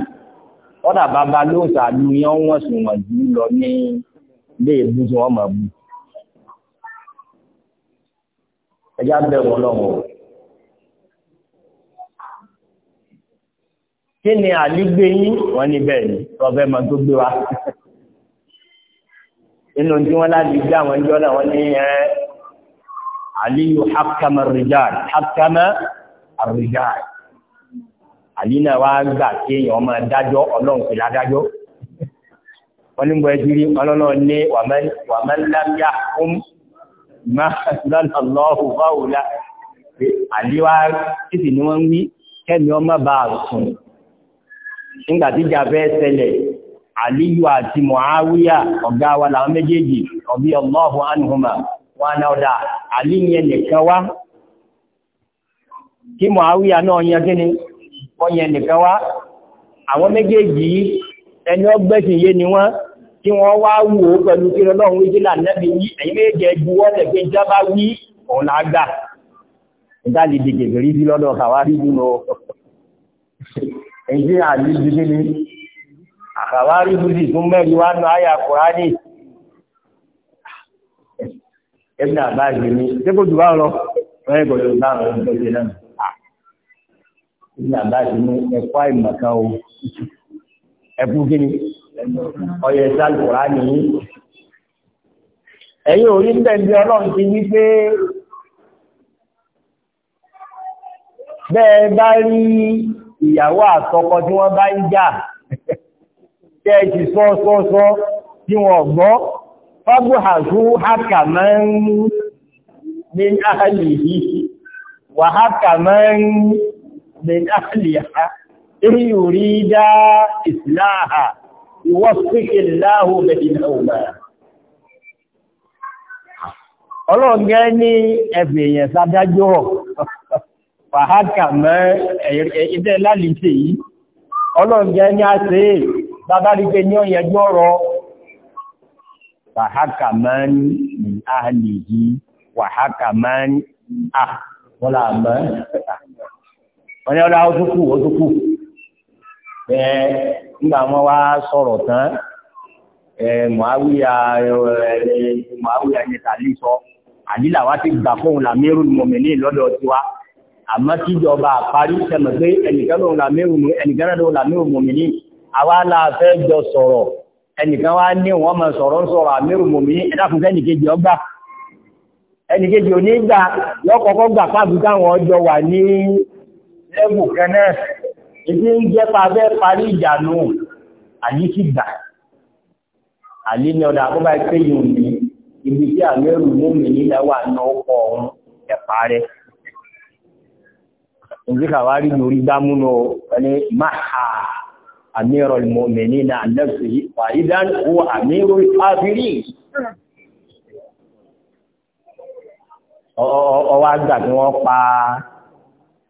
ọ̀dà bàbá ló ń sàánú yán wọ́n sùn wọ̀n jù lọ ní ilé ìbú tí wọ́n mọ̀ bù. ẹjá bẹ̀rù ọlọ́run kí ni àlígbé yín wọ́n ní bẹ́ẹ̀ ni ọ̀fẹ́ mọ̀ tó gbé wa inú tí wọ́n láti gbé àwọn ìjọ náà wọ́n ní ẹ́ aliyu hakama rijal hakama rijal àlì náà wá gbà kí èèyàn ọmọ dájọ́ ọlọ́run pẹ̀lú adájọ́ wọ́n ní gbọ́ ẹjú rí ọlọ́nà ní wàmẹ́lámíà fún mọ́sánlọ́hù báwùlá àlíwá títì ni wọ́n ń wí kẹ́mi ọmọ bá sùn nígbà tí jàfẹ́ ṣẹlẹ̀ àlíyù àti mọ̀háwíyà ọ̀gá wa làwọn méjèèjì ọ̀bí ọlọ́hùn ánìhùnmá wọn náà dà àlì yẹn nìkan wá kí Muawiya náà yẹn kí ni wọ́n yẹn nìkan wá àwọn méjèèjì yìí ẹni ọgbẹ́sìn yé ni wọ́n tí wọ́n wá wò ó pẹ̀lú kí ọlọ́run wí sí lànàbí yí ẹ̀yìn méje ju wọ́n lẹ̀ pé jábá wí òun là gbà nígbà lè dìgbè rí sí lọ́dọ̀ kàwárí dùnú o èyí àlè dùnú ni àkàwárí dùnú tún mẹ́rin wá nù áyà Kùránì ẹ̀mí àbáyé ní dẹ́kọ̀ jù bá lọ ọ̀rẹ́ ìgbọ̀dọ̀ bá lọ ọ̀rẹ́ ìgbọ̀dọ̀ náà ẹ̀mí àbáyé ní ẹ̀kọ́ àìmọ̀ká o ẹ̀kú kí ni ọ̀yẹ̀ sálùkùrá nìyí ẹ̀yìn orí tẹ̀lé ọlọ́run ti wí pé bẹ́ẹ̀ bá rí ìyàwó àtọkọ tí wọ́n bá ń jà tẹ́ [laughs] ti sọ́ sọ́ sọ́ tí wọ́n gbọ́ fábúhàzú hákàmán ní áhàlìhì wà hákàmán ní áhàlìhà èyí rí dá ìsìláhà ìwọ́síkè láhù bẹ̀dìnàwòmá ọlọ́gẹ́ ní ẹ̀bẹ̀yẹ̀ sádájọ́ wà hákàmán ẹ̀yẹ̀ ìdẹ́ lálìtẹ̀ yìí ọlọ́gẹ́ ní àṣẹ bàbá rí pé ní ọ̀yẹ̀jọ́ rọ̀ فحكمان من أهله وحكمان أه ولا من wọ́n ní ọ̀dà ọ̀túnkù ọ̀túnkù ẹ̀ nígbà wọn wá sọ̀rọ̀ tán ẹ̀ mọ̀áwíyà ẹ̀ mọ̀áwíyà ní tàlí sọ àdílà wá ti gbà fóun làmírù mọ̀mìnì lọ́dọ̀ tiwa àmọ́ tíjọba àparí sẹ́mọ̀ pé ẹnìkan lòun làmírù mọ̀mìnì àwa la fẹ́ jọ sọ̀rọ̀ ẹnìkan wá ní wọ́n mọ̀ sọ̀rọ̀ ń sọ̀rọ̀ àmírù mòmí ẹ̀dàkùn fẹ́nìkejì ọgbà ẹnìkejì onígbà lọ́kọ̀ọ́kọ́ gbà pàbí táwọn ọjọ́ wà ní lẹ́bù kẹ́nẹ́ ìdí ń jẹ́ pàbẹ́ parí ìjànú àyí sì gbà àlé ní ọ̀dà àkọ́bá pé yìí ní ibi tí àmírù mòmí nílẹ̀ wà ní ọkọ̀ ọ̀hún ẹ̀pà rẹ̀ ìdí kàwárí lórí gbámúnú ẹni máa amirul mu'minina nafsihi wa idan huwa amirul kafirin ọwọ́ àgbà tí wọ́n pa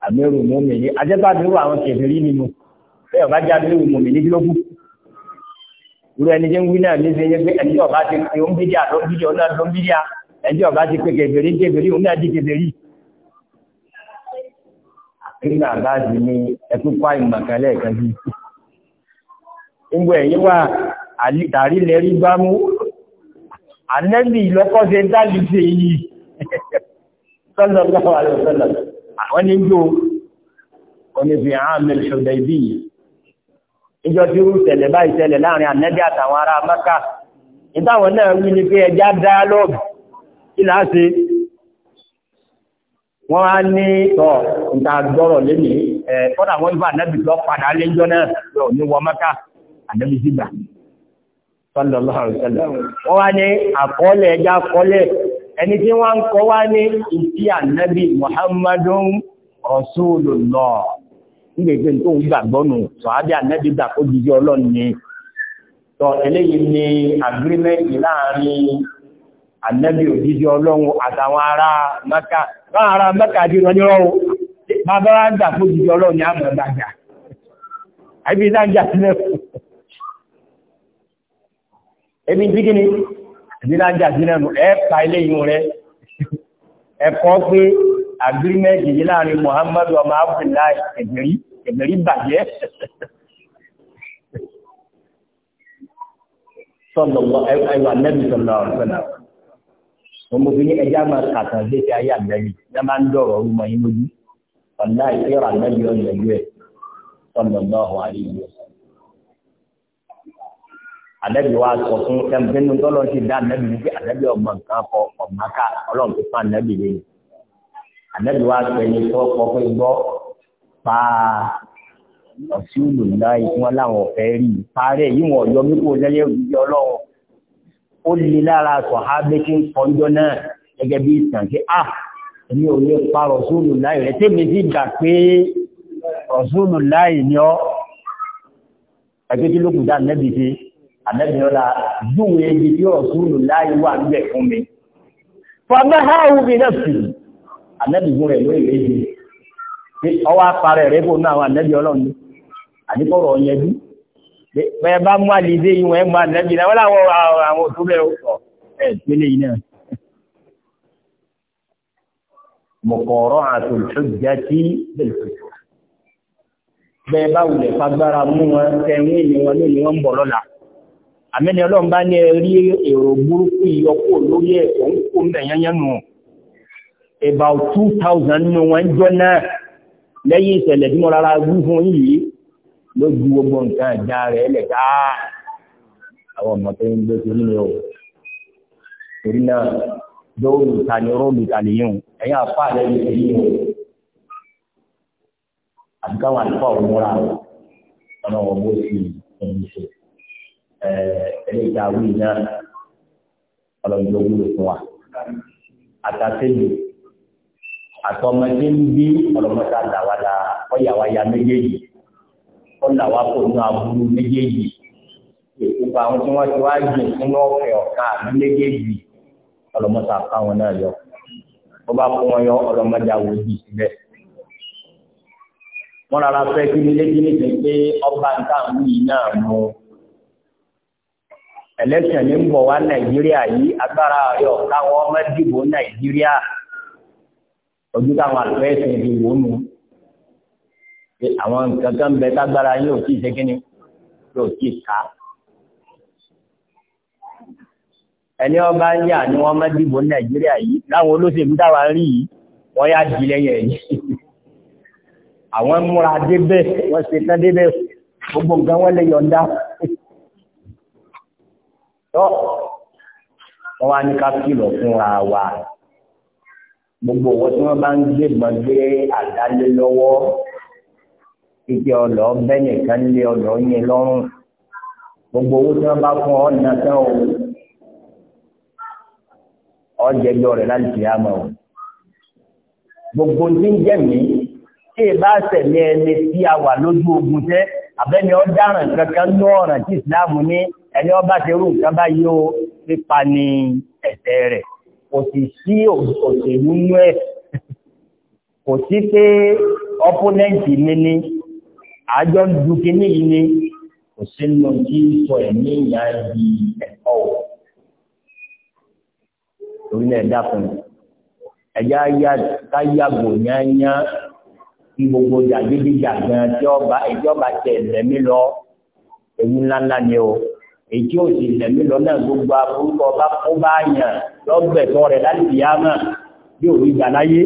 àmẹ́rù mọ́mìnì ajẹ́bàdúrú àwọn kẹfìrí nínú bẹ́ẹ̀ ọba jẹ́ àmẹ́rù mọ́mìnì kí ló kù irú ẹni jẹ́ ń wí náà ní sẹ́yìn pé ẹni ọba ti pe ó ń bídíà ló ń bídíà ó náà ló ń bídíà ẹni ọba ti pe kẹfìrí kẹfìrí òun náà di kẹfìrí. àkínní àbáàdì ni ẹkú pa ìmọ̀kànlẹ̀ kan bíi ńgbọ́ ẹ̀yìn wà àlìdàrí lẹ́rí bá mú ànẹ́bì lọ́kọ́sẹ̀ dálì ṣe yìí sallallahu alaihi wasallam àwọn ní jò onífi àmìl Hudaybiyya ìjọ tí ó tẹ̀lẹ̀ báyìí tẹ̀lẹ̀ láàrin ànẹ́bì àtàwọn ará Mákà ni pé ẹjá dáálọ́ọ̀bù kí láá ṣe wọ́n àdẹ́bí sí gbà sallallahu alaihi wasallam wọ́n wá ní àkọọ́lẹ̀ ẹja kọlẹ̀ ẹni tí wọ́n ń kọ wá ní ìfí ànábì muhammadun rasulullah nígbègbè tó ń gbàgbọ́ nù sọ̀hábí ànábì gbà kó jíjẹ́ ọlọ́run ni tọ eléyìí ni agirímẹ́ǹtì láàrin ànábì òjíjẹ́ ọlọ́run àtàwọn ará mẹ́ka báwọn ará mẹ́ka dì bàbá wa gbà kó jíjẹ́ ọlọ́run ni àmọ́ gbàgbà àbí sáà sílẹ̀ fún ẹbí tí kí ni ẹbí náà jà sí lẹ́nu ẹ pa ilé yìí rẹ ẹ kọ́ pé agreement yìí láàrin Muhammadu ọmọ Abdullahi ẹ̀gbẹ̀rí ẹ̀gbẹ̀rí bàjẹ́ sọ́lọ̀lọ́ ẹwà nẹ́bí sọ́lọ̀ ọ̀sọ́lá wọn mo fi ní ẹjá máa kàtàn lé ti ayé àgbẹ̀rí ní máa ń dọ̀rọ̀ ọmọ yín lójú ọ̀nà ìfẹ́ rà nẹ́bí ọ̀nà ẹgbẹ́ sọ́lọ̀lọ́ ọ̀hún àríyìn ànábì wa sọ fún ẹnbínú tọ́lọ́ ti dá ànábì ní pé ànábì ọgbọ̀n kan kọ ọ̀gbọ́n ká ọlọ́run ti fún ànábì lé ní ànábì wa sọ ẹni tó kọ pé gbọ́ pa ọ̀sùnù náà ìfún láwọn ọ̀fẹ́ rí i parẹ́ yìí wọ́n yọ mí kó lẹ́yẹ òjijì ọlọ́run ó lè lára sọ̀hábé tí ń kọjọ́ náà gẹ́gẹ́ bí ìtàn pé ah èmi ò lè pa ọ̀sùnù náà rẹ̀ tèmi sì gbà pé ọ̀sùnù náà ni ọ́ ẹgbẹ́ tí ló kù dá ànábì ṣe àdẹ́bìnrin júwe ibi tí ọ̀sùnlù láì wà ń bẹ̀ fún mi. fọmáháwù bí náà sì àdẹ́bìnrin rẹ̀ ló ìwé yìí pé ọwọ́ apárẹ̀ rẹ̀ bò náà àwọn àdẹ́bìnrin ọlọ́run ní àdìpọ̀rọ̀ ọ̀yẹ́dú bẹ́ẹ̀ bá mú àlìdé yìí wọ́n ẹ̀ mú àdẹ́bìnrin wọ́n láwọn àwọn òtún fagbára mú wọn tẹ̀ wọ́n ènìyàn wọ́n ń bọ̀ lọ́la àmẹ́ni ọlọ́run bá ní rí èrò burúkú ìyọkó lórí ẹ̀ òun kò mẹ́ yányánu about two thousand nínú wọn jọ náà lẹ́yìn ìṣẹ̀lẹ̀ tí mo rárá wú fún yìí ló ju gbogbo nǹkan ẹ̀dá rẹ̀ lẹ̀ ká àwọn ọmọ tó ń gbé torí ni o torí náà dóòlù ta ni róòlù ta lè yín o ẹ̀yin rẹ̀ lè fi yín àti káwọn àlùfáà eléyìí tá a wí náà ọlọ́run ló wúlò fún wa àtàtẹ́yìn àtọmọdé ń bí ọlọ́mọdé àdáwádà ọ̀yàwáyà méjèèjì ọ̀làwà kò ní aburú méjèèjì ìkópa àwọn tí wọ́n ti wá jìn sínú ọ̀fẹ́ ọ̀ka àbí méjèèjì ọlọ́mọdé àkáwọn náà yọ wọ́n bá kó wọn yọ ọlọ́mọdé àwọn òbí síbẹ̀ wọ́n rárá fẹ́ kí nílé kí nígbè pé ọba ń tà ń wí náà mú un election ní ń bọ̀ wá nàìjíríà yìí agbára ọ̀yọ́ káwọn ọmọ dìbò nàìjíríà ojú táwọn àlùfẹ́ ẹ̀sìn ti wò nù àwọn nǹkan kan bẹ tágbára yóò tí ì ṣe kínní yóò tí ì ká ẹni ọba ń yà ni wọn máa dìbò nàìjíríà yìí láwọn olóṣèlú táwa rí yìí wọn yá di lẹ́yìn ẹ̀yìn àwọn múra débẹ̀ wọn ṣe tán débẹ̀ gbogbo nǹkan wọn lè yọ̀ǹda tọ́ wọ́n wá ní ká kìlọ̀ fúnra wa gbogbo owó tí wọ́n bá ń gbé gbọ́n gbé àdálé lọ́wọ́ ìjẹ́ ọ̀lọ́ bẹ́nìkan lé ọ̀lọ́ yẹn lọ́rùn gbogbo owó tí wọ́n bá fún ọ nà tán o ọ̀jẹ̀gbọ́ rẹ̀ láti fi àmọ́ o gbogbo ní jẹ́mi tí ì bá sẹ̀mí ẹni tí a wà lójú ogun tẹ́ àbẹ́ni ọ dáràn kankan ní ọ̀ràn tí ìsìláàmù ní ẹni ọba ti rú nǹkan bá yí ó pípa ní ẹ̀sẹ̀ rẹ̀ kò sì sí òṣèlú nú ẹ̀ kò sí pé ọ́pọ́nẹ́ǹtì mi ni àjọ ń du kínní kò sí nù kí sọ ẹ̀mí ìyá ibi ẹ̀kọ́ o torí náà dákun ẹ̀yà ká yàgò yányá kí gbogbo jàgídíjà gan tí ọba èyí ọba tẹ lẹ́mí lọ ewu ńláńlá ni o èyí tí ó sì lẹ́mí lọ náà gbogbo aburúkọ ọba kó bá yàn lọ́gbẹ̀tọ́ rẹ̀ láti yá mọ̀ bí òun ìgbà láyé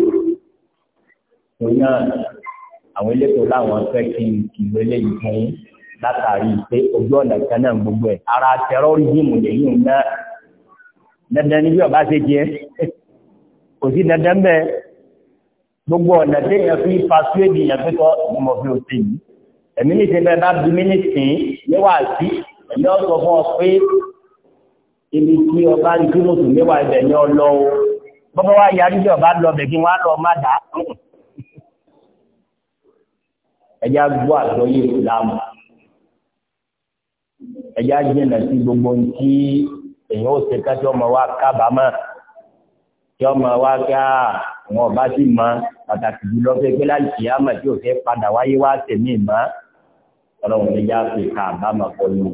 tó náà àwọn elétò láwọn fẹ́ kí ìlú eléyìí fún látàrí pé ojú ọ̀nà kan náà gbogbo ẹ̀ ara tẹrọrìsìmù lèyí ń dandan ní bí ọba ṣe jẹ kò sí dandan bẹ́ẹ̀ gbogbo ọ̀nà tí èèyàn fi fasú ènìyàn pé kọ́ ìmọ̀ fi ò sí yìí ẹ̀mí ní ìṣẹ́gbẹ́ bá bí mínísìn níwà sí ẹ̀mí ọ̀sọ̀ fún ọ pé ibi tí ọba rí kí mùsùn níwà ibẹ̀ ni ọ o bọ́bọ́ wá yarí bí ọba lọ bẹ̀ kí wọ́n á lọ má dà á ẹ̀yà gbọ́ àgbọ́yé ìlàmù ẹ̀yà jìnà sí gbogbo ohun tí èèyàn ò ṣe ká tí ọmọ wa kábàámọ̀ tí ọmọ wa ká àwọn ọba sì mọ pàtàkì jùlọ pé pé láì sí àmọ́ tí ò fẹ́ padà wáyé wá tèmi mọ́ ọlọ́run ní yá pé ká bá máa kọ lù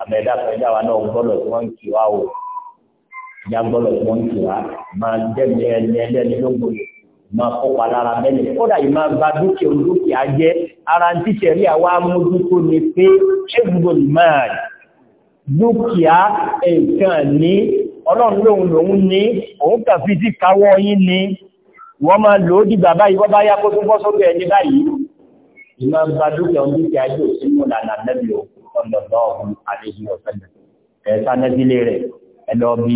àmọ́ ẹ̀dá kan ẹ̀dá wa náà gbọ́dọ̀ tí wọ́n ń kí wa o ìyá gbọ́dọ̀ tí wọ́n ń kí wa máa jẹ́mi ẹni ẹlẹ́ni lógbòye máa kópa lára bẹ́ẹ̀ni kódà yìí máa gba dúkìá olùdókìá jẹ́ ara ń tíṣẹ̀ rí àwa mójútó ni pé ṣé ni ìmáà dúkìá nǹkan ní ọlọ́run lòun lòun ní òun kàfi sí káwọ́ yín ní wọ́n máa lò ó dìgbà báyìí wọ́n bá yá kó tó bọ́ sókè ẹni báyìí ìmọ̀ bá dúkìá ń dúkìá yóò sínú lànà nẹ́bí o ọ̀dọ̀dọ̀ ọ̀hún àlejò ọ̀sẹ̀dẹ̀ ẹ̀ẹ́sà nẹ́bílé rẹ̀ ẹ̀lọ bí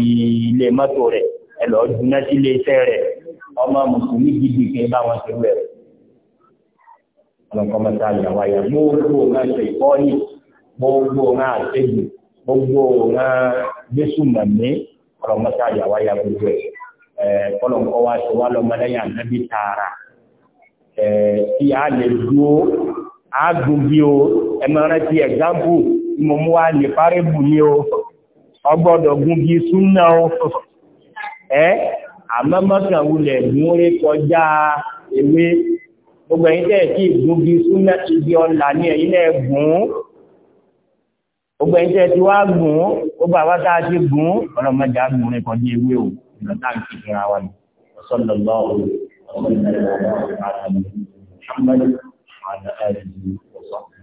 ilé mọ́tò rẹ̀ ẹ̀lọ dúná sí ilé iṣẹ́ rẹ̀ ọmọ mùsùlùmí gidi kí n bá wọn ti wẹ̀ rẹ̀. ọlọ́kọ́mọ tá a yà gbogbo náà ṣe ìkọ́ni kọ́lọ̀kọ́ wá ṣe wá lọ́mọ lẹ́yìn ànábì tààrà tí a lè dúó ágùn bí o ẹmọ́rán ti ẹ̀gbáǹpù mo mú wá lè fárẹ́ bù ní o ọgbọ́dọ̀ gún bí súnà o ẹ́ àmọ́ mọ́kàn wulẹ̀ gún rí kọjá ewé gbogbo ẹ̀yin tẹ́ tí gún bí súnà ti di ọ̀la ní ẹ̀yin náà gún gbogbo ẹ̀yin tẹ́ tí wá gún gbogbo àwọn tá a ti gún ọlọ́mọdé á gún rí kọjá ewé o. nǹkan kí ìra wa ni sọ́dọ̀ lọ́wọ́ ọ̀sán Muhammad ala alihi wa sahbihi.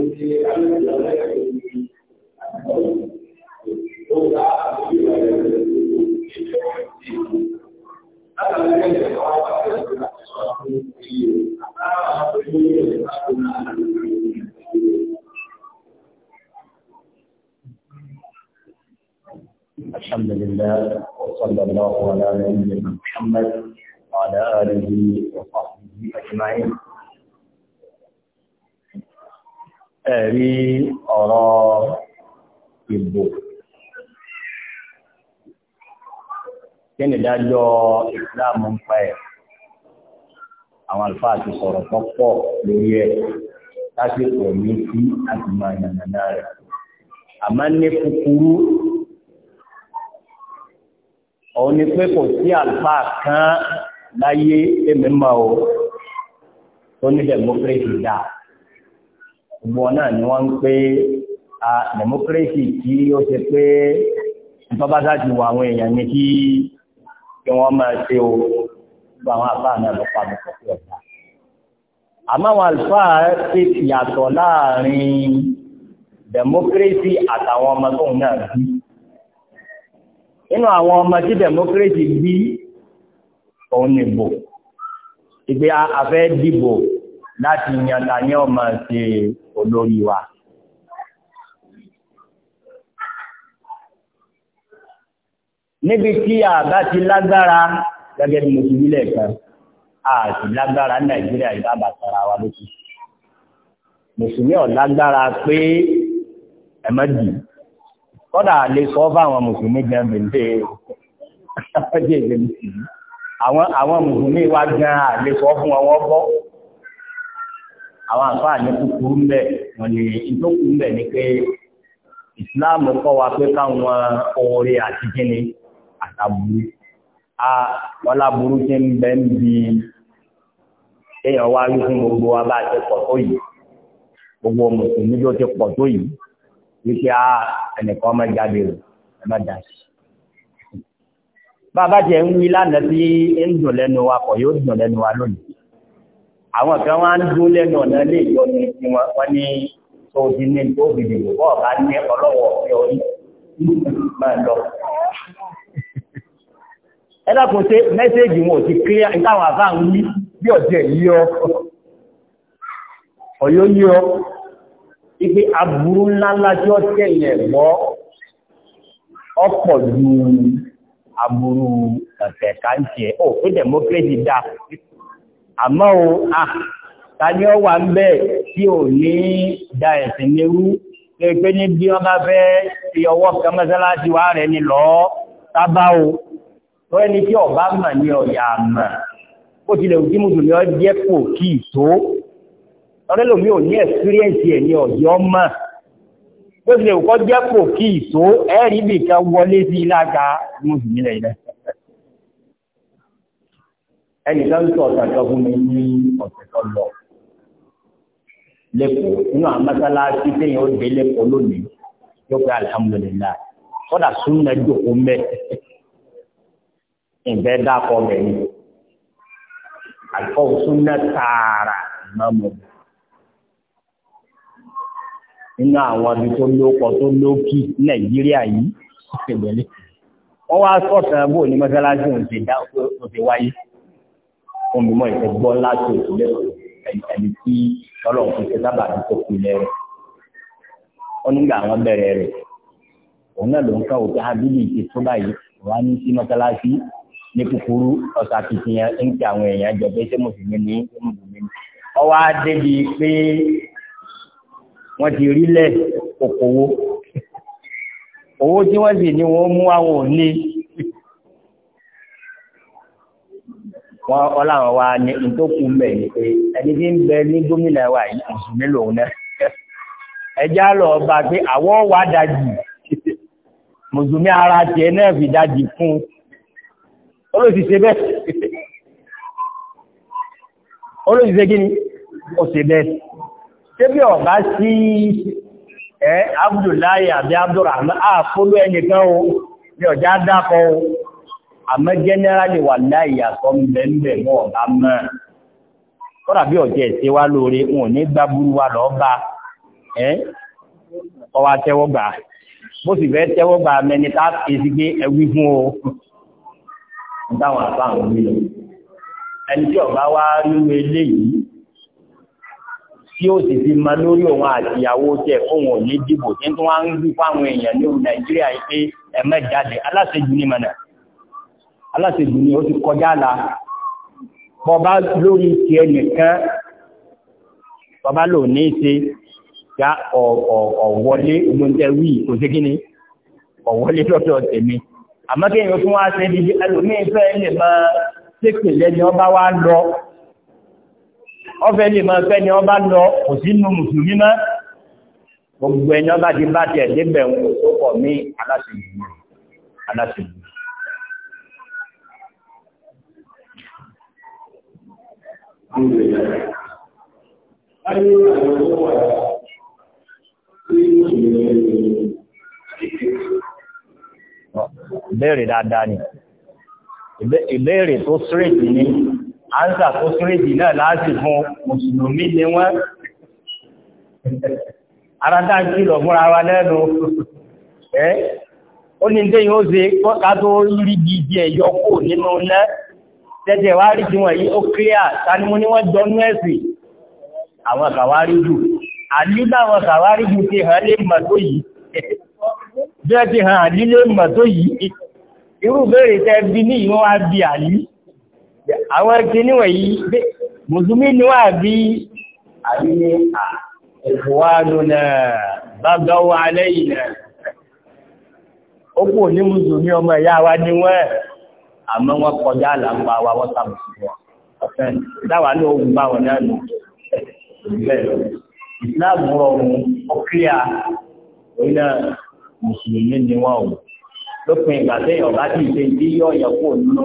Thank you. الحمد لله وصلى الله على نبينا محمد وعلى آله وصحبه أجمعين أري اراه ìbò. Kí ni ìdájọ́ ìsìláàmù ń pa ẹ̀? Àwọn àlùfáà ti sọ̀rọ̀ tó pọ̀ lórí ẹ̀ lásìkò ní sí àtìmọ̀ àyànnà rẹ̀. Àmọ́ ní kúkúrú, òun ni pé kò sí àlùfáà kan láyé èmi mọ́ o tó ní democracy dáa. Gbogbo náà ni wọ́n ń pé a democracy tí ó ṣe pé ìtọ́bátá ti wọ àwọn èèyàn ní kí wọ́n máa ṣe o gbogbo àwọn àbá náà ló pa àbùkù sí ọ̀dà. àmọ́ àwọn àlùfáà ṣe yàtọ̀ láàrin democracy àtàwọn ọmọ tóun náà bí. nínú àwọn ọmọ tí democracy bí òun nìbò ìgbé afẹ́ dìbò láti yan ta ọmọ ṣe olórí wa. níbi tí a bá ti lágbára gẹ́gẹ́ bí mo ti wílẹ̀ kan a ti lágbára ní nàìjíríà yìí bá tara wa lókù mùsùlùmí ò lágbára pé ẹ̀mọ́dì kọ́dà lè sọ fáwọn mùsùlùmí gan bèbè ọjọ́ èdè mùsùlùmí àwọn àwọn mùsùlùmí wa gan lè sọ fún wọn wọ́n bọ́ àwọn àǹfààní kúkúrú ń bẹ wọn ni ìtókù ń bẹ ni pé ìsìláàmù kọ́ wa pé káwọn oore àti kíni àtàbùrú a ọlábùrú tí ń bẹ ń bi èèyàn wá rí fún gbogbo wa bá a ti pọ̀ tó yìí gbogbo mùsùlùmí ló ti pọ̀ tó yìí wípé a ẹnìkan máa jáde rẹ̀ ẹ má dà sí. bàbá tiẹ̀ ń wí lánàá tí ń dùn lẹ́nu wa kọ̀ yóò dùn lẹ́nu wa lónìí àwọn kan wá ń dún lẹ́nu ọ̀nà lè yọ ní tiwọn wọn ní tó ní tó bìbì bọ́ọ̀ bá ní ọlọ́wọ́ ọ̀fẹ́ orí máa lọ ẹlẹ́kùn tẹ́ mẹ́sẹ́jì wọn ti clear ìtàwọn àfá ń ní bí ọ̀jẹ́ yíọ ọ̀yọ́ yíọ ipé aburú ńláńlá tí ó tẹ̀yẹ̀ gbọ́ ọ̀pọ̀ ju aburú ọ̀tẹ̀ ó pé democracy o à ta ni ó wà ń bẹ̀ tí ò ní da ẹ̀sìn nírú pé pé ní bí wọ́n bá fẹ́ fi ọwọ́ kan mọ́sálásí wa rẹ̀ ni lọ́ọ́ o tó ẹni tí ọba mà ní ọ̀yà àmà ó ti lè wù kí mùsùlùmí ọ jẹ́ pò kí ì tó ọ̀rẹ́ lòmí ò ní ẹ̀sírẹ́ǹsì ẹ̀ ní ọ̀yọ́ mà ó ti lè wù kọ́ jẹ́ pò kí ì tó ẹ̀rí ibìkan wọlé sí ilága mùsùlùmí lẹ́yìn náà ẹnìkan sọ ọ̀sàjọ́ fún mi ní ọ̀sẹ̀ tó lọ lẹ́kọ̀ọ́ inú àwọn mọ́sálásí téèyàn ó dé lẹ́kọ̀ọ́ lónìí yóò ìfẹ́ dákọ̀ bẹ̀rẹ̀ àlùfọ́ òsúnná tààrà ìmọ̀mọ̀ nínú àwọn ibi tó lóko tó lókì nàìjíríà yìí wọ́n wá sọ̀tàn bò ní mọ́sálásí wáyé tó ìpínlẹ̀ ẹni tí Ọlọ́run fi ṣe sábà tó kókó rẹ̀ wọn nígbà àwọn bẹ̀rẹ̀ rẹ̀ òun náà ló ń òkè ní kúkúrú ọ̀sà kìkìyàn ń kí àwọn èèyàn jọ pé ṣé mùsùlùmí ní mùsùlùmí ní. ọwọ́ adébi pé wọ́n ti rílẹ̀ okòwò owó tí wọ́n sì ní wọ́n mú àwọn òní wọ́n ọláwọn wa ní ntòkù mbẹ̀ ni pé ẹni tí ń bẹ ní gómìnà wa yìí mùsùlùmí lòun náà ẹjá lọ bá pé àwọ̀ wa dájì mùsùlùmí ara tiẹ̀ náà fi dájì fún un olóòtú ṣe bẹ́ẹ̀ olóòtú ṣe gíní ó ṣe bẹ́ẹ̀ ṣé bí ọ̀bá sí ẹ Abdullahi àbí Abdulrahman àpolú ẹnìkan o ní ọjà dákọ o àmọ́ jẹ́nẹ́rálì wà láì yàtọ̀ mbẹ̀mbẹ̀ mọ́ ọ̀bá mọ́ kọ́dà bí ọ̀jẹ̀ ṣe wá lóore wọn ò ní gbá burú wa lọ́ọ́ bá ẹ ọwọ́ àtẹ́wọ́ gbà bó sì fẹ́ tẹ́wọ́ gbà mẹ́ni tá a fi sí fún o ìtàwọn àbá àwọn mílò ẹni tí ọba wá ríru eléyìí tí ó sì fi ma lórí òun àtìyàwó tẹ fóun ò ní dìbò tí tó wá ń rí fáwọn èèyàn ní òun nàìjíríà yìí pé ẹ̀mẹ́ jáde aláṣejù ni mọ̀nà aláṣejù ni ó ti kọjá la bọba lórí ti ẹnìkan bọba lò ní ṣe ya ọ̀wọ́lé ogun tẹ wí kò sí kí ni ọ̀wọ́lé lọ́dọ̀ tèmi àmọ́ kí èèyàn tún wá ṣe ibi ẹlòmíín fẹ́ lè máa tètè lẹ́ni ọba wá lọ ọfẹ́ lè máa fẹ́ ni ọba lọ kò sínú mùsùlùmí mọ́ gbogbo ẹni ọba ti bá tiẹ̀ débẹ̀ ń kò tó pọ̀ mí aláṣẹ̀yìn Ayé àwọn ọmọ wa ṣe é ní ìrẹ̀lẹ̀ ìbéèrè dáadáa ni ìbéèrè tó straight ni ánsà tó straight náà láti fún mùsùlùmí ni wọ́n ara dá fúnra wa lẹ́nu ẹ́ ó ní déyìn ó ṣe kọ́ta tó rí gidi ẹ̀yọ nínú náà tẹ́tẹ̀ wá rí ó tani mo ní wọ́n jọ ẹ̀sìn àwọn kàwárí jù kàwárí jù ti hàn lè bí wọ́n ti hàn àdílé mọ̀ tó yìí irú béèrè tẹ́ bí ní ìwọ́n wá bí àlí àwọn ẹgbẹ́ níwọ̀n yìí mùsùlùmí ni wà bí àlí ní à ẹ̀fọ́ wa nù náà bàbá wa lẹ́yìn náà ó ọmọ ìyá wa ni mùsùlùmí ni wọ́n o lópin ìgbà téèyàn bá ti ṣe bí yọ̀ọ̀yàn kò nínú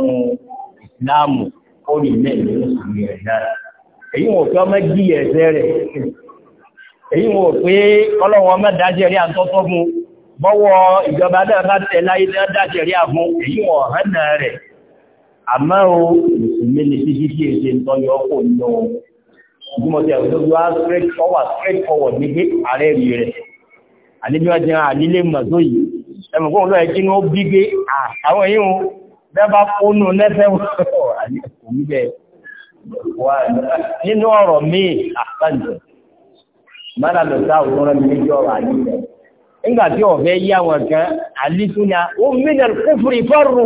ìsìláàmù ó lè mẹ́rin mùsùlùmí rẹ̀ náà èyí wọn ò fẹ́ ọmọ jí ẹ̀sẹ̀ rẹ̀ èyí wọn ò pé ọlọ́wọ́n ọmọ dájẹ́ rí àtọ́tọ́ fún bọ́wọ́ ìjọba dáadáa tẹ̀ láyé dájẹ́ rí àfún èyí wọn ọ̀hánà rẹ̀ àmọ́ o mùsùlùmí ni títí tí èsè ń tọ́ yọ kò nínú ìgbìmọ̀tẹ̀ òṣèlú wa straight forward ní pé ààrẹ rí rẹ̀ àníbí wọ́n ti hàn àlílé mọ̀ tó yìí ẹmọ̀ fún ọlọ́ ẹ̀kí ní ó bí gbé àwọn yíò bẹ́bá fónú lẹ́fẹ́ nínú ọ̀rọ̀ míì àpájọ mọ́nà lọ́sà òwúrọ̀ mi níjọ́ àlí rẹ̀ nígbà tí ọ̀fẹ́ yí àwọn kan àlí tún ní ó mílẹ̀ kúfùrì fọ́rù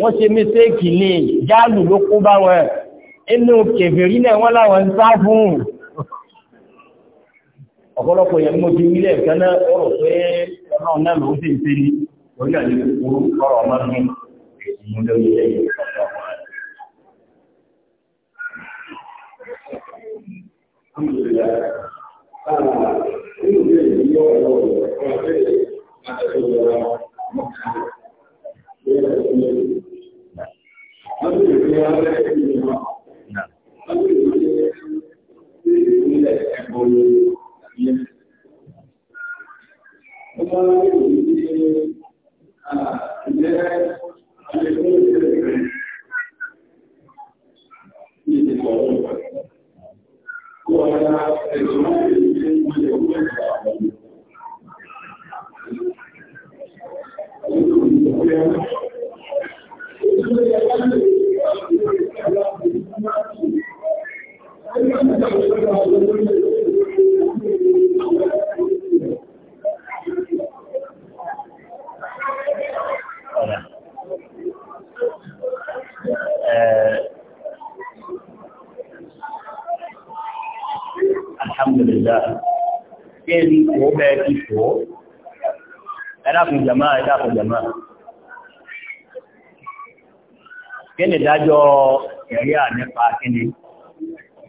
wọ́n ṣe mistake ní jáàlù ló kó bá wọn inú kèfèrí náà wọ́n láwọn ń sá fún ọ̀pọ̀lọpọ̀ yẹn mo ti wílẹ̀ ìkẹ́nà ọ̀rọ̀ pé ọlọ́run náà ló sì ń ṣe ní orí àyè ọ̀rọ̀ ọmọ mi ìmú lórí ẹ̀ Thank you. ìdájọ́ ẹ̀ríà nípa kíni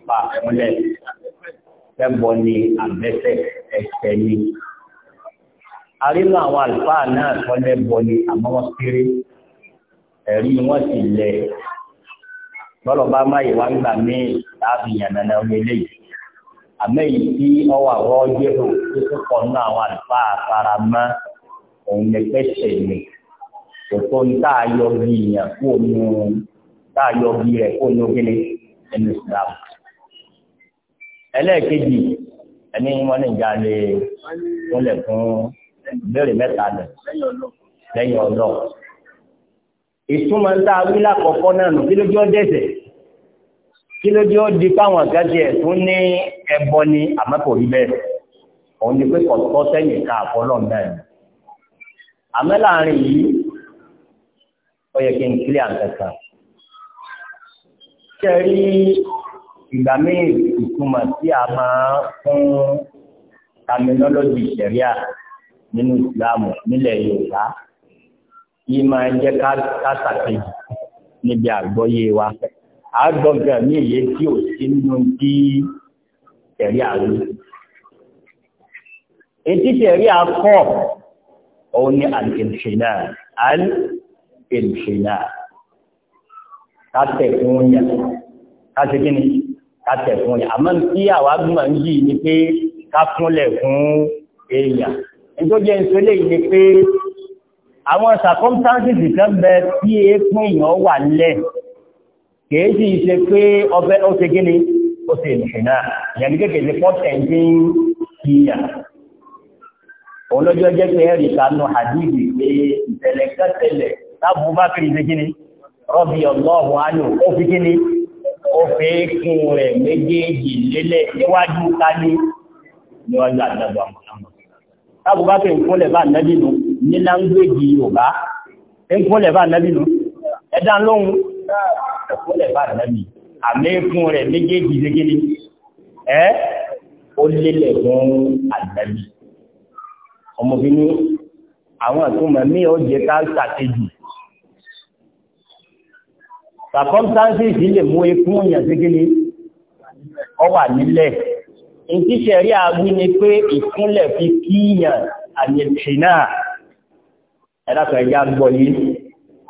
pa àkúnlẹ̀ tẹ́bọ ni àbẹ́sẹ̀ ẹ̀sẹ̀ ni arínú àwọn àlùfáà náà kọ́lẹ̀ bọ ni àmọ́ kéré ẹ̀rí wọn sì lẹ̀ lọ́lọ́ bá máa yìí wá gbà mí àmọ́ èyí tí ọwọ́ tó tó pọ̀ nínú àwọn táàyọ̀ bí rẹ̀ kó ní ogele ẹnu islam. ẹlẹ́ẹ̀kejì ẹni wọ́n ní ìjà lè múlẹ̀ fún ìbéèrè mẹ́ta nù lẹ́yìn ọ̀dọ́. ìtumọ̀ ń tá a wí lákọ̀ọ́kọ́ náà nù kí ló jẹ́ ọ́ dẹ́sẹ̀ kí ló jẹ́ ó di fáwọn àgájẹ ẹ̀tún ní ẹbọ ni àmọ́kò rí bẹ́ẹ̀ òun ni pé kọ̀tọ́ sẹ́yìn ká àfọlọ́n náà ni àmọ́ láàrin yìí ó yẹ kí n kílẹ̀ àǹkẹ́kàn ṣe rí ìgbà míì ìtumọ̀ tí a máa fún terminology ṣẹ̀ríà nínú ìsìlámù nílẹ̀ yorùbá yìí máa jẹ́ kásàkéjì níbi àgbọ́yé wa àgbọ̀gà ní èyí tí ò sí nínú tí ṣẹ̀ríà rí ètí ṣẹ̀ríà kọ́ òun ni al-inshina al-inshina kátẹ̀ fún yà kátẹ̀ kí ni kátẹ̀ fún yà àmọ́ tí àwa gbọ́mọ̀ ń yìí ni pé ká fúnlẹ̀ fún èèyàn nítorí ẹni tó lè ní pé àwọn circumstances kan bẹ tí eékún èèyàn wà nílẹ̀ kìí sì ṣe pé ọbẹ̀ ó ṣe kí ni ó ṣe ìṣẹ̀nà ìyẹn kékeré ṣe pọ́tẹ̀ ń dín kíyà òun lójú ọjọ́ pé ẹ̀rí kanú àdìsí ìṣẹ̀lẹ̀ kẹtẹ̀lẹ̀ táàbù bá kiri ṣe kí ni rọ́bì ọlọ́run ánú ó fi kí ni ó fẹ́ kún rẹ̀ méjèèjì lélẹ̀ níwájú kálí níwájú àdàbà mọ̀nàmọ̀. táàbù bá fi nkúnlẹ̀ bá nábì nù ní láńgbèjì yorùbá nkúnlẹ̀ bá nábì nù ẹ̀dá lóhun nkúnlẹ̀ bá nábì àmì kún rẹ̀ ó lélẹ̀ fún àdàbì ọmọbìnrin àwọn àtúmọ̀ mí ó jẹ ká ṣàtẹ̀jù circumstances lè mú ikú èèyàn sí kíni ọ wà nílẹ̀ ìtí ṣẹ̀rí àwí ni pé ìkúnlẹ̀ fi kíyàn àyẹ̀kì náà ẹ̀dàkọ̀ ẹ̀yà gbọ́ yí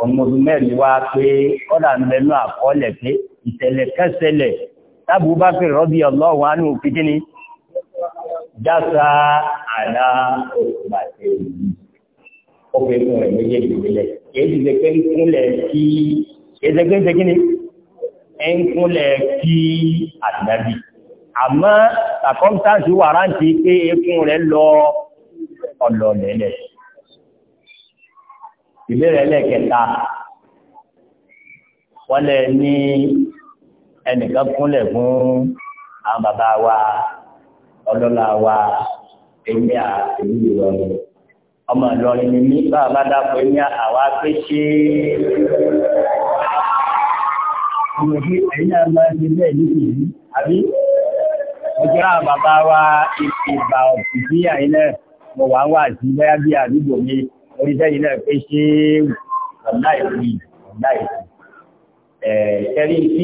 ọmọdé mẹ́rin wá pé kọ́dà ń bẹnu àkọọ́lẹ̀ pé ìṣẹ̀lẹ̀ kẹsẹ̀lẹ̀ tábù bá fi rọ́bì ọlọ́run á ní òfin kíni dáta àdá òṣùpàṣẹ yìí ó fi fún ẹ̀ ìṣẹ́gbẹ́ṣẹ́ kí ni ẹnkúnlẹ̀ kí àdìdàbí àmọ́ circumstance wà rántí pé ekún rẹ̀ lọ ọ̀lọ̀lẹ̀lẹ̀ ìbéèrè lẹ́ẹ̀kẹta wọ́n lẹ ní ẹnìkan kúnlẹ̀ fún àwọn bàbá wa ọlọ́lá wa èmi àtẹ̀lú ìrọ̀rùn ọmọ ìlọrin ni mí bá a bá dápọ̀ èmi àwa pé ṣé ìwọ̀n àwọn bàbá wà sí bẹ́ẹ̀ bí àdúgbò mi oníṣẹ́ yìí pé ṣé ọ̀nà ìwé ọ̀nà ìwé ẹ̀ tí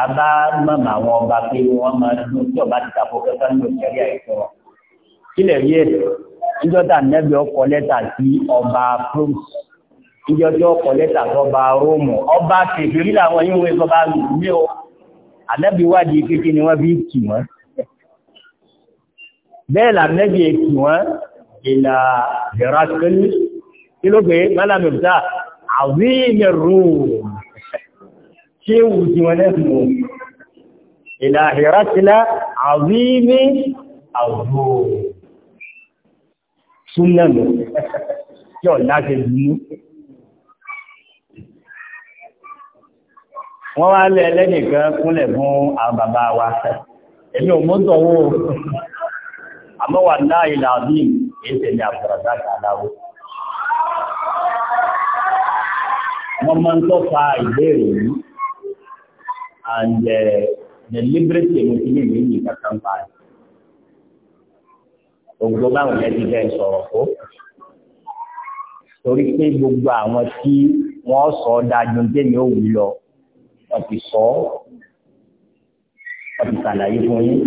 a bá mọ̀mọ́ àwọn ọba pé wọ́n máa dún tí ọba ti tàpọ̀ kẹsàn ní òṣèré àìsàn ìjọjọ́ ọkọ̀ lẹ́tà sọba róòmù ọba kèfèrí làwọn yíò wé sọba lùmí o àlẹ́bíwádìí kékeré ni wọ́n fi kì wọ́n bẹ́ẹ̀ làmẹ́bí e kì wọ́n ìlà ìrákẹ́lú kí ló pé mọ́lámẹ́bíta àwíìmẹ̀ róòmù ṣé wù sí wọn lẹ́nu ìlà ìrákẹ́lá àwíìmẹ̀ wọ́n wá lẹ́ ẹlẹ́nìkan kúnlẹ̀ fún àwọn bàbá wa èmi ò mọ́tọ̀ owó àmọ́ náà ilà àbí èsè ní àbúrọ̀dá kàdáwó wọ́n máa ń tọ́pa ìbéèrè yìí and eh, the liberty èmi ti ní ìlú báyìí gbogbo báwọn yẹn bẹ́ẹ̀ sọ̀rọ̀ kó torí pé gbogbo àwọn tí wọ́n sọ dájú démi ó wù lọ wọ́n ti sọ ọ́ wọ́n ti sàlàyé fún yín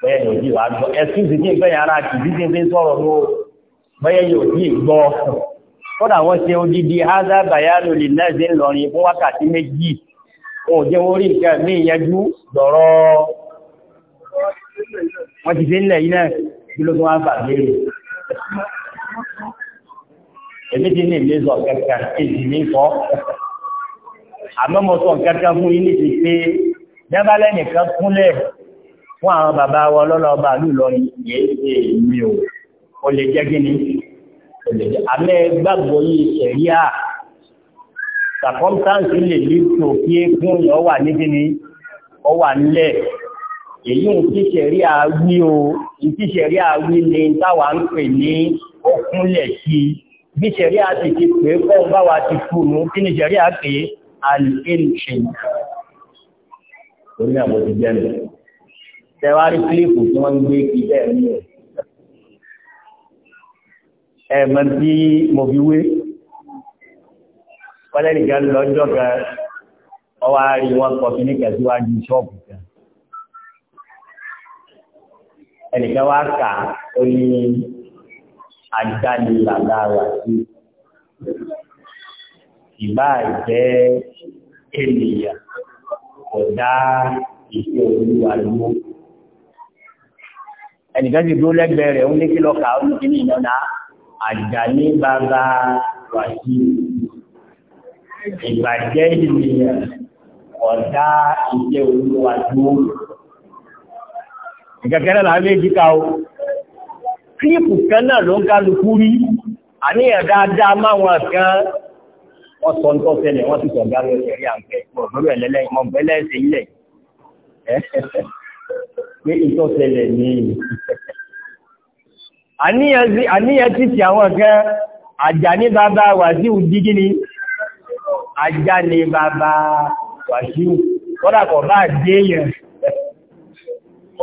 bẹ́ẹ̀ ni òjì wàá gbọ́ ẹ̀sùn sì ní ìgbẹ́yìn ara àti ìdíje fi ń sọ̀rọ̀ ní o bẹ́ẹ̀ yóò tí ì gbọ́ kódà wọ́n ṣe odidi ádá bàyánù lè lẹ́sí ńlọrin fún wákàtí méjì wọn ò jẹ́ orí nǹkan mí ìyẹjú dọ̀rọ̀ wọ́n ti fi ńlẹ̀ yìí náà kí ló tún wá fà léèrè èmi ti ní ìlé sọ kẹkẹ èyí ní àmọ́ mo sọ nǹkan kan fún yín níbi pé dábàlẹ́ nìkan kúnlẹ̀ fún àwọn bàbá wa lọ́lọ́ọ̀bà lùlọ yìí ṣe mi ò ó lè jẹ́ gíní àmẹ́ gbàgbọ́ yìí ṣẹ̀ríà circumstance lè lè tó kí ékún yọ wà ní gíní ọ wà nílẹ̀ èyí ń tí ṣẹ̀ríà wí o ń tí ṣẹ̀ríà wí ni táwa ń pè ní òkúnlẹ̀ sí bí ṣẹ̀ríà ti ti pè é kọ́ bá wa ti fún un kí ni ṣẹ̀ríà pè é al-inshin orí àwọn ti jẹ́ mi tẹwárí kílípù tí wọ́n ń gbé kí bẹ́ẹ̀ ní ẹ̀ mọ̀ tí mo fi wé kọ́lẹ́nìkan lọ́jọ́ kan ọwá rí wọn kọ kí ní kẹsíwájú ṣọ́ọ̀bù kan ẹnìkan wá kà ó ní àjáde làdára sí ìbá jẹ́ ènìyàn ọ̀dá ìṣẹ́ olúwa lówó. ẹnìkan ti dúró lẹ́gbẹ̀ẹ́ rẹ̀ ń lé kí lọ́kà ó ní kí ní ìyọ̀dá àjàní bàbá wàjú ìbàjẹ́ ènìyàn ọ̀dá ìṣẹ́ olúwa lówó. ìkẹ̀kẹ́rẹ́ làá méjì ká o kílípù kan náà ló ń kálukú rí àníyàn dáadáa máwọn kan wọ́n sọ ń tọ́sẹ̀lẹ̀ wọ́n sì sọ̀gá rẹ̀ ṣẹ̀rí àǹkẹ́ ọ̀gbọ́dọ̀ ẹ̀lẹ́lẹ́ mọ̀ bẹ́lẹ́ ilẹ̀ [laughs] pé ìtọ́sẹ̀lẹ̀ ní [laughs] àníyàn títí àwọn kan àjà ní bàbá wàsíù dígí ni àjà ní bàbá wàsíù kọ́dà kọ̀ bá déèyàn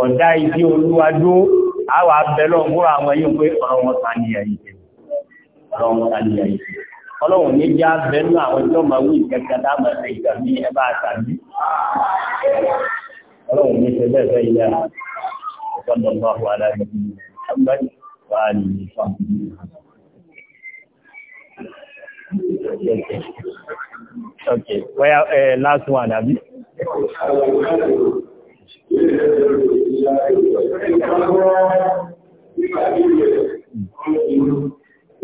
ọ̀dá ìdí olúwadó àwọn abẹ́lọ́ àwọn yóò pé ọ̀rọ̀ wọn tàníyàn ìṣẹ̀lẹ̀ ọlọ́run ní já bẹ́nu àwọn tí wọ́n máa wí kẹta dáàmà ṣe ìgbà ní ẹbá àtàbí ọlọ́run ní ṣe bẹ́ẹ̀ fẹ́ ilẹ̀ ọ̀sọ́dọ̀ bá wà láti ẹgbẹ́ wà ní ìfà ok wẹ́yà ẹ̀ eh, last one àbí. Thank hmm. Báyìí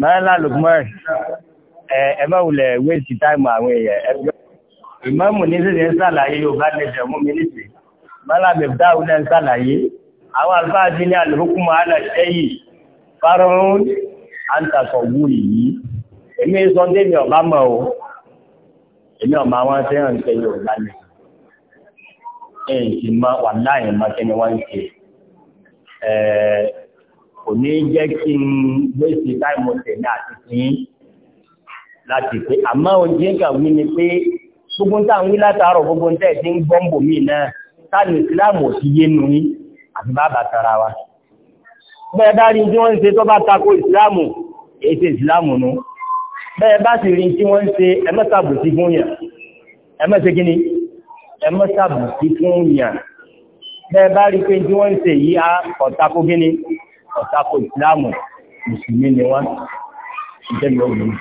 lálùkùnmọ́ ẹ̀. ẹ má wulẹ̀ wéèsì táìmù àwọn èèyàn ẹgbẹ́ ìmáàmù ní sísè ń sàlàyé yorùbá nation mú mi nìsí mọ́làbí dáhùn náà ń sàlàyé àwọn àlùfáà ní àlùfókù máa nà sẹ́yìn fárún àǹtàkọ̀ wù yìí èmi sọ débi ọ̀bá mọ̀ o èmi ọ̀mọ àwọn sẹ́yìn yorùbá má wà láyìn má kí wọ́n ń ṣe kò ní jẹ́ kí n láti pé àmọ́ oúnjẹ ń kà wí ni pé gbogbo ń tàn wí látàárọ̀ gbogbo ń tẹ̀ sí ń gbọ́ǹbò míì náà táàlù ìsìláàmù ò sí yé nu yín àti bàbá tara wa. bẹ́ẹ̀ bá rí tí wọ́n ń ṣe tó bá tako ìsìláàmù èyí ṣe ìsìláàmù nu bẹ́ẹ̀ bá sì rí tí wọ́n ń ṣe ẹmẹ́sàbùsí fún yàn ẹmẹ́sẹ̀ kí ni ẹmẹ́sàbùsí fún yàn bẹ́ẹ̀ bá rí pé tí wọ́n ń ṣe yí á ọ̀tako kí ni ọ̀tako ìsìláàmù mùsùlùmí ni wọ́n ń tẹ́lẹ̀ ọ̀gbìn.